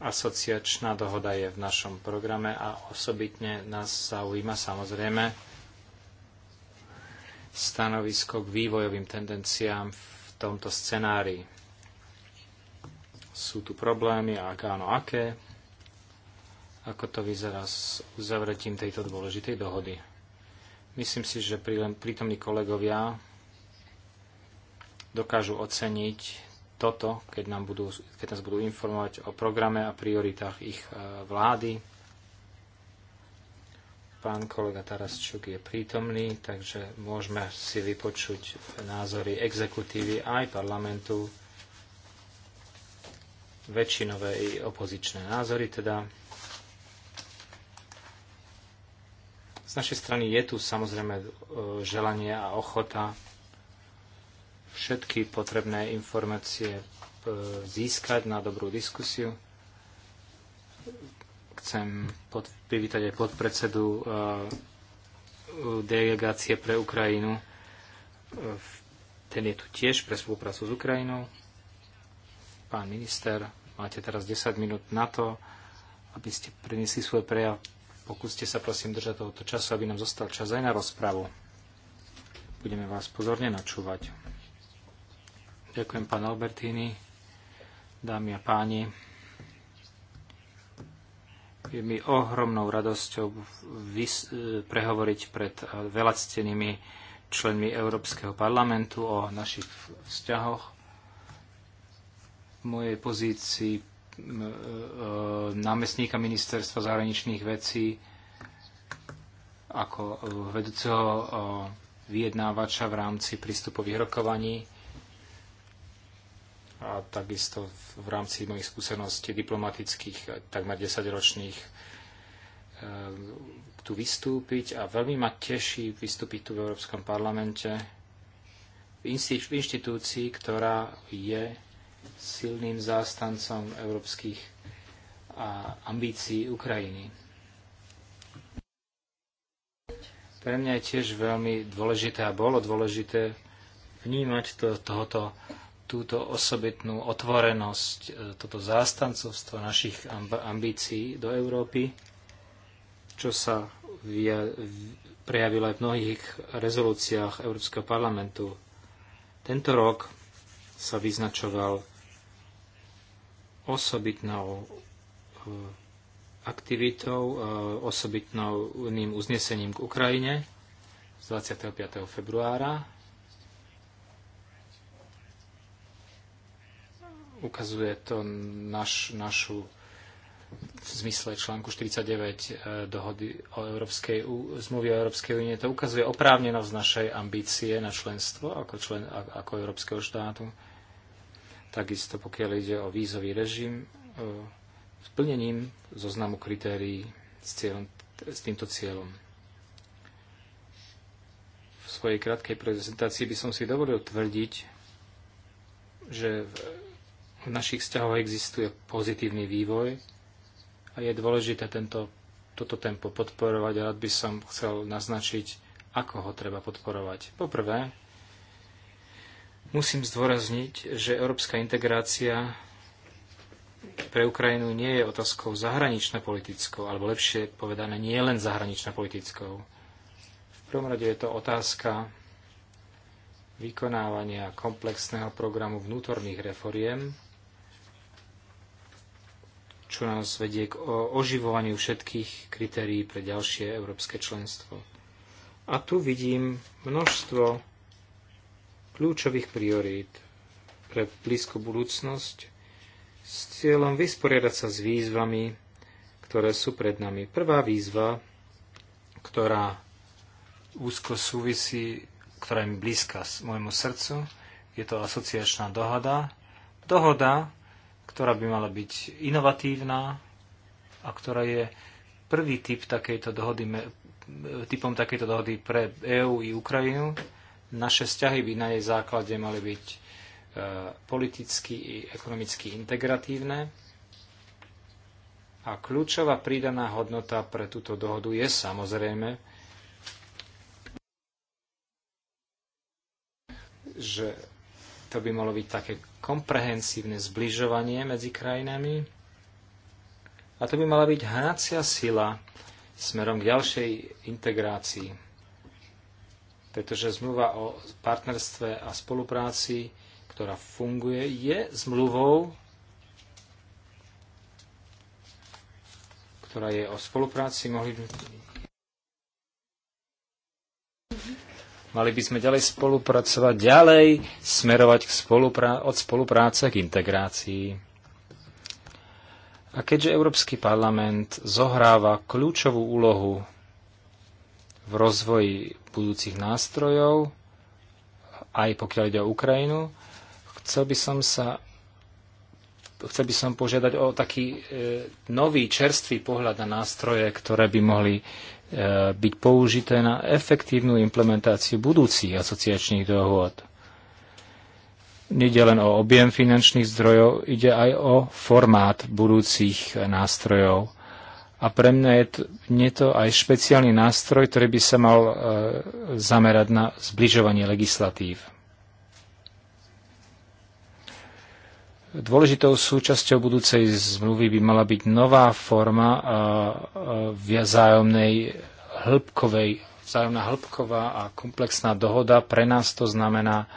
Asociačná dohoda je v našom programe a osobitne nás zaujíma samozrejme stanovisko k vývojovým tendenciám v tomto scenárii. Sú tu problémy a ak áno, aké? Ako to vyzerá s uzavretím tejto dôležitej dohody? Myslím si, že prítomní kolegovia dokážu oceniť toto, keď, nám budú, keď nás budú informovať o programe a prioritách ich e, vlády. Pán kolega Tarasčuk je prítomný, takže môžeme si vypočuť názory exekutívy aj parlamentu väčšinové i opozičné názory teda. Z našej strany je tu samozrejme e, želanie a ochota všetky potrebné informácie e, získať na dobrú diskusiu. Chcem pod, privítať aj podpredsedu uh, delegácie pre Ukrajinu. Ten je tu tiež pre spoluprácu s Ukrajinou. Pán minister, Máte teraz 10 minút na to, aby ste priniesli svoj prejav. Pokúste sa prosím držať tohoto času, aby nám zostal čas aj na rozpravu. Budeme vás pozorne načúvať. Ďakujem pán Albertini, dámy a páni. Je mi ohromnou radosťou e, prehovoriť pred e, veľactenými členmi Európskeho parlamentu o našich vzťahoch v mojej pozícii e, e, námestníka ministerstva zahraničných vecí ako e, vedúceho vyjednávača v rámci prístupových rokovaní a takisto v rámci mojich skúseností diplomatických, takmer 10-ročných, tu vystúpiť a veľmi ma teší vystúpiť tu v Európskom parlamente v inštitúcii, ktorá je silným zástancom európskych ambícií Ukrajiny. Pre mňa je tiež veľmi dôležité a bolo dôležité vnímať to, tohoto, túto osobitnú otvorenosť, e, toto zástancovstvo našich ambícií do Európy, čo sa via, prejavilo aj v mnohých rezolúciách Európskeho parlamentu. Tento rok sa vyznačoval osobitnou e, aktivitou, e, osobitným uznesením k Ukrajine z 25. februára. Ukazuje to naš, našu v zmysle článku 49 e, dohody o Európskej, zmluvy o Európskej únie. To ukazuje oprávnenosť našej ambície na členstvo ako, člen, ako Európskeho štátu Takisto pokiaľ ide o vízový režim, e, splnením zoznamu kritérií s, cieľom, s týmto cieľom. V svojej krátkej prezentácii by som si dovolil tvrdiť, že v našich vzťahoch existuje pozitívny vývoj a je dôležité tento, toto tempo podporovať a rád by som chcel naznačiť, ako ho treba podporovať. Poprvé, Musím zdôrazniť, že európska integrácia pre Ukrajinu nie je otázkou zahranično-politickou, alebo lepšie povedané, nie len zahranično-politickou. V prvom rade je to otázka vykonávania komplexného programu vnútorných reforiem, čo nás vedie k oživovaniu všetkých kritérií pre ďalšie európske členstvo. A tu vidím množstvo kľúčových priorít pre blízku budúcnosť s cieľom vysporiadať sa s výzvami, ktoré sú pred nami. Prvá výzva, ktorá úzko súvisí, ktorá je mi blízka môjmu srdcu, je to asociačná dohoda. Dohoda, ktorá by mala byť inovatívna a ktorá je prvý typ takejto dohody, typom takejto dohody pre EÚ i Ukrajinu naše vzťahy by na jej základe mali byť e, politicky i ekonomicky integratívne. A kľúčová prídaná hodnota pre túto dohodu je samozrejme, že to by malo byť také komprehensívne zbližovanie medzi krajinami. A to by mala byť hnacia sila smerom k ďalšej integrácii pretože zmluva o partnerstve a spolupráci, ktorá funguje, je zmluvou, ktorá je o spolupráci. Mohli... Mali by sme ďalej spolupracovať, ďalej smerovať k spoluprá- od spolupráce k integrácii. A keďže Európsky parlament zohráva kľúčovú úlohu v rozvoji budúcich nástrojov, aj pokiaľ ide o Ukrajinu. Chcel by som sa chcel by som požiadať o taký e, nový, čerstvý pohľad na nástroje, ktoré by mohli e, byť použité na efektívnu implementáciu budúcich asociačných dohôd. Nede len o objem finančných zdrojov, ide aj o formát budúcich nástrojov. A pre mňa je to, nie to aj špeciálny nástroj, ktorý by sa mal e, zamerať na zbližovanie legislatív. Dôležitou súčasťou budúcej zmluvy by mala byť nová forma e, e, a, a vzájomnej hĺbkovej, vzájomná hĺbková a komplexná dohoda. Pre nás to znamená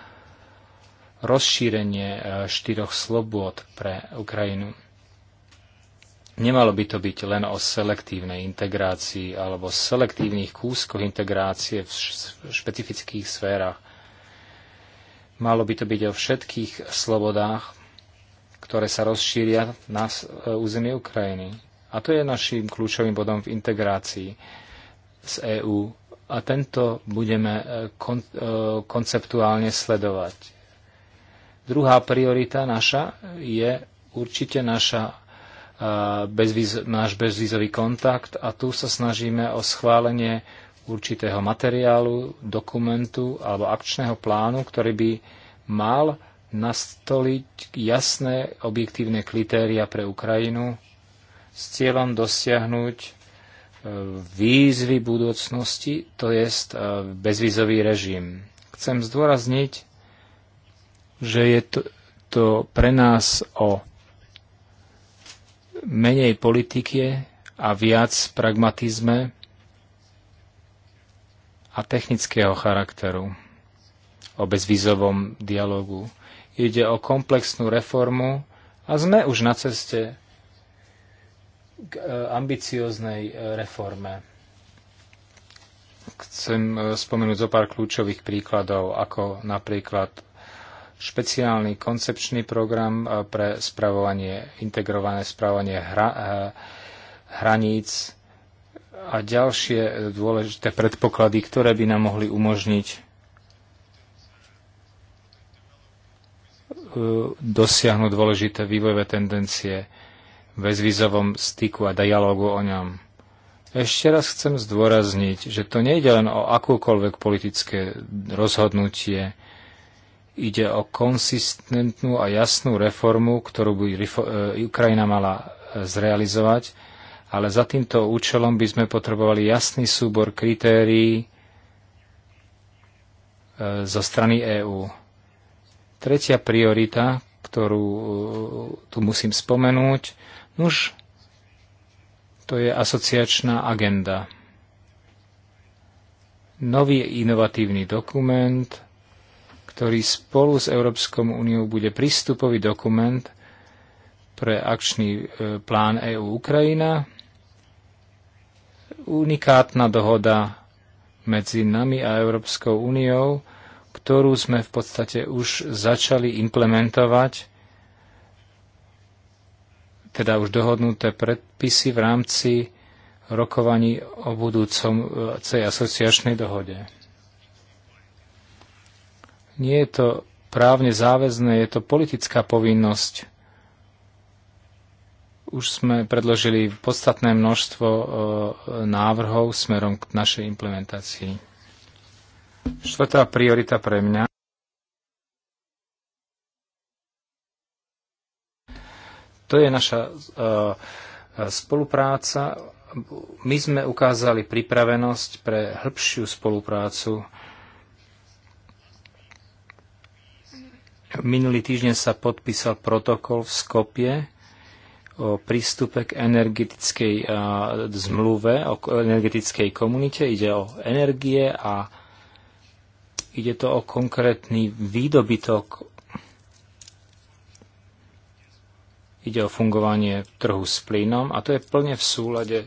rozšírenie e, štyroch slobôd pre Ukrajinu. Nemalo by to byť len o selektívnej integrácii alebo selektívnych kúskoch integrácie v špecifických sférach. Malo by to byť o všetkých slobodách, ktoré sa rozšíria na územie Ukrajiny. A to je našim kľúčovým bodom v integrácii z EÚ. A tento budeme e, kon, e, konceptuálne sledovať. Druhá priorita naša je určite naša náš bezvízový kontakt a tu sa snažíme o schválenie určitého materiálu, dokumentu alebo akčného plánu, ktorý by mal nastoliť jasné objektívne kritéria pre Ukrajinu s cieľom dosiahnuť e, výzvy budúcnosti, to je e, bezvízový režim. Chcem zdôrazniť, že je to, to pre nás o menej politike a viac pragmatizme a technického charakteru o bezvizovom dialogu. Ide o komplexnú reformu a sme už na ceste k e, ambicioznej e, reforme. Chcem e, spomenúť zo pár kľúčových príkladov, ako napríklad špeciálny koncepčný program e, pre spravovanie, integrované spravovanie hra, e, hraníc a ďalšie dôležité predpoklady, ktoré by nám mohli umožniť e, dosiahnuť dôležité vývojové tendencie v zvizovom styku a dialogu o ňom. Ešte raz chcem zdôrazniť, že to nejde len o akúkoľvek politické rozhodnutie, Ide o konsistentnú a jasnú reformu, ktorú by e, Ukrajina mala e, zrealizovať, ale za týmto účelom by sme potrebovali jasný súbor kritérií e, zo strany EÚ. Tretia priorita, ktorú tu musím spomenúť, už to je asociačná agenda. Nový inovatívny dokument, ktorý spolu s Európskou úniou bude prístupový dokument pre akčný e, plán EU Ukrajina. Unikátna dohoda medzi nami a Európskou úniou, ktorú sme v podstate už začali implementovať, teda už dohodnuté predpisy v rámci rokovaní o budúcej asociačnej dohode. Nie je to právne záväzné, je to politická povinnosť. Už sme predložili podstatné množstvo e, návrhov smerom k našej implementácii. Štvrtá priorita pre mňa to je naša e, e, spolupráca. My sme ukázali pripravenosť pre hĺbšiu spoluprácu Minulý týždeň sa podpísal protokol v Skopie o prístupe k energetickej zmluve, o energetickej komunite. Ide o energie a ide to o konkrétny výdobytok. Ide o fungovanie trhu s plynom a to je plne v súlade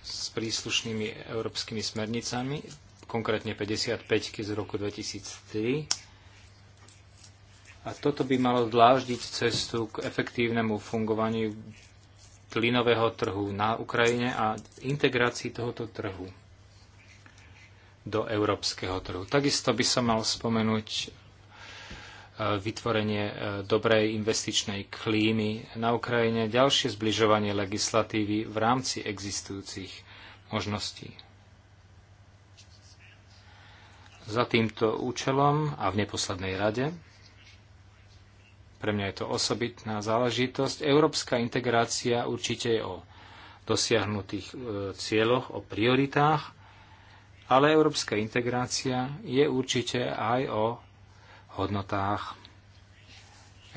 s príslušnými európskymi smernicami, konkrétne 55 z roku 2003 a toto by malo dláždiť cestu k efektívnemu fungovaniu plynového trhu na Ukrajine a integrácii tohoto trhu do európskeho trhu. Takisto by som mal spomenúť e, vytvorenie e, dobrej investičnej klímy na Ukrajine, ďalšie zbližovanie legislatívy v rámci existujúcich možností. Za týmto účelom a v neposlednej rade pre mňa je to osobitná záležitosť. Európska integrácia určite je o dosiahnutých e, cieľoch, o prioritách, ale európska integrácia je určite aj o hodnotách.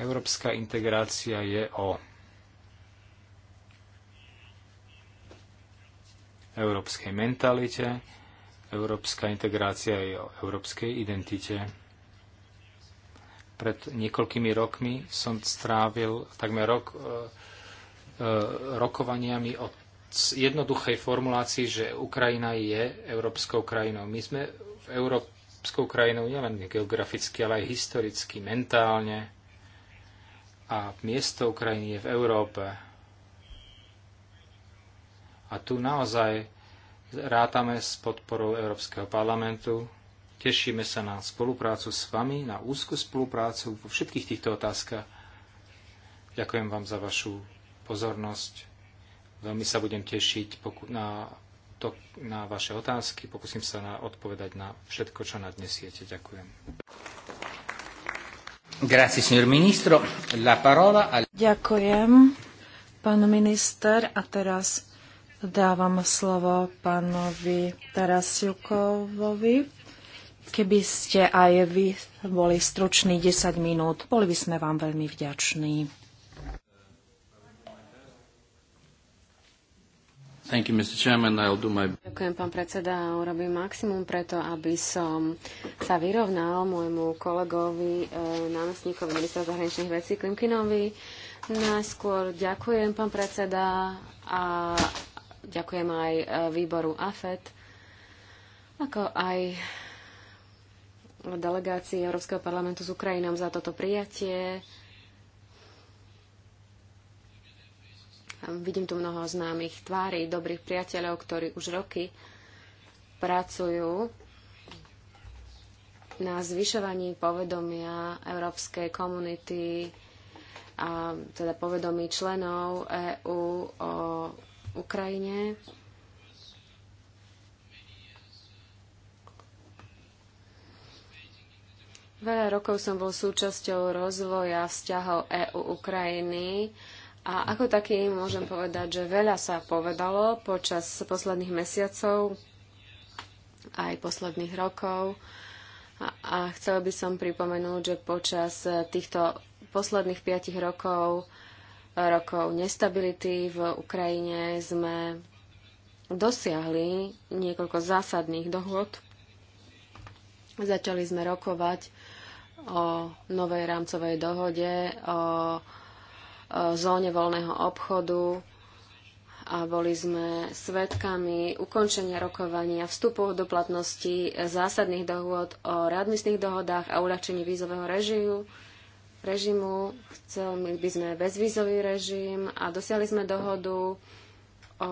Európska integrácia je o európskej mentalite, európska integrácia je o európskej identite. Pred niekoľkými rokmi som strávil takmer rok e, e, rokovaniami o jednoduchej formulácii, že Ukrajina je európskou krajinou. My sme v európskou krajinou nielen geograficky, ale aj historicky, mentálne. A miesto Ukrajiny je v Európe. A tu naozaj rátame s podporou Európskeho parlamentu, Tešíme sa na spoluprácu s vami, na úzku spoluprácu vo všetkých týchto otázkach. Ďakujem vám za vašu pozornosť. Veľmi sa budem tešiť na, to, na vaše otázky. Pokúsim sa na, odpovedať na všetko, čo siete. Ďakujem. Grazie, signor ministro. La parola al... Ďakujem, pán minister. A teraz dávam slovo pánovi Tarasiukovovi Keby ste aj vy boli struční 10 minút, boli by sme vám veľmi vďační. You, my... Ďakujem, pán predseda. Urobím maximum preto, aby som sa vyrovnal môjmu kolegovi, e, námestníkovi ministra zahraničných vecí Klimkinovi. Najskôr ďakujem, pán predseda, a ďakujem aj eh, výboru AFET, ako aj delegácii Európskeho parlamentu s Ukrajinou za toto prijatie. A vidím tu mnoho známych tvári, dobrých priateľov, ktorí už roky pracujú na zvyšovaní povedomia európskej komunity a teda povedomí členov EÚ o Ukrajine. Veľa rokov som bol súčasťou rozvoja vzťahov EU-Ukrajiny a ako taký môžem povedať, že veľa sa povedalo počas posledných mesiacov aj posledných rokov. A, a chcela by som pripomenúť, že počas týchto posledných piatich rokov, rokov nestability v Ukrajine sme dosiahli niekoľko zásadných dohod. Začali sme rokovať o novej rámcovej dohode, o, zóne voľného obchodu a boli sme svedkami ukončenia rokovania vstupu do platnosti zásadných dohôd o readmisných dohodách a uľahčení vízového režimu. režimu. Chceli by sme bezvízový režim a dosiahli sme dohodu o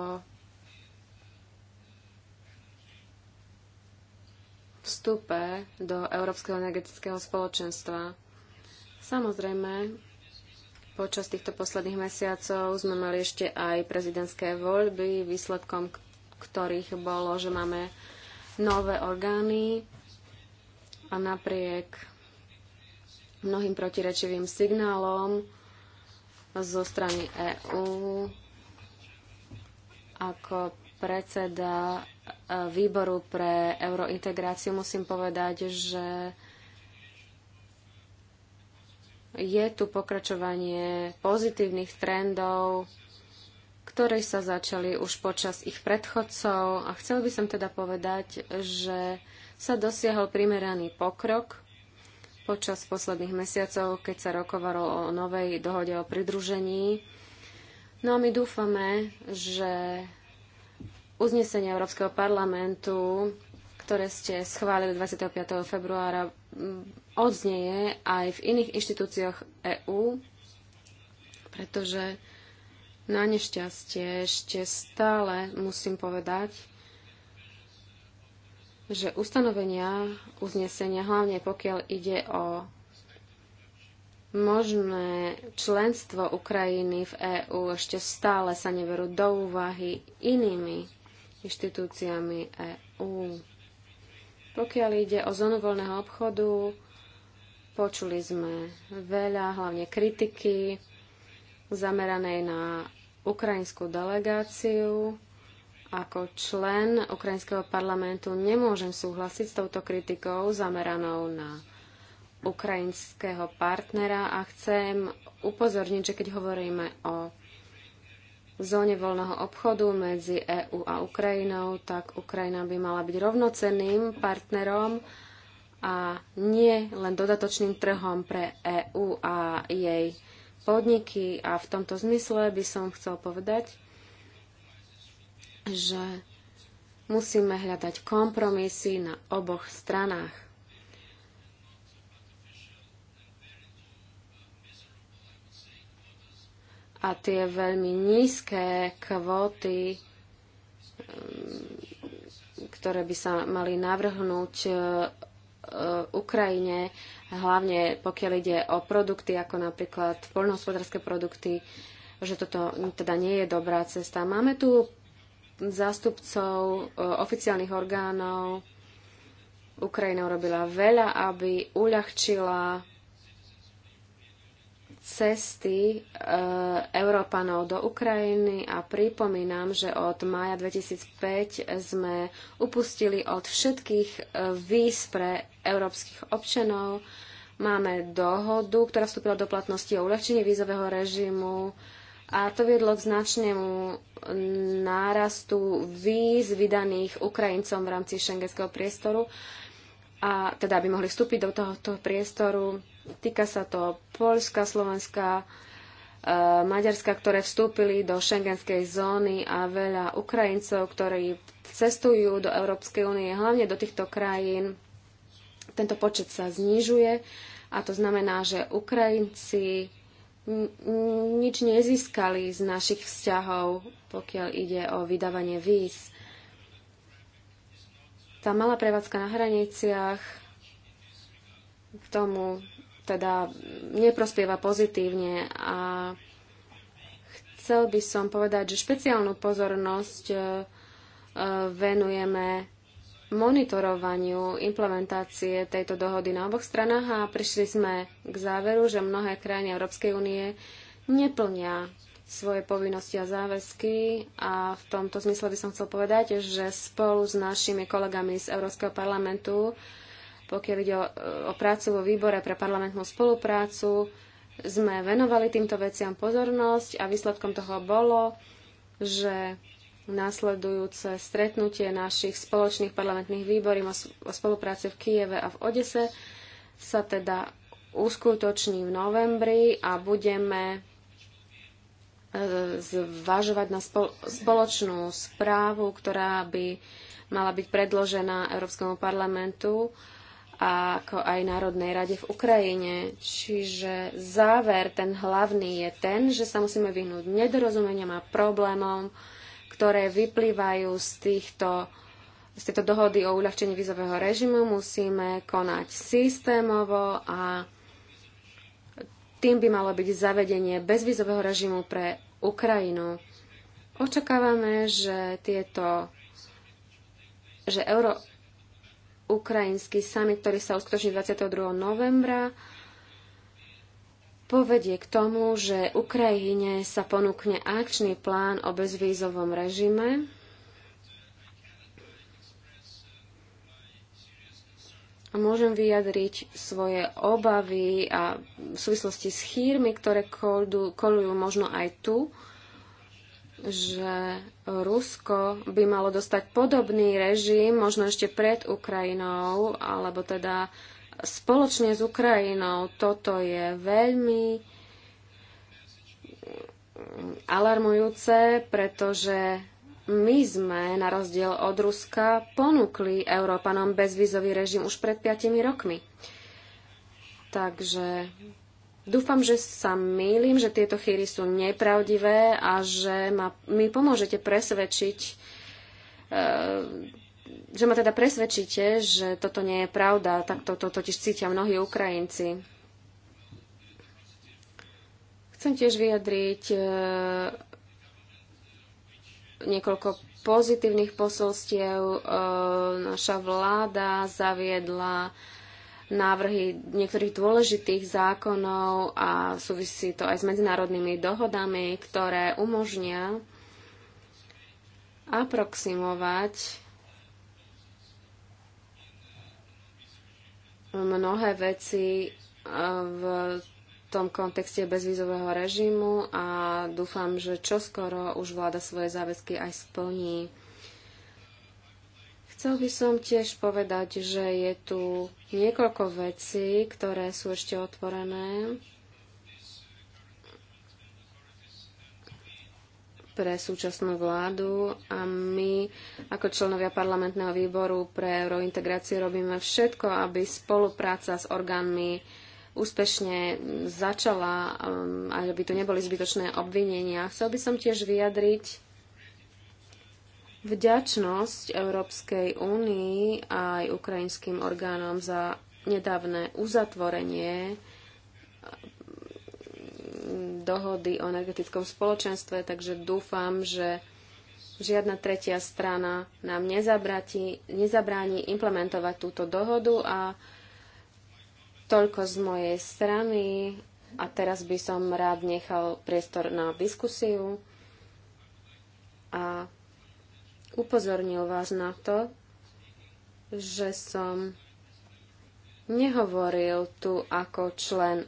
vstupe do Európskeho energetického spoločenstva. Samozrejme, počas týchto posledných mesiacov sme mali ešte aj prezidentské voľby, výsledkom ktorých bolo, že máme nové orgány a napriek mnohým protirečivým signálom zo strany EÚ ako predseda výboru pre eurointegráciu musím povedať, že je tu pokračovanie pozitívnych trendov, ktoré sa začali už počas ich predchodcov. A chcel by som teda povedať, že sa dosiahol primeraný pokrok počas posledných mesiacov, keď sa rokovalo o novej dohode o pridružení. No a my dúfame, že uznesenie Európskeho parlamentu, ktoré ste schválili 25. februára, mm, odznieje aj v iných inštitúciách EÚ, pretože na nešťastie ešte stále musím povedať, že ustanovenia uznesenia, hlavne pokiaľ ide o možné členstvo Ukrajiny v EÚ, ešte stále sa neverú do úvahy inými inštitúciami EÚ. Pokiaľ ide o zónu voľného obchodu, počuli sme veľa, hlavne kritiky zameranej na ukrajinskú delegáciu. Ako člen ukrajinského parlamentu nemôžem súhlasiť s touto kritikou zameranou na ukrajinského partnera a chcem upozorniť, že keď hovoríme o v zóne voľného obchodu medzi EÚ a Ukrajinou, tak Ukrajina by mala byť rovnocenným partnerom a nie len dodatočným trhom pre EÚ a jej podniky. A v tomto zmysle by som chcel povedať, že musíme hľadať kompromisy na oboch stranách. a tie veľmi nízke kvóty, um, ktoré by sa mali navrhnúť uh, uh, Ukrajine, hlavne pokiaľ ide o produkty ako napríklad poľnohospodárske produkty, že toto teda nie je dobrá cesta. Máme tu zástupcov uh, oficiálnych orgánov. Ukrajina urobila veľa, aby uľahčila cesty e, Európanov do Ukrajiny a pripomínam, že od mája 2005 sme upustili od všetkých e, víz pre európskych občanov. Máme dohodu, ktorá vstúpila do platnosti o uľahčení vízového režimu a to viedlo k značnému nárastu víz vydaných Ukrajincom v rámci šengenského priestoru a teda aby mohli vstúpiť do tohoto priestoru Týka sa to Polska, Slovenska, e, Maďarska, ktoré vstúpili do šengenskej zóny a veľa Ukrajincov, ktorí cestujú do Európskej únie, hlavne do týchto krajín. Tento počet sa znižuje a to znamená, že Ukrajinci nič nezískali z našich vzťahov, pokiaľ ide o vydávanie víz. Tá malá prevádzka na hraniciach k tomu teda neprospieva pozitívne a chcel by som povedať, že špeciálnu pozornosť e, e, venujeme monitorovaniu implementácie tejto dohody na oboch stranách a prišli sme k záveru, že mnohé krajiny Európskej únie neplnia svoje povinnosti a záväzky a v tomto zmysle by som chcel povedať, že spolu s našimi kolegami z Európskeho parlamentu uh, pokiaľ ide o, o prácu vo výbore pre parlamentnú spoluprácu, sme venovali týmto veciam pozornosť a výsledkom toho bolo, že následujúce stretnutie našich spoločných parlamentných výborí o spolupráci v Kieve a v Odese sa teda uskutoční v novembri a budeme e, zvažovať na spoločnú správu, ktorá by mala byť predložená Európskemu parlamentu ako aj Národnej rade v Ukrajine. Čiže záver, ten hlavný je ten, že sa musíme vyhnúť nedorozumeniam a problémom, ktoré vyplývajú z týchto z tejto dohody o uľahčení vízového režimu musíme konať systémovo a tým by malo byť zavedenie bezvízového režimu pre Ukrajinu. Očakávame, že tieto že Euro, ukrajinský summit, ktorý sa uskutoční 22. novembra, povedie k tomu, že Ukrajine sa ponúkne akčný plán o bezvízovom režime, a môžem vyjadriť svoje obavy a v súvislosti s chýrmi, ktoré kolujú možno aj tu že Rusko by malo dostať podobný režim, možno ešte pred Ukrajinou, alebo teda spoločne s Ukrajinou. Toto je veľmi alarmujúce, pretože my sme, na rozdiel od Ruska, ponúkli Európanom bezvízový režim už pred 5 rokmi. Takže Dúfam, že sa mýlim, že tieto chýry sú nepravdivé a že ma, mi pomôžete presvedčiť, e, že ma teda presvedčíte, že toto nie je pravda. Tak toto to, totiž cítia mnohí Ukrajinci. Chcem tiež vyjadriť e, niekoľko pozitívnych posolstiev. E, naša vláda zaviedla e, návrhy niektorých dôležitých zákonov a súvisí to aj s medzinárodnými dohodami, ktoré umožnia aproximovať mnohé veci eh, v tom kontexte bezvízového režimu a dúfam, že čoskoro už vláda svoje záväzky aj splní. Chcel by som tiež povedať, že je tu niekoľko vecí, ktoré sú ešte otvorené pre súčasnú vládu a my ako členovia parlamentného výboru pre eurointegráciu robíme všetko, aby spolupráca s orgánmi úspešne začala, um, aby tu neboli zbytočné obvinenia. Chcel by som tiež vyjadriť Vďačnosť Európskej únii aj ukrajinským orgánom za nedávne uzatvorenie mm, dohody o energetickom spoločenstve, takže dúfam, že žiadna tretia strana nám nezabráni implementovať túto dohodu a toľko z mojej strany. A teraz by som rád nechal priestor na diskusiu a Upozornil vás na to, že som nehovoril tu ako člen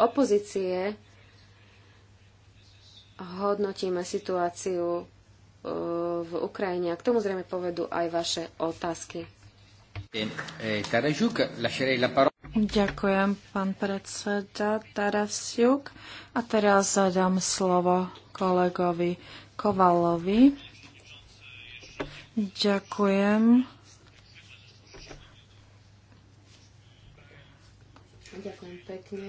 opozície. Hodnotíme situáciu v Ukrajine a k tomu zrejme povedú aj vaše otázky. Eh, Ďakujem, pán predseda Tarasiuk. A teraz zadám slovo kolegovi Kovalovi Ďakujem. Ďakujem pekne.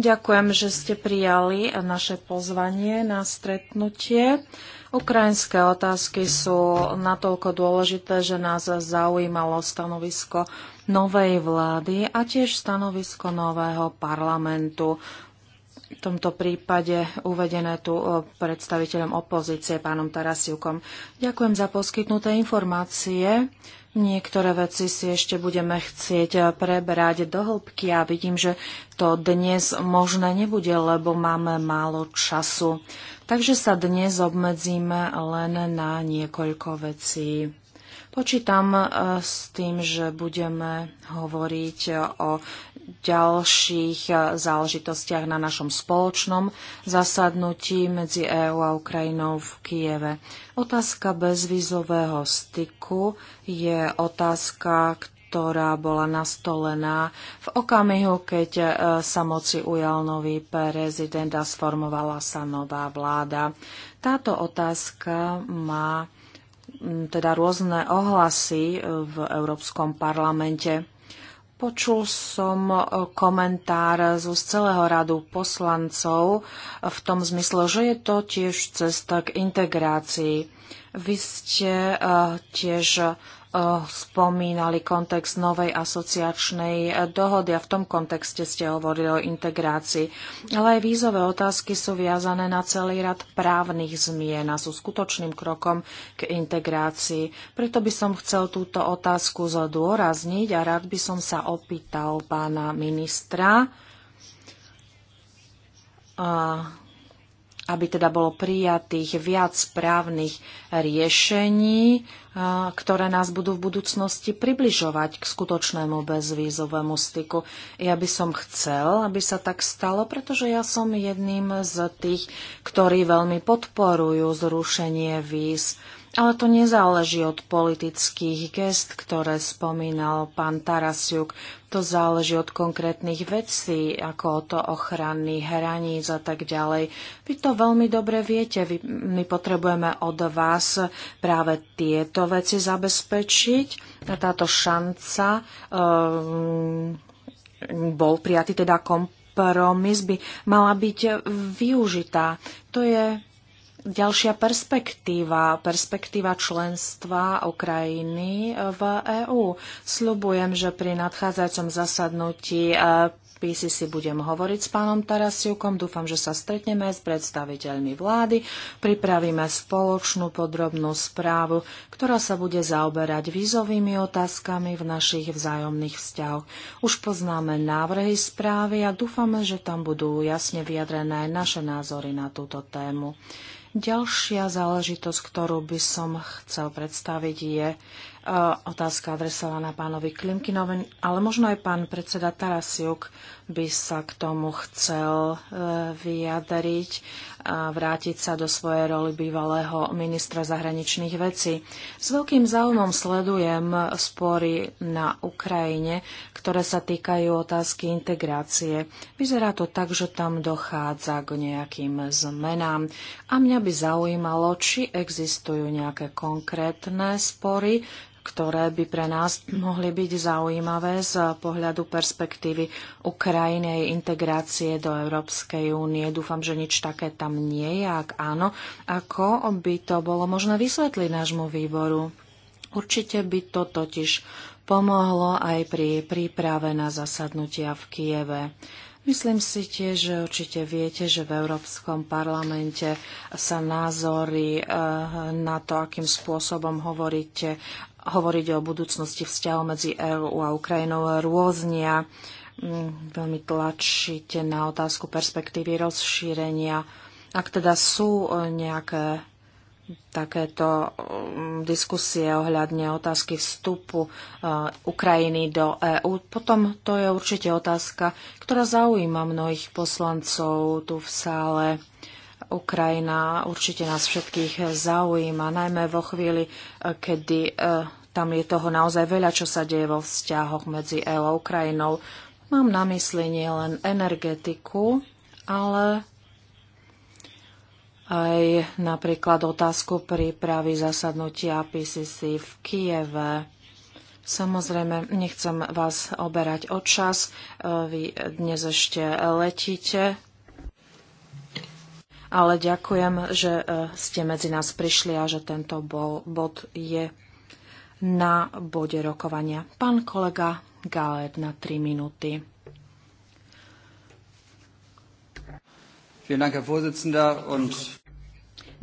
Ďakujem, že ste prijali naše pozvanie na stretnutie. Ukrajinské otázky sú natoľko dôležité, že nás zaujímalo stanovisko novej vlády a tiež stanovisko nového parlamentu v tomto prípade uvedené tu predstaviteľom opozície, pánom Tarasiukom. Ďakujem za poskytnuté informácie. Niektoré veci si ešte budeme chcieť e, prebrať do hĺbky a vidím, že to dnes možné nebude, lebo máme málo času. Takže sa dnes obmedzíme len na niekoľko vecí. Počítam e, s tým, že budeme hovoriť e, o ďalších eh, záležitostiach na našom spoločnom zasadnutí medzi EÚ a Ukrajinou v Kieve. Otázka bezvízového styku je otázka, ktorá bola nastolená v okamihu, keď eh, sa moci ujal nový prezident a sformovala sa nová vláda. Táto otázka má teda rôzne ohlasy eh, v Európskom parlamente. Počul som e, komentár z celého radu poslancov v tom zmysle, že je to tiež cesta k integrácii. Vy ste e, tiež Eh, spomínali kontext novej asociačnej eh, dohody a v tom kontexte ste hovorili o integrácii. Ale aj vízové otázky sú viazané na celý rad právnych zmien a sú skutočným krokom k integrácii. Preto by som chcel túto otázku zdôrazniť a rád by som sa opýtal pána ministra. A eh, aby teda bolo prijatých viac správnych riešení, ktoré nás budú v budúcnosti približovať k skutočnému bezvízovému styku. Ja by som chcel, aby sa tak stalo, pretože ja som jedným z tých, ktorí veľmi podporujú zrušenie víz. Ale to nezáleží od politických gest, ktoré spomínal pán Tarasiuk. To záleží od konkrétnych vecí, ako o to ochrany hraníc a tak ďalej. Vy to veľmi dobre viete. Vy, my potrebujeme od vás práve tieto veci zabezpečiť. A táto šanca um, bol prijatý teda kompromis, by mala byť využitá. To je Ďalšia perspektíva, perspektíva členstva Ukrajiny v EÚ. Sľubujem, že pri nadchádzajúcom zasadnutí e, PCC budem hovoriť s pánom Tarasiukom. Dúfam, že sa stretneme s predstaviteľmi vlády. Pripravíme spoločnú podrobnú správu, ktorá sa bude zaoberať vízovými otázkami v našich vzájomných vzťahoch. Už poznáme návrhy správy a dúfame, že tam budú jasne vyjadrené aj naše názory na túto tému. Ďalšia záležitosť, ktorú by som chcel predstaviť, je e, otázka adresovaná pánovi Klimkinovi, ale možno aj pán predseda Tarasiuk by sa k tomu chcel e, vyjadriť vrátiť sa do svojej roli bývalého ministra zahraničných vecí. S veľkým záujmom sledujem spory na Ukrajine, ktoré sa týkajú otázky integrácie. Vyzerá to tak, že tam dochádza k nejakým zmenám a mňa by zaujímalo, či existujú nejaké konkrétne spory, ktoré by pre nás mohli byť zaujímavé z pohľadu perspektívy Ukrajiny a jej integrácie do Európskej únie. Dúfam, že nič také tam nie je. Ak áno, ako by to bolo možné vysvetliť nášmu výboru? Určite by to totiž pomohlo aj pri príprave na zasadnutia v Kieve. Myslím si tiež, že určite viete, že v Európskom parlamente sa názory eh, na to, akým spôsobom hovoríte hovoriť o budúcnosti vzťahov medzi EÚ a Ukrajinou rôznia. Mm, veľmi tlačíte na otázku perspektívy rozšírenia. Ak teda sú e, nejaké takéto mm, diskusie ohľadne otázky vstupu e, Ukrajiny do EÚ. Potom to je určite otázka, ktorá zaujíma mnohých poslancov tu v sále. Ukrajina určite nás všetkých zaujíma, najmä vo chvíli, kedy e, tam je toho naozaj veľa, čo sa deje vo vzťahoch medzi EU a Ukrajinou. Mám na mysli nielen energetiku, ale aj napríklad otázku prípravy zasadnutia PCC v Kieve. Samozrejme, nechcem vás oberať o čas. E, vy dnes ešte letíte ale ďakujem, že e, ste medzi nás prišli a že tento bod je na bode rokovania. Pán kolega Galet na 3 minúty.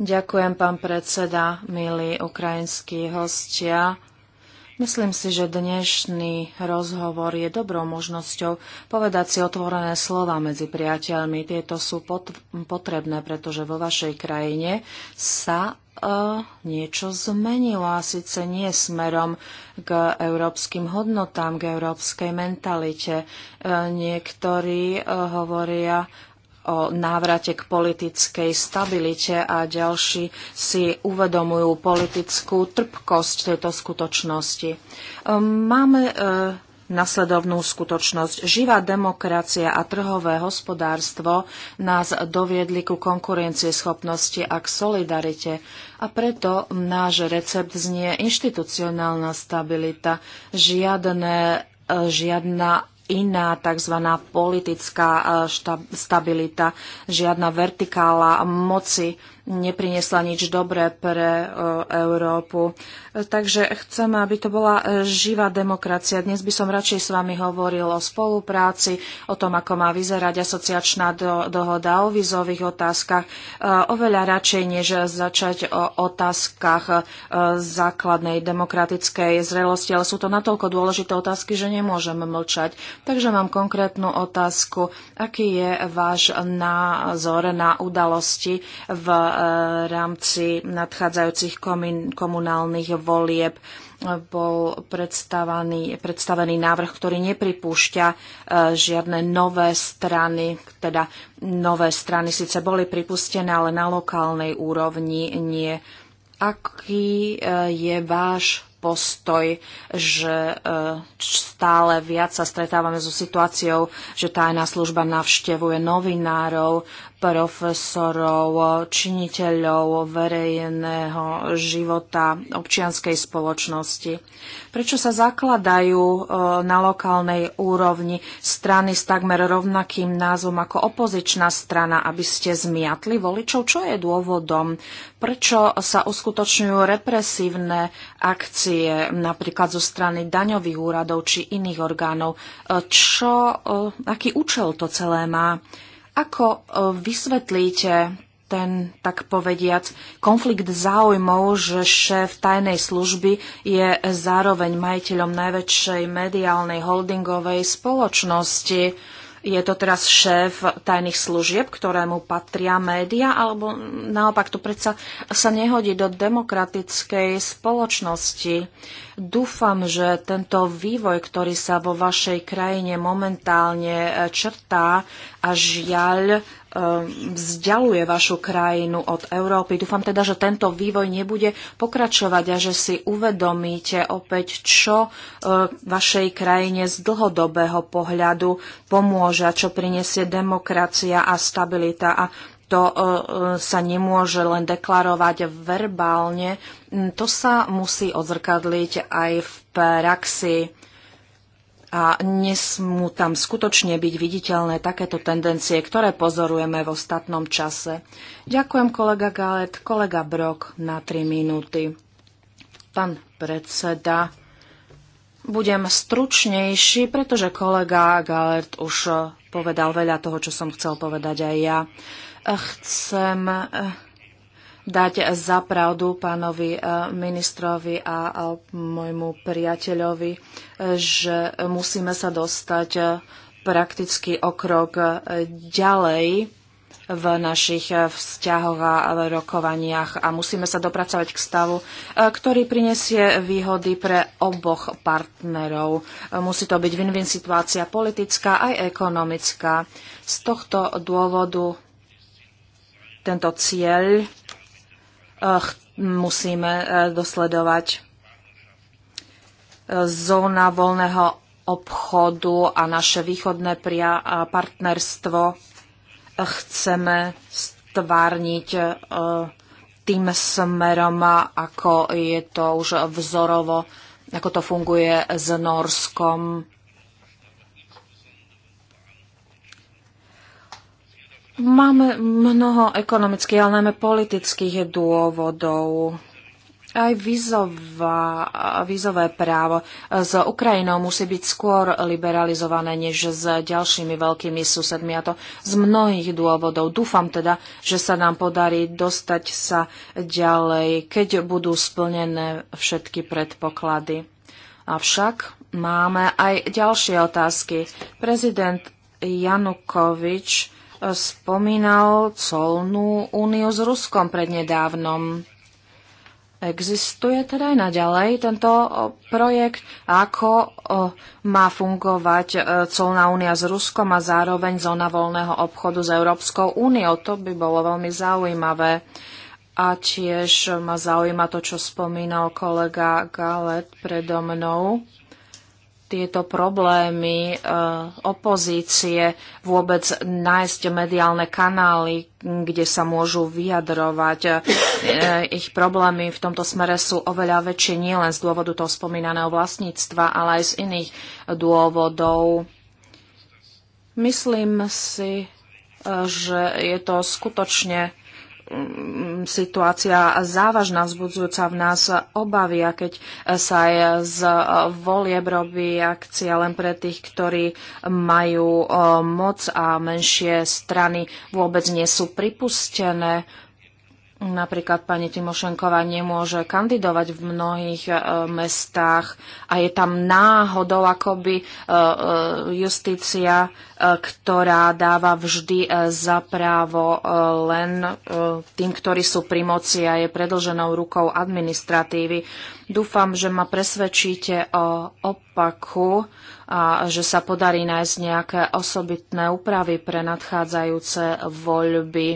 Ďakujem, pán predseda, milí ukrajinskí hostia. Myslím si, že dnešný rozhovor je dobrou možnosťou povedať si otvorené slova medzi priateľmi. Tieto sú potrebné, pretože vo vašej krajine sa uh, niečo zmenilo a síce nie smerom k európskym hodnotám, k európskej mentalite. Uh, niektorí uh, hovoria, o návrate k politickej stabilite a ďalší si uvedomujú politickú trpkosť tejto skutočnosti. Ehm, máme e, Nasledovnú skutočnosť živá demokracia a trhové hospodárstvo nás doviedli ku konkurencieschopnosti a k solidarite a preto náš recept znie inštitucionálna stabilita, žiadne, e, žiadna iná tzv. politická e, stabilita, žiadna vertikála moci nepriniesla nič dobré pre e, Európu. Takže chcem, aby to bola e, živá demokracia. Dnes by som radšej s vami hovoril o spolupráci, o tom, ako má vyzerať asociačná do, dohoda o vízových otázkach. E, oveľa radšej, než začať o otázkach základnej demokratickej zrelosti, ale sú to natoľko dôležité otázky, že nemôžem mlčať. Takže mám konkrétnu otázku. Aký je váš názor na udalosti v rámci nadchádzajúcich komunálnych volieb bol predstavený, predstavený návrh, ktorý nepripúšťa e, žiadne nové strany, teda nové strany síce boli pripustené, ale na lokálnej úrovni nie. Aký e, je váš postoj, že e, stále viac sa stretávame so situáciou, že tajná služba navštevuje novinárov, profesorov, činiteľov verejného života občianskej spoločnosti. Prečo sa zakladajú e, na lokálnej úrovni strany s takmer rovnakým názvom ako opozičná strana, aby ste zmiatli voličov? Čo je dôvodom? Prečo sa uskutočňujú represívne akcie napríklad zo strany daňových úradov či iných orgánov? E, čo, e, aký účel to celé má? Ako e, vysvetlíte ten, tak povediac, konflikt záujmov, že šéf tajnej služby je zároveň majiteľom najväčšej mediálnej holdingovej spoločnosti? Je to teraz šéf tajných služieb, ktorému patria média, alebo naopak to predsa sa nehodí do demokratickej spoločnosti. Dúfam, že tento vývoj, ktorý sa vo vašej krajine momentálne črtá a žiaľ Ehm, vzdialuje vašu krajinu od Európy. Dúfam teda, že tento vývoj nebude pokračovať a že si uvedomíte opäť, čo ehm, vašej krajine z dlhodobého pohľadu pomôže čo prinesie demokracia a stabilita. A to ehm, sa nemôže len deklarovať verbálne, mm, to sa musí odzrkadliť aj v praxi a nesmú tam skutočne byť viditeľné takéto tendencie, ktoré pozorujeme v ostatnom čase. Ďakujem kolega Galet, kolega Brok na 3 minúty. Pán predseda, budem stručnejší, pretože kolega Galert už povedal veľa toho, čo som chcel povedať aj ja. Chcem eh, dať zapravdu pánovi e, ministrovi a môjmu priateľovi, e, že musíme sa dostať e, prakticky o krok ďalej v našich vzťahoch a rokovaniach a musíme sa dopracovať k stavu, ktorý prinesie výhody pre oboch partnerov. Musí to byť win-win situácia politická aj ekonomická. Z tohto dôvodu tento cieľ musíme e, dosledovať. E, zóna voľného obchodu a naše východné partnerstvo e, chceme stvárniť tým smerom, ako je to už vzorovo, ako to funguje s Norskom Máme mnoho ekonomických, ale najmä politických dôvodov. Aj vízové právo s Ukrajinou musí byť skôr liberalizované než s ďalšími veľkými susedmi a to z mnohých dôvodov. Dúfam teda, že sa nám podarí dostať sa ďalej, keď budú splnené všetky predpoklady. Avšak máme aj ďalšie otázky. Prezident Janukovič spomínal colnú úniu s Ruskom prednedávnom. Existuje teda aj naďalej tento projekt, ako má fungovať e, colná únia s Ruskom a zároveň zóna voľného obchodu s Európskou úniou. To by bolo veľmi zaujímavé. A tiež ma zaujíma to, čo spomínal kolega Galet predo mnou tieto problémy e, opozície vôbec nájsť mediálne kanály, kde sa môžu vyjadrovať. E, ich problémy v tomto smere sú oveľa väčšie nielen z dôvodu toho spomínaného vlastníctva, ale aj z iných dôvodov. Myslím si, e, že je to skutočne Mm, situácia závažná, vzbudzujúca v nás obavy a keď sa aj z e, volieb robí akcia len pre tých, ktorí majú e, moc a menšie strany vôbec nie sú pripustené, Napríklad pani Timošenková nemôže kandidovať v mnohých e, mestách a je tam náhodou akoby e, e, justícia, e, ktorá dáva vždy e, za právo e, len e, tým, ktorí sú pri moci a je predlženou rukou administratívy. Dúfam, že ma presvedčíte o opaku a že sa podarí nájsť nejaké osobitné úpravy pre nadchádzajúce voľby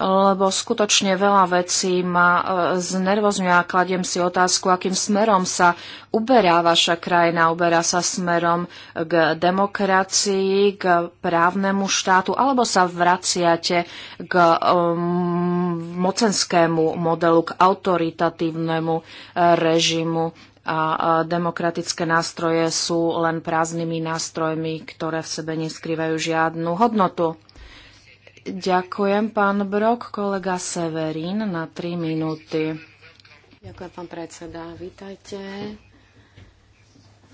lebo skutočne veľa vecí ma e, znervozňuje a kladiem si otázku, akým smerom sa uberá vaša krajina. Uberá sa smerom k demokracii, k právnemu štátu, alebo sa vraciate k um, mocenskému modelu, k autoritatívnemu e, režimu a demokratické nástroje sú len prázdnymi nástrojmi, ktoré v sebe neskrývajú žiadnu hodnotu. Ďakujem, pán Brok. Kolega Severín na 3 minúty. Ďakujem, pán predseda. Vítajte.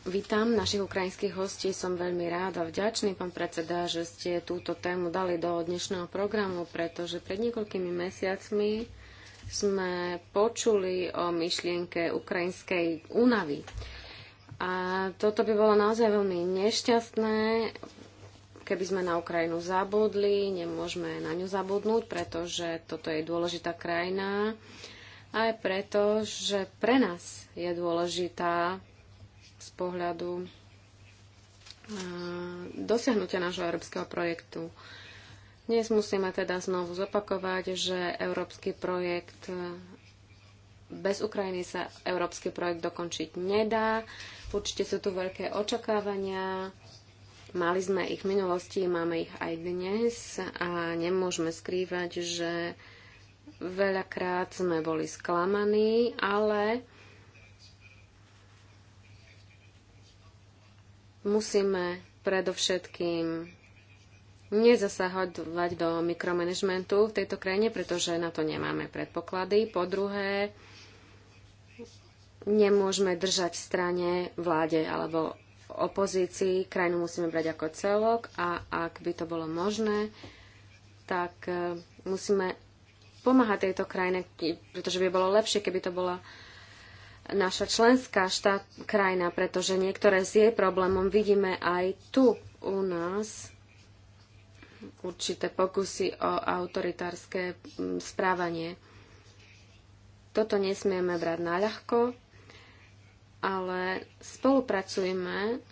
Vítam našich ukrajinských hostí. Som veľmi rád a vďačný, pán predseda, že ste túto tému dali do dnešného programu, pretože pred niekoľkými mesiacmi sme počuli o myšlienke ukrajinskej únavy. A toto by bolo naozaj veľmi nešťastné, Keby sme na Ukrajinu zabudli, nemôžeme na ňu zabudnúť, pretože toto je dôležitá krajina. Aj preto, že pre nás je dôležitá z pohľadu dosiahnutia nášho európskeho projektu. Dnes musíme teda znovu zopakovať, že európsky projekt bez Ukrajiny sa európsky projekt dokončiť nedá. Určite sú tu veľké očakávania Mali sme ich v minulosti, máme ich aj dnes a nemôžeme skrývať, že veľakrát sme boli sklamaní, ale musíme predovšetkým nezasahovať do mikromanagementu v tejto krajine, pretože na to nemáme predpoklady. Po druhé, nemôžeme držať strane vláde alebo opozícii, krajinu musíme brať ako celok a ak by to bolo možné, tak e, musíme pomáhať tejto krajine, pretože by bolo lepšie, keby to bola naša členská štát, krajina, pretože niektoré z jej problémom vidíme aj tu u nás určité pokusy o autoritárske správanie. Toto nesmieme brať na ľahko, ale spolupracujme.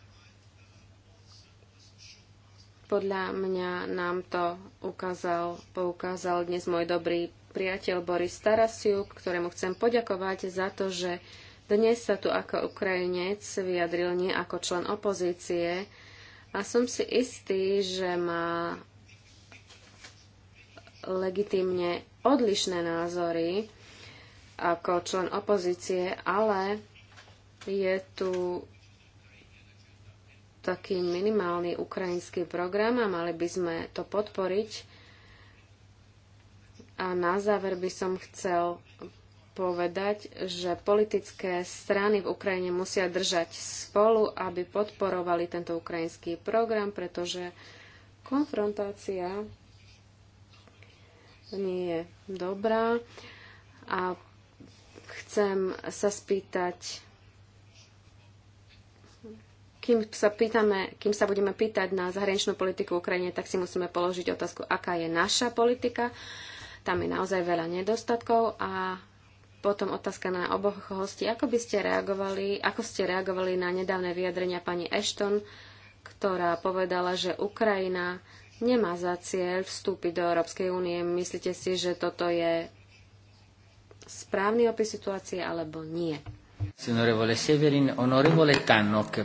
Podľa mňa nám to ukázal, poukázal dnes môj dobrý priateľ Boris Tarasiuk, ktorému chcem poďakovať za to, že dnes sa tu ako Ukrajinec vyjadril nie ako člen opozície a som si istý, že má legitimne odlišné názory ako člen opozície, ale je tu taký minimálny ukrajinský program a mali by sme to podporiť. A na záver by som chcel povedať, že politické strany v Ukrajine musia držať spolu, aby podporovali tento ukrajinský program, pretože konfrontácia nie je dobrá. A chcem sa spýtať kým sa, pýtame, kým sa budeme pýtať na zahraničnú politiku Ukrajine, tak si musíme položiť otázku, aká je naša politika. Tam je naozaj veľa nedostatkov a potom otázka na oboch hostí. Ako by ste reagovali, ako ste reagovali na nedávne vyjadrenia pani Ashton, ktorá povedala, že Ukrajina nemá za cieľ vstúpiť do Európskej únie. Myslíte si, že toto je správny opis situácie alebo nie? Onorevole Severin, onorevole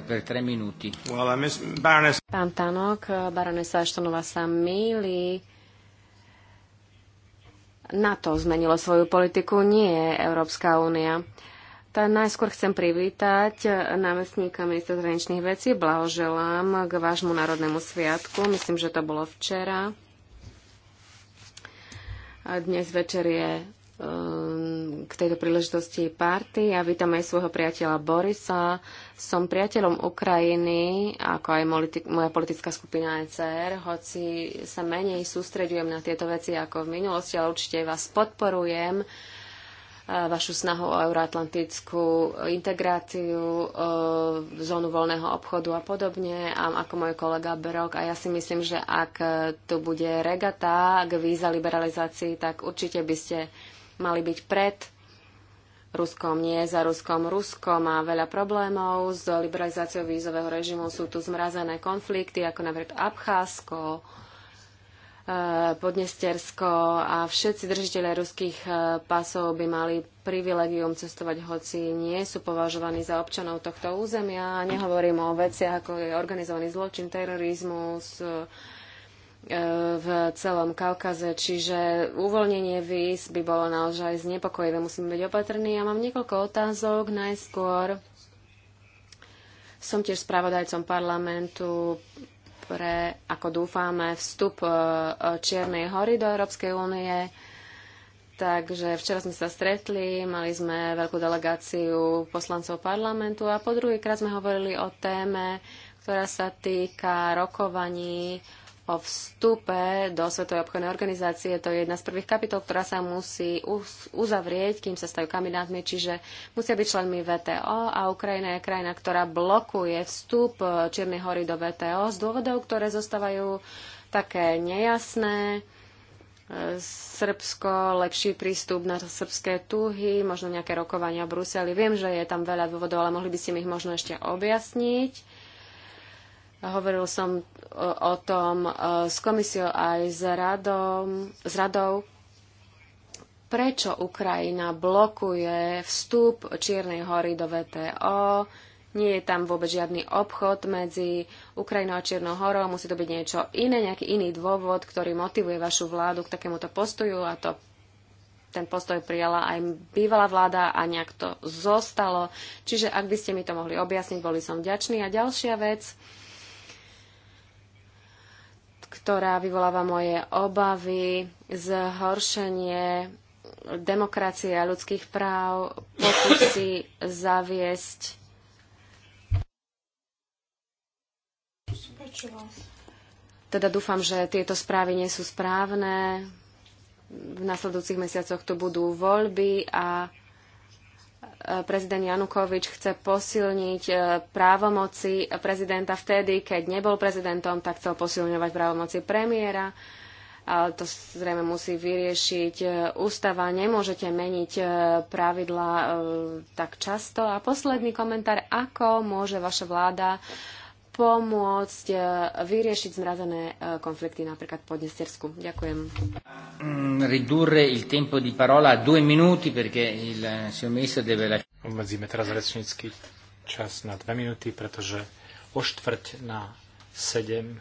per tre minuti. Well, uh, Baroness... Pán Tannok, uh, baronesa Aštonova sa mýli. NATO zmenilo svoju politiku, nie Európska únia. Tá najskôr chcem privítať uh, námestníka ministra zahraničných vecí. Blahoželám k vášmu národnému sviatku. Myslím, že to bolo včera. A dnes večer je k tejto príležitosti party. Ja vítam aj svojho priateľa Borisa. Som priateľom Ukrajiny, ako aj moja politická skupina ECR, hoci sa menej sústredujem na tieto veci ako v minulosti, ale určite vás podporujem e, vašu snahu o euroatlantickú integráciu, e, zónu voľného obchodu a podobne. A ako môj kolega Berok, a ja si myslím, že ak tu bude regata k víza liberalizácii, tak určite by ste mali byť pred Ruskom nie, za Ruskom Rusko má veľa problémov s liberalizáciou vízového režimu. Sú tu zmrazené konflikty, ako napríklad Abcházsko, e, Podnestersko a všetci držiteľe ruských e, pasov by mali privilegium cestovať, hoci nie sú považovaní za občanov tohto územia. Nehovorím o veciach, ako je organizovaný zločin, terorizmus, E, v celom Kaukaze, čiže uvoľnenie víz by bolo naozaj znepokojivé. Musíme byť opatrní. Ja mám niekoľko otázok. Najskôr som tiež spravodajcom parlamentu pre, ako dúfame, vstup e, Čiernej hory do Európskej únie. Takže včera sme sa stretli, mali sme veľkú delegáciu poslancov parlamentu a po druhýkrát sme hovorili o téme, ktorá sa týka rokovaní o vstupe do Svetovej obchodnej organizácie. To je jedna z prvých kapitol, ktorá sa musí uzavrieť, kým sa stajú kandidátmi, čiže musia byť členmi VTO a Ukrajina je krajina, ktorá blokuje vstup Čiernej hory do VTO z dôvodov, ktoré zostávajú také nejasné. Srbsko, lepší prístup na srbské tuhy, možno nejaké rokovania v Bruseli. Viem, že je tam veľa dôvodov, ale mohli by ste mi ich možno ešte objasniť. Hovoril som o tom e, s komisiou aj s radom, s radou, prečo Ukrajina blokuje vstup Čiernej hory do VTO. Nie je tam vôbec žiadny obchod medzi Ukrajinou a Čiernou horou. Musí to byť niečo iné, nejaký iný dôvod, ktorý motivuje vašu vládu k takémuto postoju a to ten postoj prijala aj bývalá vláda a nejak to zostalo. Čiže ak by ste mi to mohli objasniť, boli som vďačný. A ďalšia vec, ktorá vyvoláva moje obavy, zhoršenie demokracie a ľudských práv, pokusy zaviesť teda dúfam, že tieto správy nie sú správne. V nasledujúcich mesiacoch tu budú voľby a prezident Janukovič chce posilniť e, právomoci prezidenta vtedy, keď nebol prezidentom, tak chcel posilňovať právomoci premiéra. Ale to zrejme musí vyriešiť e, ústava. Nemôžete meniť e, pravidla tak často. A posledný komentár, ako môže vaša vláda pomôcť e, vyriešiť zmrazené e, konflikty napríklad po Dnestersku. Ďakujem. Mm, ridurre il tempo di parola a due minuti perché il eh, signor ministro deve la... Obmedzíme teraz rečnícky čas na dve minúty, pretože o štvrť na sedem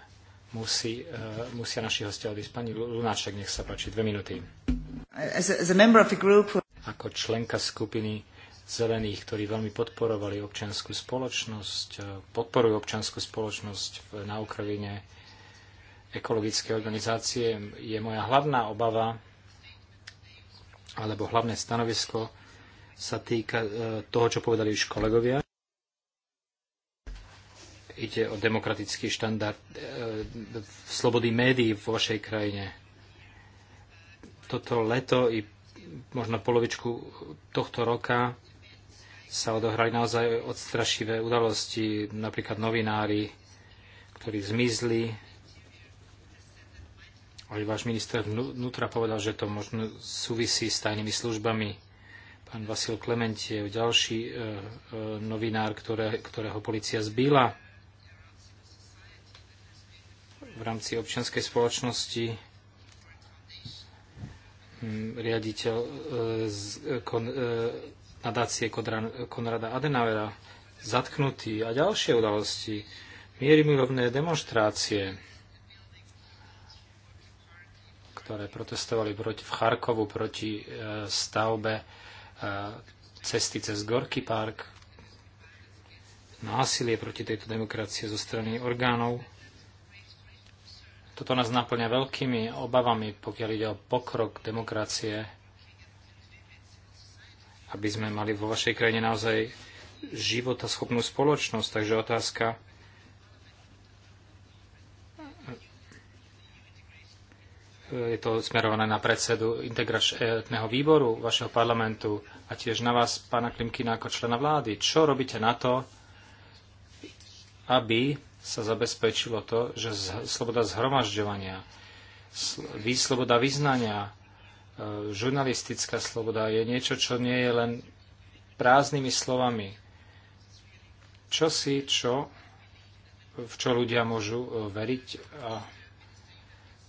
musí, uh, musia naši hostia odísť. Pani Lunáček, nech sa páči, dve minúty. As a, as a group... Ako členka skupiny zelených, ktorí veľmi podporovali občianskú spoločnosť, e, podporujú občianskú spoločnosť na Ukrajine, ekologické organizácie, je moja hlavná obava, alebo hlavné stanovisko sa týka e, toho, čo povedali už kolegovia. Ide o demokratický štandard e, slobody médií vo vašej krajine. Toto leto i možno polovičku tohto roka sa odohrali naozaj odstrašivé udalosti, napríklad novinári, ktorí zmizli. Aj váš minister vnútra povedal, že to možno súvisí s tajnými službami. Pán Vasil Klementiev, ďalší e, e, novinár, ktoré, ktorého policia zbýla v rámci občianskej spoločnosti hm, riaditeľ e, z, e, kon, e, nadácie Konrada Adenauera, zatknutí a ďalšie udalosti, mierimilovné demonstrácie, ktoré protestovali proti, v Charkovu proti e, stavbe e, cesty cez Gorky park, násilie proti tejto demokracie zo strany orgánov. Toto nás naplňa veľkými obavami, pokiaľ ide o pokrok demokracie aby sme mali vo vašej krajine naozaj schopnú spoločnosť. Takže otázka, e, je to smerované na predsedu integračného výboru vašeho parlamentu a tiež na vás, pána Klimkina, ako člena vlády. Čo robíte na to, aby sa zabezpečilo to, že sloboda zhromažďovania, sloboda vyznania, Eh, žurnalistická sloboda je niečo, čo nie je len prázdnymi slovami. Čo si, čo, v čo ľudia môžu eh, veriť. A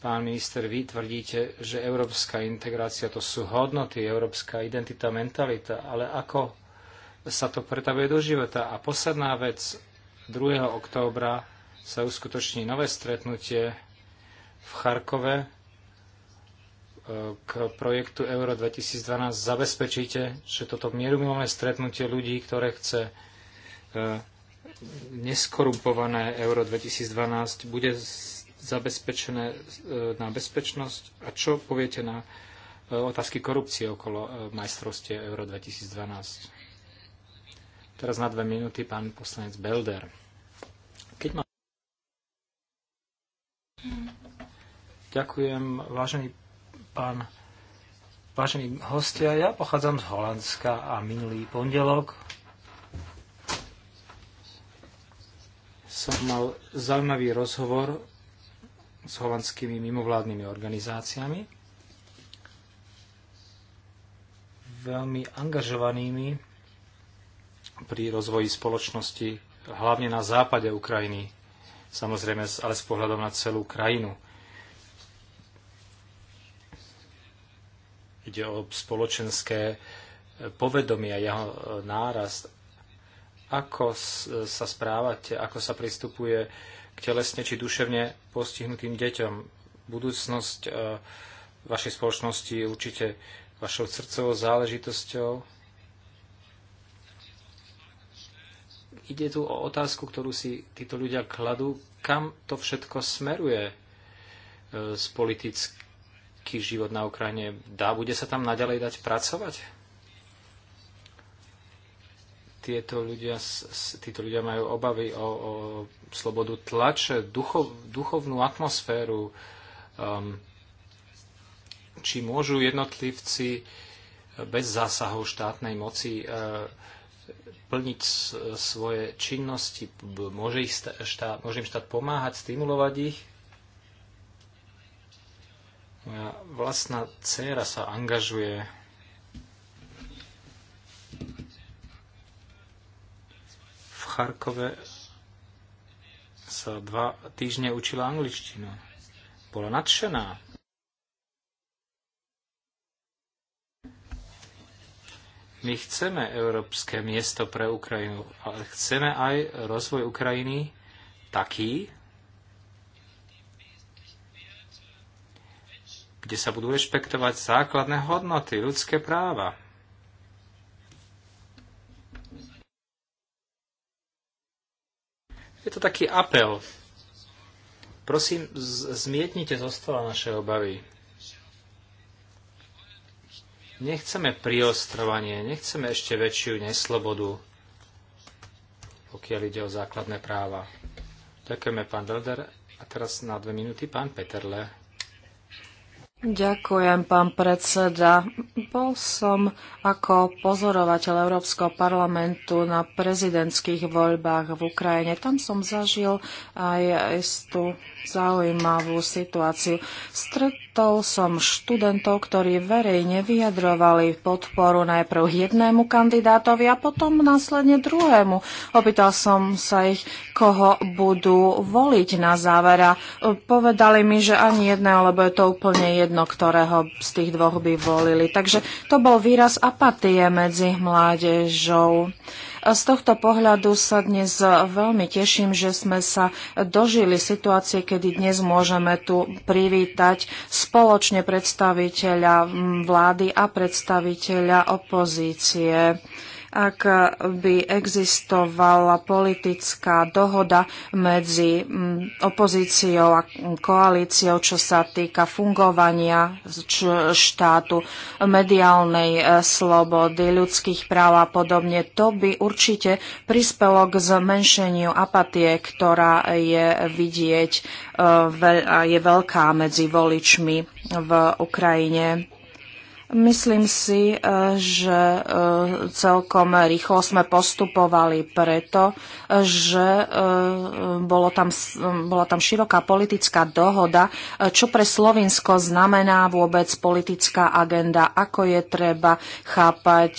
pán minister, vy tvrdíte, že európska integrácia to sú hodnoty, európska identita, mentalita, ale ako sa to pretavuje do života. A posledná vec, 2. októbra sa uskutoční nové stretnutie v Charkove k projektu Euro 2012 zabezpečíte, že toto mierumilné stretnutie ľudí, ktoré chce e, neskorumpované Euro 2012, bude zabezpečené e, na bezpečnosť? A čo poviete na e, otázky korupcie okolo majstrovstie Euro 2012? Teraz na dve minúty pán poslanec Belder. Keď ma... Mm. Ďakujem, vážený pán Vážení hostia, ja pochádzam z Holandska a minulý pondelok som mal zaujímavý rozhovor s holandskými mimovládnymi organizáciami, veľmi angažovanými pri rozvoji spoločnosti, hlavne na západe Ukrajiny, samozrejme, ale s pohľadom na celú krajinu Ide o spoločenské e, povedomie, jeho e, nárast. Ako e, sa správate, ako sa pristupuje k telesne či duševne postihnutým deťom? Budúcnosť vašej spoločnosti je určite vašou srdcovou záležitosťou. Ide tu o otázku, ktorú si títo ľudia kladú, kam to všetko smeruje z politického ľahký život na Ukrajine dá, bude sa tam naďalej dať pracovať? Tieto ľudia, títo ľudia majú obavy o, o slobodu tlače, duchov, duchovnú atmosféru. Um, či môžu jednotlivci bez zásahov štátnej moci uh, plniť svoje činnosti, môže, ich štát, môže im štát pomáhať, stimulovať ich, moja vlastná dcéra sa angažuje v Charkove sa dva týždne učila angličtinu. Bola nadšená. My chceme európske miesto pre Ukrajinu, ale chceme aj rozvoj Ukrajiny taký, kde sa budú rešpektovať základné hodnoty, ľudské práva. Je to taký apel. Prosím, zmietnite zo stola naše obavy. Nechceme priostrovanie, nechceme ešte väčšiu neslobodu, pokiaľ ide o základné práva. Ďakujeme, pán Dolder. A teraz na dve minúty pán Peterle. Ďakujem, pán predseda. Bol som ako pozorovateľ Európskeho parlamentu na prezidentských voľbách v Ukrajine. Tam som zažil aj istú zaujímavú situáciu. Stret stretol som študentov, ktorí verejne vyjadrovali podporu najprv jednému kandidátovi a potom následne druhému. Opýtal som sa ich, koho budú voliť na a e, Povedali mi, že ani jedného, lebo je to úplne jedno, ktorého z tých dvoch by volili. Takže to bol výraz apatie medzi mládežou. Z tohto pohľadu sa dnes veľmi teším, že sme sa dožili situácie, kedy dnes môžeme tu privítať spoločne predstaviteľa vlády a predstaviteľa opozície ak by existovala politická dohoda medzi mm, opozíciou a koalíciou, čo sa týka fungovania štátu, mediálnej e, slobody, ľudských práv a podobne, to by určite prispelo k zmenšeniu apatie, ktorá je vidieť e, a je veľká medzi voličmi v Ukrajine. Myslím si, eh, že eh, celkom rýchlo sme postupovali preto, že eh, bolo tam, bola tam široká politická dohoda, čo pre Slovinsko znamená vôbec politická agenda, ako je treba chápať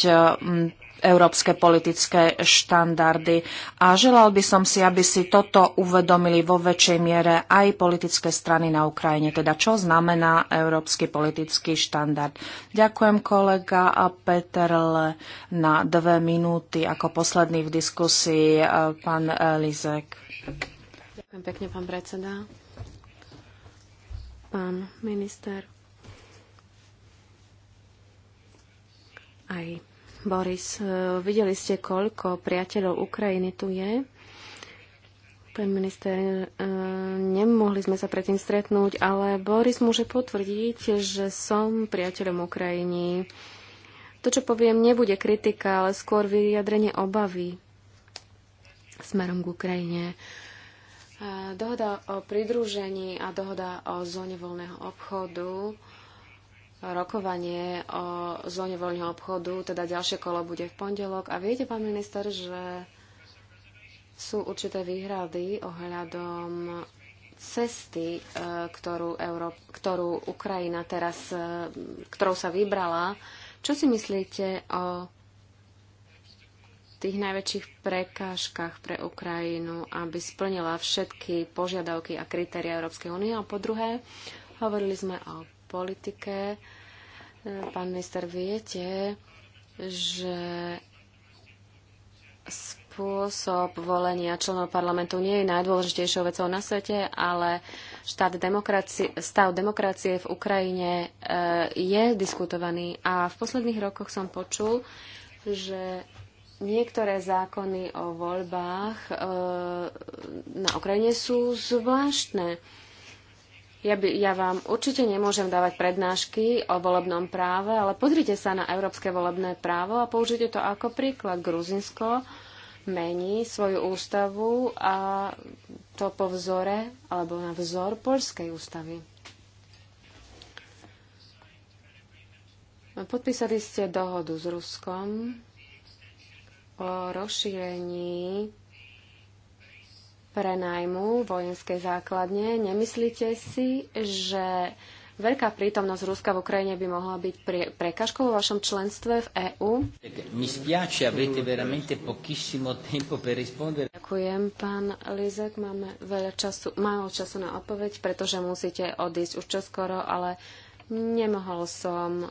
európske politické štandardy. A želal by som si, aby si toto uvedomili vo väčšej miere aj politické strany na Ukrajine, teda čo znamená európsky politický štandard. Ďakujem kolega a Le na dve minúty ako posledný v diskusii e, pán e, Lizek. Ďakujem pekne, pán predseda. Pán minister. Aj Boris, e, videli ste, koľko priateľov Ukrajiny tu je. Pán minister, e, nemohli sme sa predtým stretnúť, ale Boris môže potvrdiť, že som priateľom Ukrajiny. To, čo poviem, nebude kritika, ale skôr vyjadrenie obavy smerom k Ukrajine. E, dohoda o pridružení a dohoda o zóne voľného obchodu rokovanie o zóne voľného obchodu, teda ďalšie kolo bude v pondelok. A viete, pán minister, že sú určité výhrady ohľadom cesty, e, ktorú, Euró- ktorú Ukrajina teraz, e, ktorou sa vybrala. Čo si myslíte o tých najväčších prekážkach pre Ukrajinu, aby splnila všetky požiadavky a kritéria Európskej únie? A po druhé, hovorili sme o politike. E, Pán minister, viete, že spôsob volenia členov parlamentu nie je najdôležitejšou vecou na svete, ale štát demokracie, stav demokracie v Ukrajine e, je diskutovaný. A v posledných rokoch som počul, že niektoré zákony o voľbách e, na Ukrajine sú zvláštne. Ja, by, ja vám určite nemôžem dávať prednášky o volebnom práve, ale pozrite sa na európske volebné právo a použite to ako príklad. Gruzinsko mení svoju ústavu a to po vzore alebo na vzor poľskej ústavy. Podpísali ste dohodu s Ruskom o rozšírení prenajmu vojenskej základne. Nemyslíte si, že veľká prítomnosť Ruska v Ukrajine by mohla byť pre, prekažkou vo vašom členstve v EÚ? Ďakujem, pán Lizek. Máme veľa času, málo času na odpoveď, pretože musíte odísť už čoskoro, ale nemohol som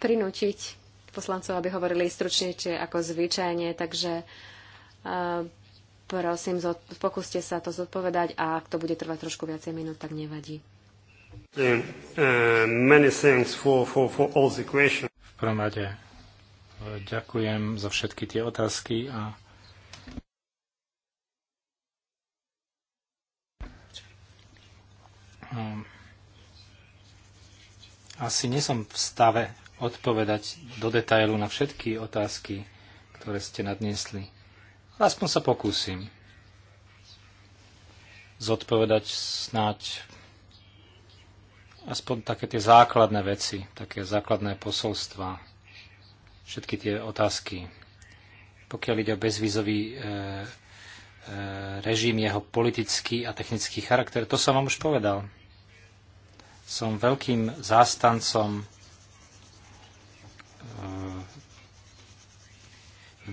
prinútiť poslancov, aby hovorili stručnejšie ako zvyčajne, takže uh, Prosím, pokúste sa to zodpovedať a ak to bude trvať trošku viacej minút, tak nevadí. Uh, v prvom rade eh, ďakujem za všetky tie otázky a ehm, asi nesom v stave odpovedať do detailu na všetky otázky, ktoré ste nadniesli. Aspoň sa pokúsim zodpovedať snáď aspoň také tie základné veci, také základné posolstva, všetky tie otázky. Pokiaľ ide o bezvízový e, e, režim, jeho politický a technický charakter, to som vám už povedal. Som veľkým zástancom e,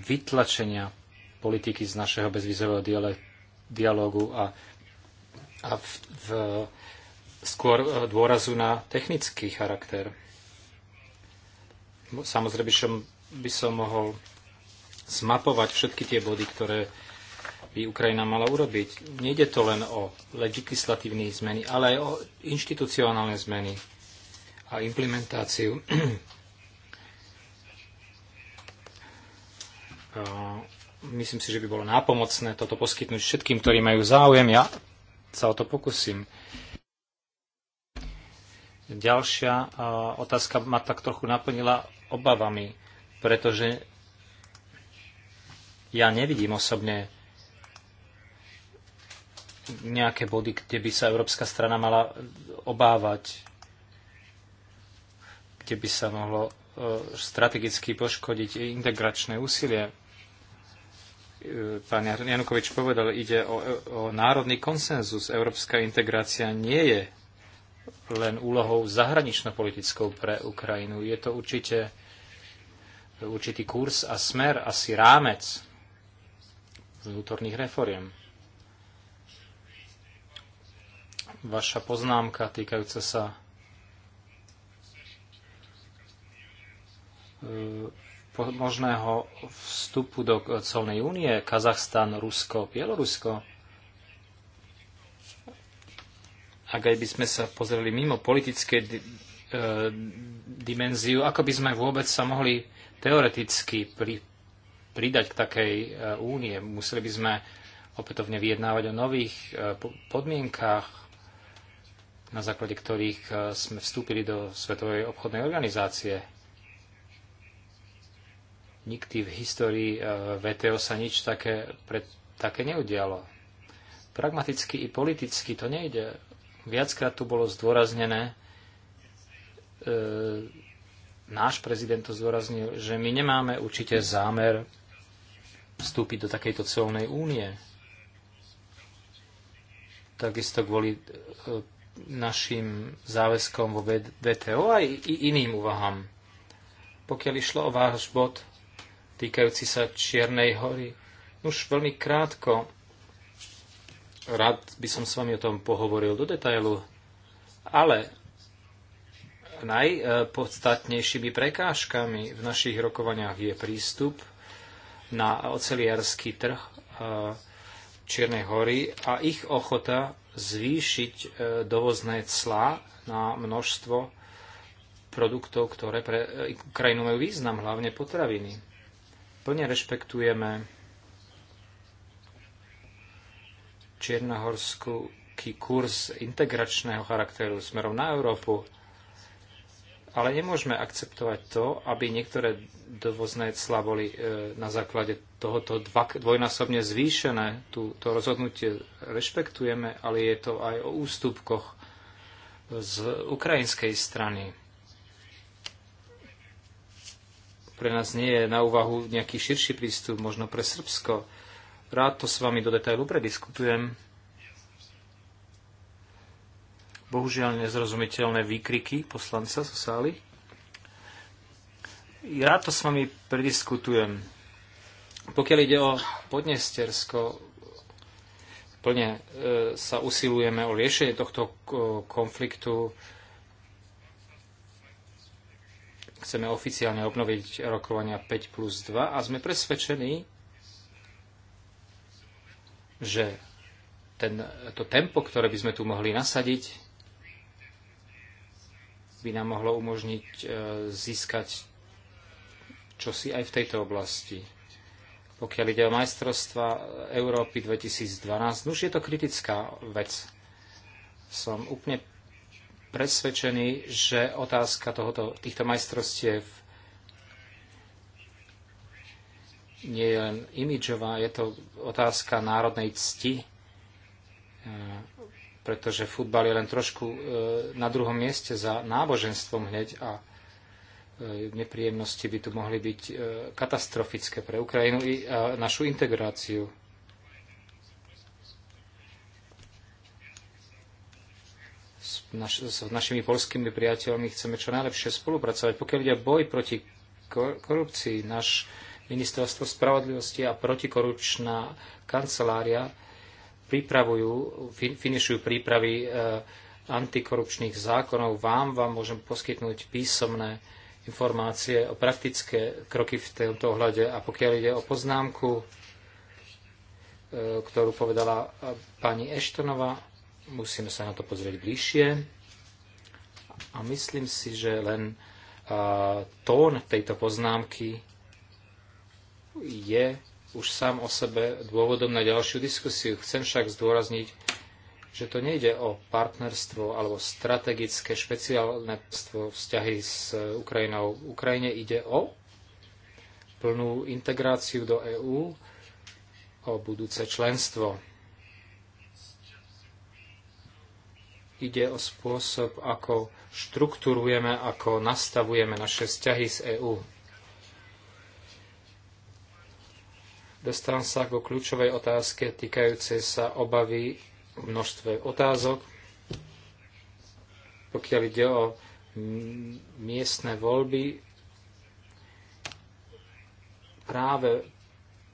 vytlačenia politiky z našeho bezvizového dialógu a, a v, v, skôr e, dôrazu na technický charakter. Samozrejme, som, by som mohol zmapovať všetky tie body, ktoré by Ukrajina mala urobiť. Nejde to len o legislatívne zmeny, ale aj o inštitucionálne zmeny a implementáciu [clears throat] Myslím si, že by bolo nápomocné toto poskytnúť všetkým, ktorí majú záujem. Ja sa o to pokusím. Ďalšia otázka ma tak trochu naplnila obavami, pretože ja nevidím osobne nejaké body, kde by sa európska strana mala obávať, kde by sa mohlo e, strategicky poškodiť integračné úsilie pán Janukovič povedal, ide o, o národný konsenzus. Európska integrácia nie je len úlohou zahranično-politickou pre Ukrajinu. Je to určite určitý kurz a smer, asi rámec vnútorných reforiem. Vaša poznámka týkajúca sa e, možného vstupu do colnej únie, Kazachstan, Rusko, Bielorusko, ak aj by sme sa pozreli mimo politické di- e, dimenziu, ako by sme vôbec sa mohli teoreticky pri- pridať k takej e, únie. Museli by sme opätovne vyjednávať o nových e, podmienkách, na základe ktorých e, sme vstúpili do Svetovej obchodnej organizácie. Nikdy v histórii e, VTO sa nič také, pre, také neudialo. Pragmaticky i politicky to nejde. Viackrát tu bolo zdôraznené, e, náš prezident to zdôraznil, že my nemáme určite zámer vstúpiť do takejto celnej únie. Takisto kvôli e, našim záväzkom vo VTO aj iným úvahám. Pokiaľ išlo o váš bod, týkajúci sa Čiernej hory. Už veľmi krátko, rád by som s vami o tom pohovoril do detailu, ale najpodstatnejšími prekážkami v našich rokovaniach je prístup na oceliarský trh Čiernej hory a ich ochota zvýšiť e, dovozné clá na množstvo produktov, ktoré pre e, krajinu majú význam, hlavne potraviny plne rešpektujeme čiernohorský kurz integračného charakteru smerom na Európu, ale nemôžeme akceptovať to, aby niektoré dovozné cla boli e, na základe tohoto dvojnásobne zvýšené. Tú, to rozhodnutie rešpektujeme, ale je to aj o ústupkoch z ukrajinskej strany. Pre nás nie je na úvahu nejaký širší prístup, možno pre Srbsko. Rád to s vami do detailu prediskutujem. Bohužiaľ nezrozumiteľné výkriky poslanca zo sály. Ja to s vami prediskutujem. Pokiaľ ide o Podnestersko, plne e, sa usilujeme o riešenie tohto e, konfliktu Chceme oficiálne obnoviť rokovania 5 plus 2 a sme presvedčení, že ten, to tempo, ktoré by sme tu mohli nasadiť, by nám mohlo umožniť e, získať čosi aj v tejto oblasti. Pokiaľ ide o majstrovstva Európy 2012, no už je to kritická vec. Som úplne presvedčený, že otázka tohoto, týchto majstrostiev nie je len imidžová, je to otázka národnej cti, e, pretože futbal je len trošku e, na druhom mieste za náboženstvom hneď a e, nepríjemnosti by tu mohli byť katastrofické pre Ukrajinu i našu integráciu. naš, s našimi polskými priateľmi chceme čo najlepšie spolupracovať. Pokiaľ ide boj proti korupcii, náš ministerstvo spravodlivosti a protikorupčná kancelária pripravujú, finišujú prípravy e, antikorupčných zákonov. Vám vám môžem poskytnúť písomné informácie o praktické kroky v tomto ohľade. A pokiaľ ide o poznámku, e, ktorú povedala e, pani Eštonová, Musíme sa na to pozrieť bližšie. A myslím si, že len uh, tón tejto poznámky je už sám o sebe dôvodom na ďalšiu diskusiu. Chcem však zdôrazniť, že to nejde o partnerstvo alebo strategické špeciálne vzťahy s Ukrajinou. Ukrajine ide o plnú integráciu do EÚ, o budúce členstvo. Ide o spôsob, ako štruktúrujeme, ako nastavujeme naše vzťahy s EÚ. Dostávam sa ako kľúčovej otázke týkajúcej sa obavy v množstve otázok. Pokiaľ ide o miestne voľby, práve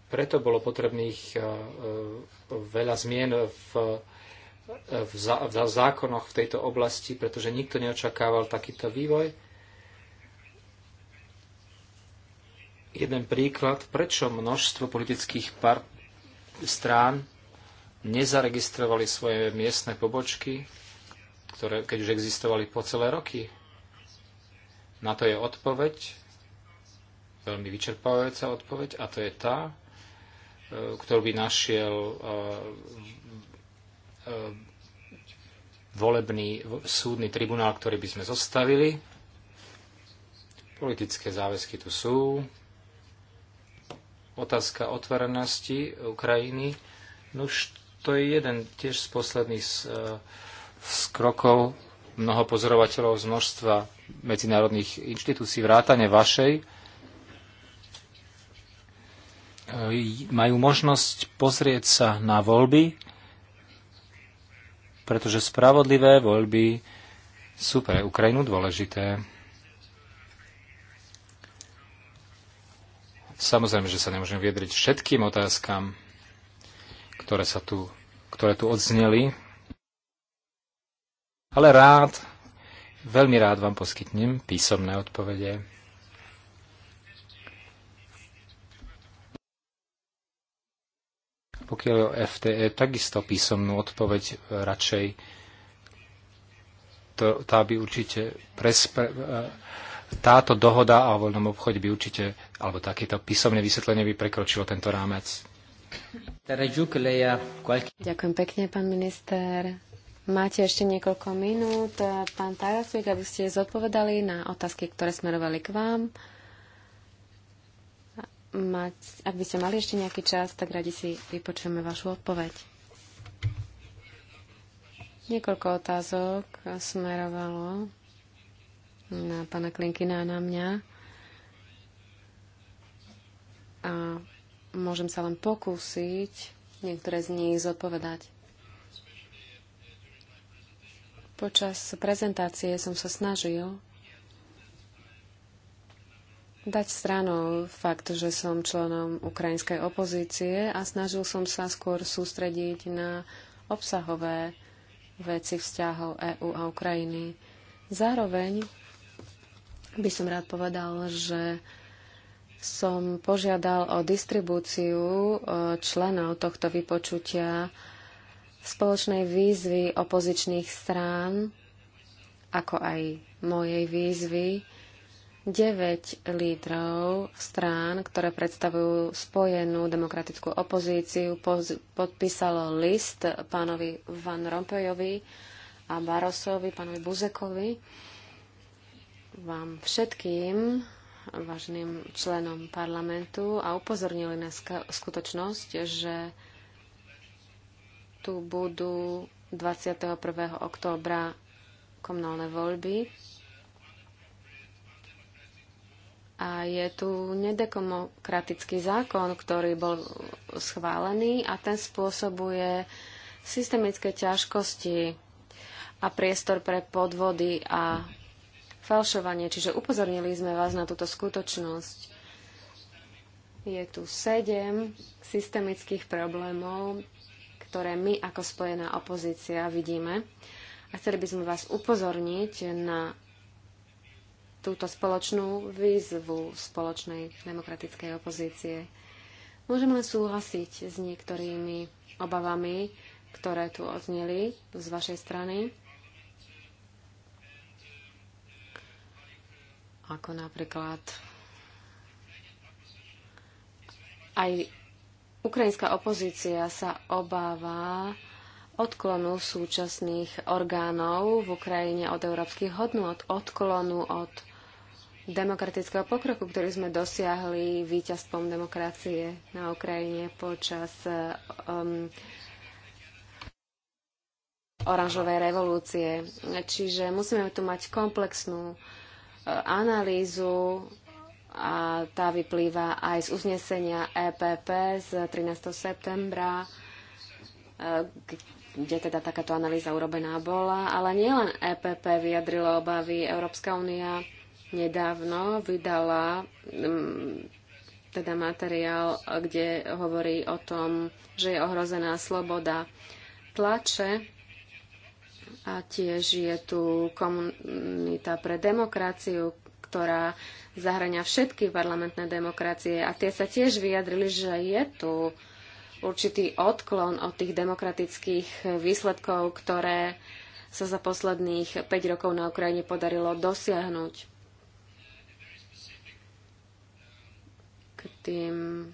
preto bolo potrebných e, e, veľa zmien v v, zá, v zákonoch v tejto oblasti, pretože nikto neočakával takýto vývoj. Jeden príklad, prečo množstvo politických part- strán nezaregistrovali svoje miestne pobočky, ktoré keď už existovali po celé roky. Na to je odpoveď, veľmi vyčerpávajúca odpoveď, a to je tá, e, ktorú by našiel e, Eh, volebný súdny tribunál, ktorý by sme zostavili. Politické záväzky tu sú. Otázka otvorenosti Ukrajiny. No už to je jeden tiež z posledných z, eh, z krokov mnoho pozorovateľov z množstva medzinárodných inštitúcií vrátane vašej eh, majú možnosť pozrieť sa na voľby pretože spravodlivé voľby sú pre Ukrajinu dôležité. Samozrejme, že sa nemôžem viedriť všetkým otázkam, ktoré, sa tu, ktoré tu odzneli, ale rád, veľmi rád vám poskytnem písomné odpovede. Pokiaľ je o FTE, takisto písomnú odpoveď e, radšej. To, tá by určite prespre, e, táto dohoda o voľnom obchode by určite, alebo takéto písomné vysvetlenie by prekročilo tento rámec. Ďakujem pekne, pán minister. Máte ešte niekoľko minút, pán Tarasvík, aby ste zodpovedali na otázky, ktoré smerovali k vám mať, ak by ste mali ešte nejaký čas, tak radi si vypočujeme vašu odpoveď. Niekoľko otázok smerovalo na pána Klinkina a na mňa. A môžem sa len pokúsiť niektoré z nich zodpovedať. Počas prezentácie som sa snažil dať stranou fakt, že som členom ukrajinskej opozície a snažil som sa skôr sústrediť na obsahové veci vzťahov EÚ a Ukrajiny. Zároveň by som rád povedal, že som požiadal o distribúciu e, členov tohto vypočutia spoločnej výzvy opozičných strán, ako aj mojej výzvy, 9 lídrov strán, ktoré predstavujú spojenú demokratickú opozíciu, podpísalo list pánovi Van Rompejovi a Barosovi, pánovi Buzekovi. Vám všetkým, vážnym členom parlamentu, a upozornili na skutočnosť, že tu budú 21. októbra komunálne voľby a je tu nedekomokratický zákon, ktorý bol schválený a ten spôsobuje systemické ťažkosti a priestor pre podvody a falšovanie. Čiže upozornili sme vás na túto skutočnosť. Je tu sedem systemických problémov, ktoré my ako spojená opozícia vidíme. A chceli by sme vás upozorniť na túto spoločnú výzvu spoločnej demokratickej opozície. Môžem len súhlasiť s niektorými obavami, ktoré tu odznieli z vašej strany, ako napríklad aj ukrajinská opozícia sa obáva odklonu súčasných orgánov v Ukrajine od európskych hodnot, odklonu od demokratického pokroku, ktorý sme dosiahli víťazstvom demokracie na Ukrajine počas um, oranžovej revolúcie. Čiže musíme tu mať komplexnú uh, analýzu a tá vyplýva aj z uznesenia EPP z 13. septembra, uh, kde teda takáto analýza urobená bola. Ale nielen EPP vyjadrilo obavy, Európska únia nedávno vydala mm, teda materiál, kde hovorí o tom, že je ohrozená sloboda tlače a tiež je tu komunita pre demokraciu, ktorá zahrania všetky parlamentné demokracie a tie sa tiež vyjadrili, že je tu určitý odklon od tých demokratických výsledkov, ktoré sa za posledných 5 rokov na Ukrajine podarilo dosiahnuť. tým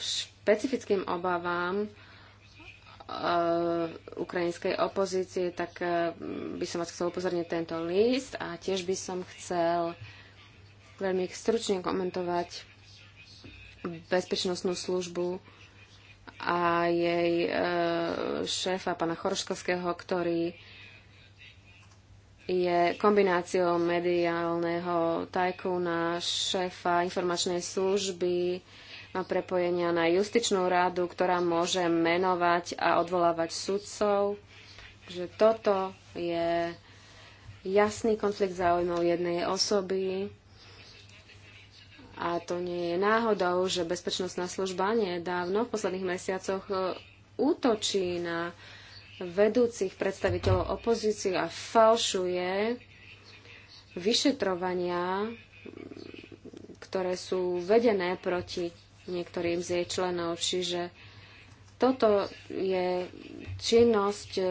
špecifickým obavám e, ukrajinskej opozície, tak e, by som vás chcel upozorniť tento list a tiež by som chcel veľmi stručne komentovať bezpečnostnú službu a jej e, šéfa, pana Choroškovského, ktorý je kombináciou mediálneho tajkúna, šéfa informačnej služby, má prepojenia na justičnú radu, ktorá môže menovať a odvolávať sudcov. Takže toto je jasný konflikt záujmov jednej osoby. A to nie je náhodou, že bezpečnostná služba nedávno v posledných mesiacoch útočí na uh, vedúcich predstaviteľov opozície a falšuje vyšetrovania, ktoré sú vedené proti niektorým z jej členov. Čiže toto je činnosť e,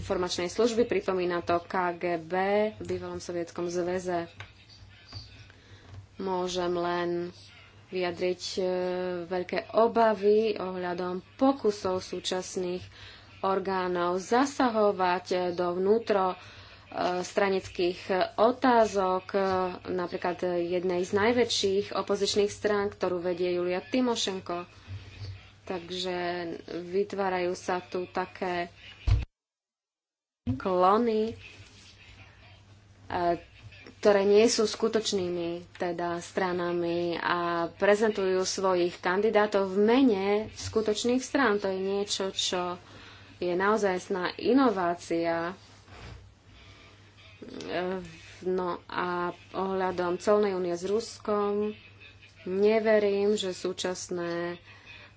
informačnej služby, pripomína to KGB v bývalom sovietskom zväze. Môžem len vyjadriť e, veľké obavy ohľadom pokusov súčasných orgánov zasahovať eh, do vnútro eh, stranických otázok, eh, napríklad jednej z najväčších opozičných strán, ktorú vedie Julia Timošenko. Takže vytvárajú sa tu také klony, ktoré nie sú skutočnými teda stranami a prezentujú svojich kandidátov v mene skutočných strán. To je niečo, čo je sná inovácia eh, no a ohľadom colnej únie s Ruskom neverím, že súčasné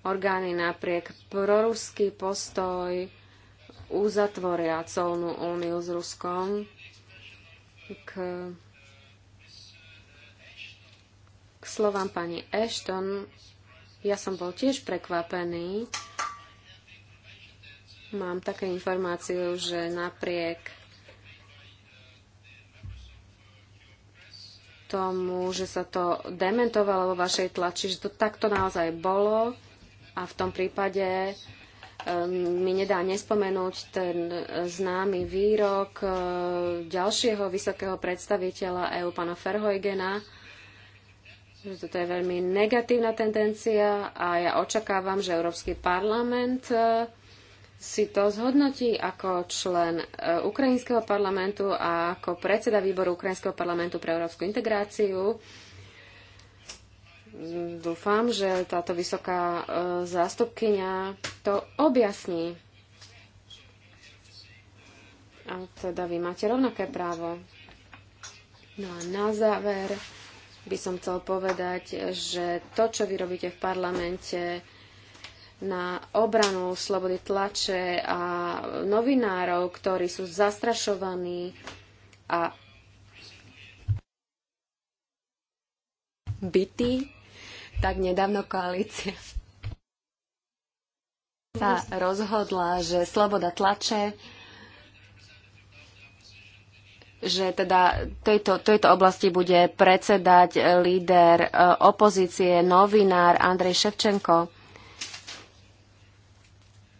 orgány napriek proruský postoj uzatvoria colnú úniu s Ruskom k, k slovám pani Ashton. Ja som bol tiež prekvapený, Mám také informáciu, že napriek tomu, že sa to dementovalo vo vašej tlači, že to takto naozaj bolo a v tom prípade ehm, mi nedá nespomenúť ten známy výrok e, ďalšieho vysokého predstaviteľa EU, pána Ferhojgena, že toto je veľmi negatívna tendencia a ja očakávam, že Európsky parlament e, si to zhodnotí ako člen e, Ukrajinského parlamentu a ako predseda výboru Ukrajinského parlamentu pre európsku integráciu. Dúfam, že táto vysoká e, zástupkynia to objasní. A teda vy máte rovnaké právo. No a na záver by som chcel povedať, že to, čo vy robíte v parlamente, na obranu slobody tlače a novinárov, ktorí sú zastrašovaní a bytí, tak nedávno koalícia sa rozhodla, že sloboda tlače že teda tejto, tejto oblasti bude predsedať líder e, opozície, novinár Andrej Ševčenko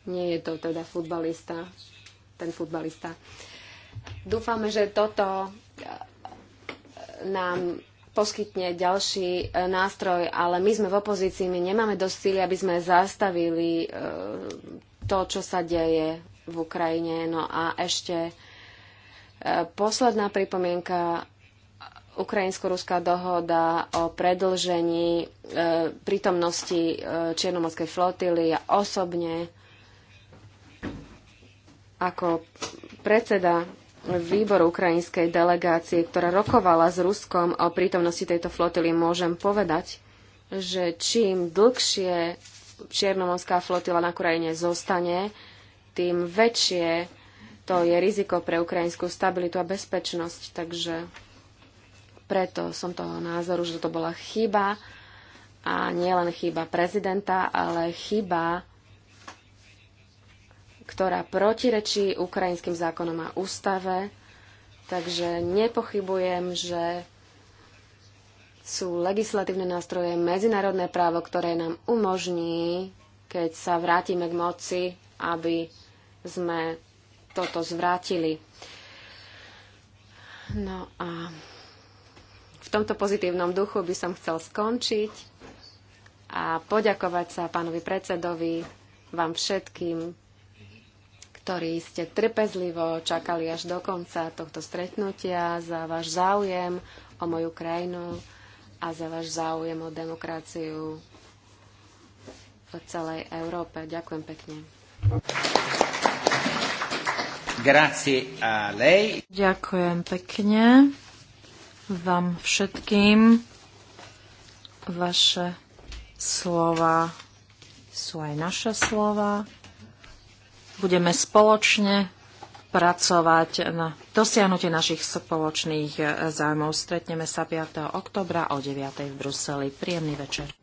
nie je to teda futbalista, ten futbalista. Dúfame, že toto eh, nám poskytne ďalší eh, nástroj, ale my sme v opozícii, my nemáme dosť síly, aby sme zastavili eh, to, čo sa deje v Ukrajine. No a ešte posledná pripomienka ukrajinsko-ruská dohoda o predlžení prítomnosti Čiernomorskej flotily. a osobne ako predseda výboru ukrajinskej delegácie, ktorá rokovala s Ruskom o prítomnosti tejto flotily, môžem povedať, že čím dlhšie Čiernomorská flotila na Ukrajine zostane, tým väčšie to je riziko pre ukrajinskú stabilitu a bezpečnosť. Takže preto som toho názoru, že to bola chyba a nielen chyba prezidenta, ale chyba ktorá protirečí ukrajinským zákonom a ústave. Takže nepochybujem, že sú legislatívne nástroje, medzinárodné právo, ktoré nám umožní, keď sa vrátime k moci, aby sme toto zvrátili. No a v tomto pozitívnom duchu by som chcel skončiť a poďakovať sa pánovi predsedovi, vám všetkým ktorí ste trpezlivo čakali až do konca tohto stretnutia, za váš záujem o moju krajinu a za váš záujem o demokraciu v celej Európe. Ďakujem pekne. Ďakujem pekne vám všetkým. Vaše slova sú aj naše slova budeme spoločne pracovať na dosiahnutie našich spoločných eh, zájmov. Stretneme sa 5. oktobra o 9. v Bruseli. Príjemný večer.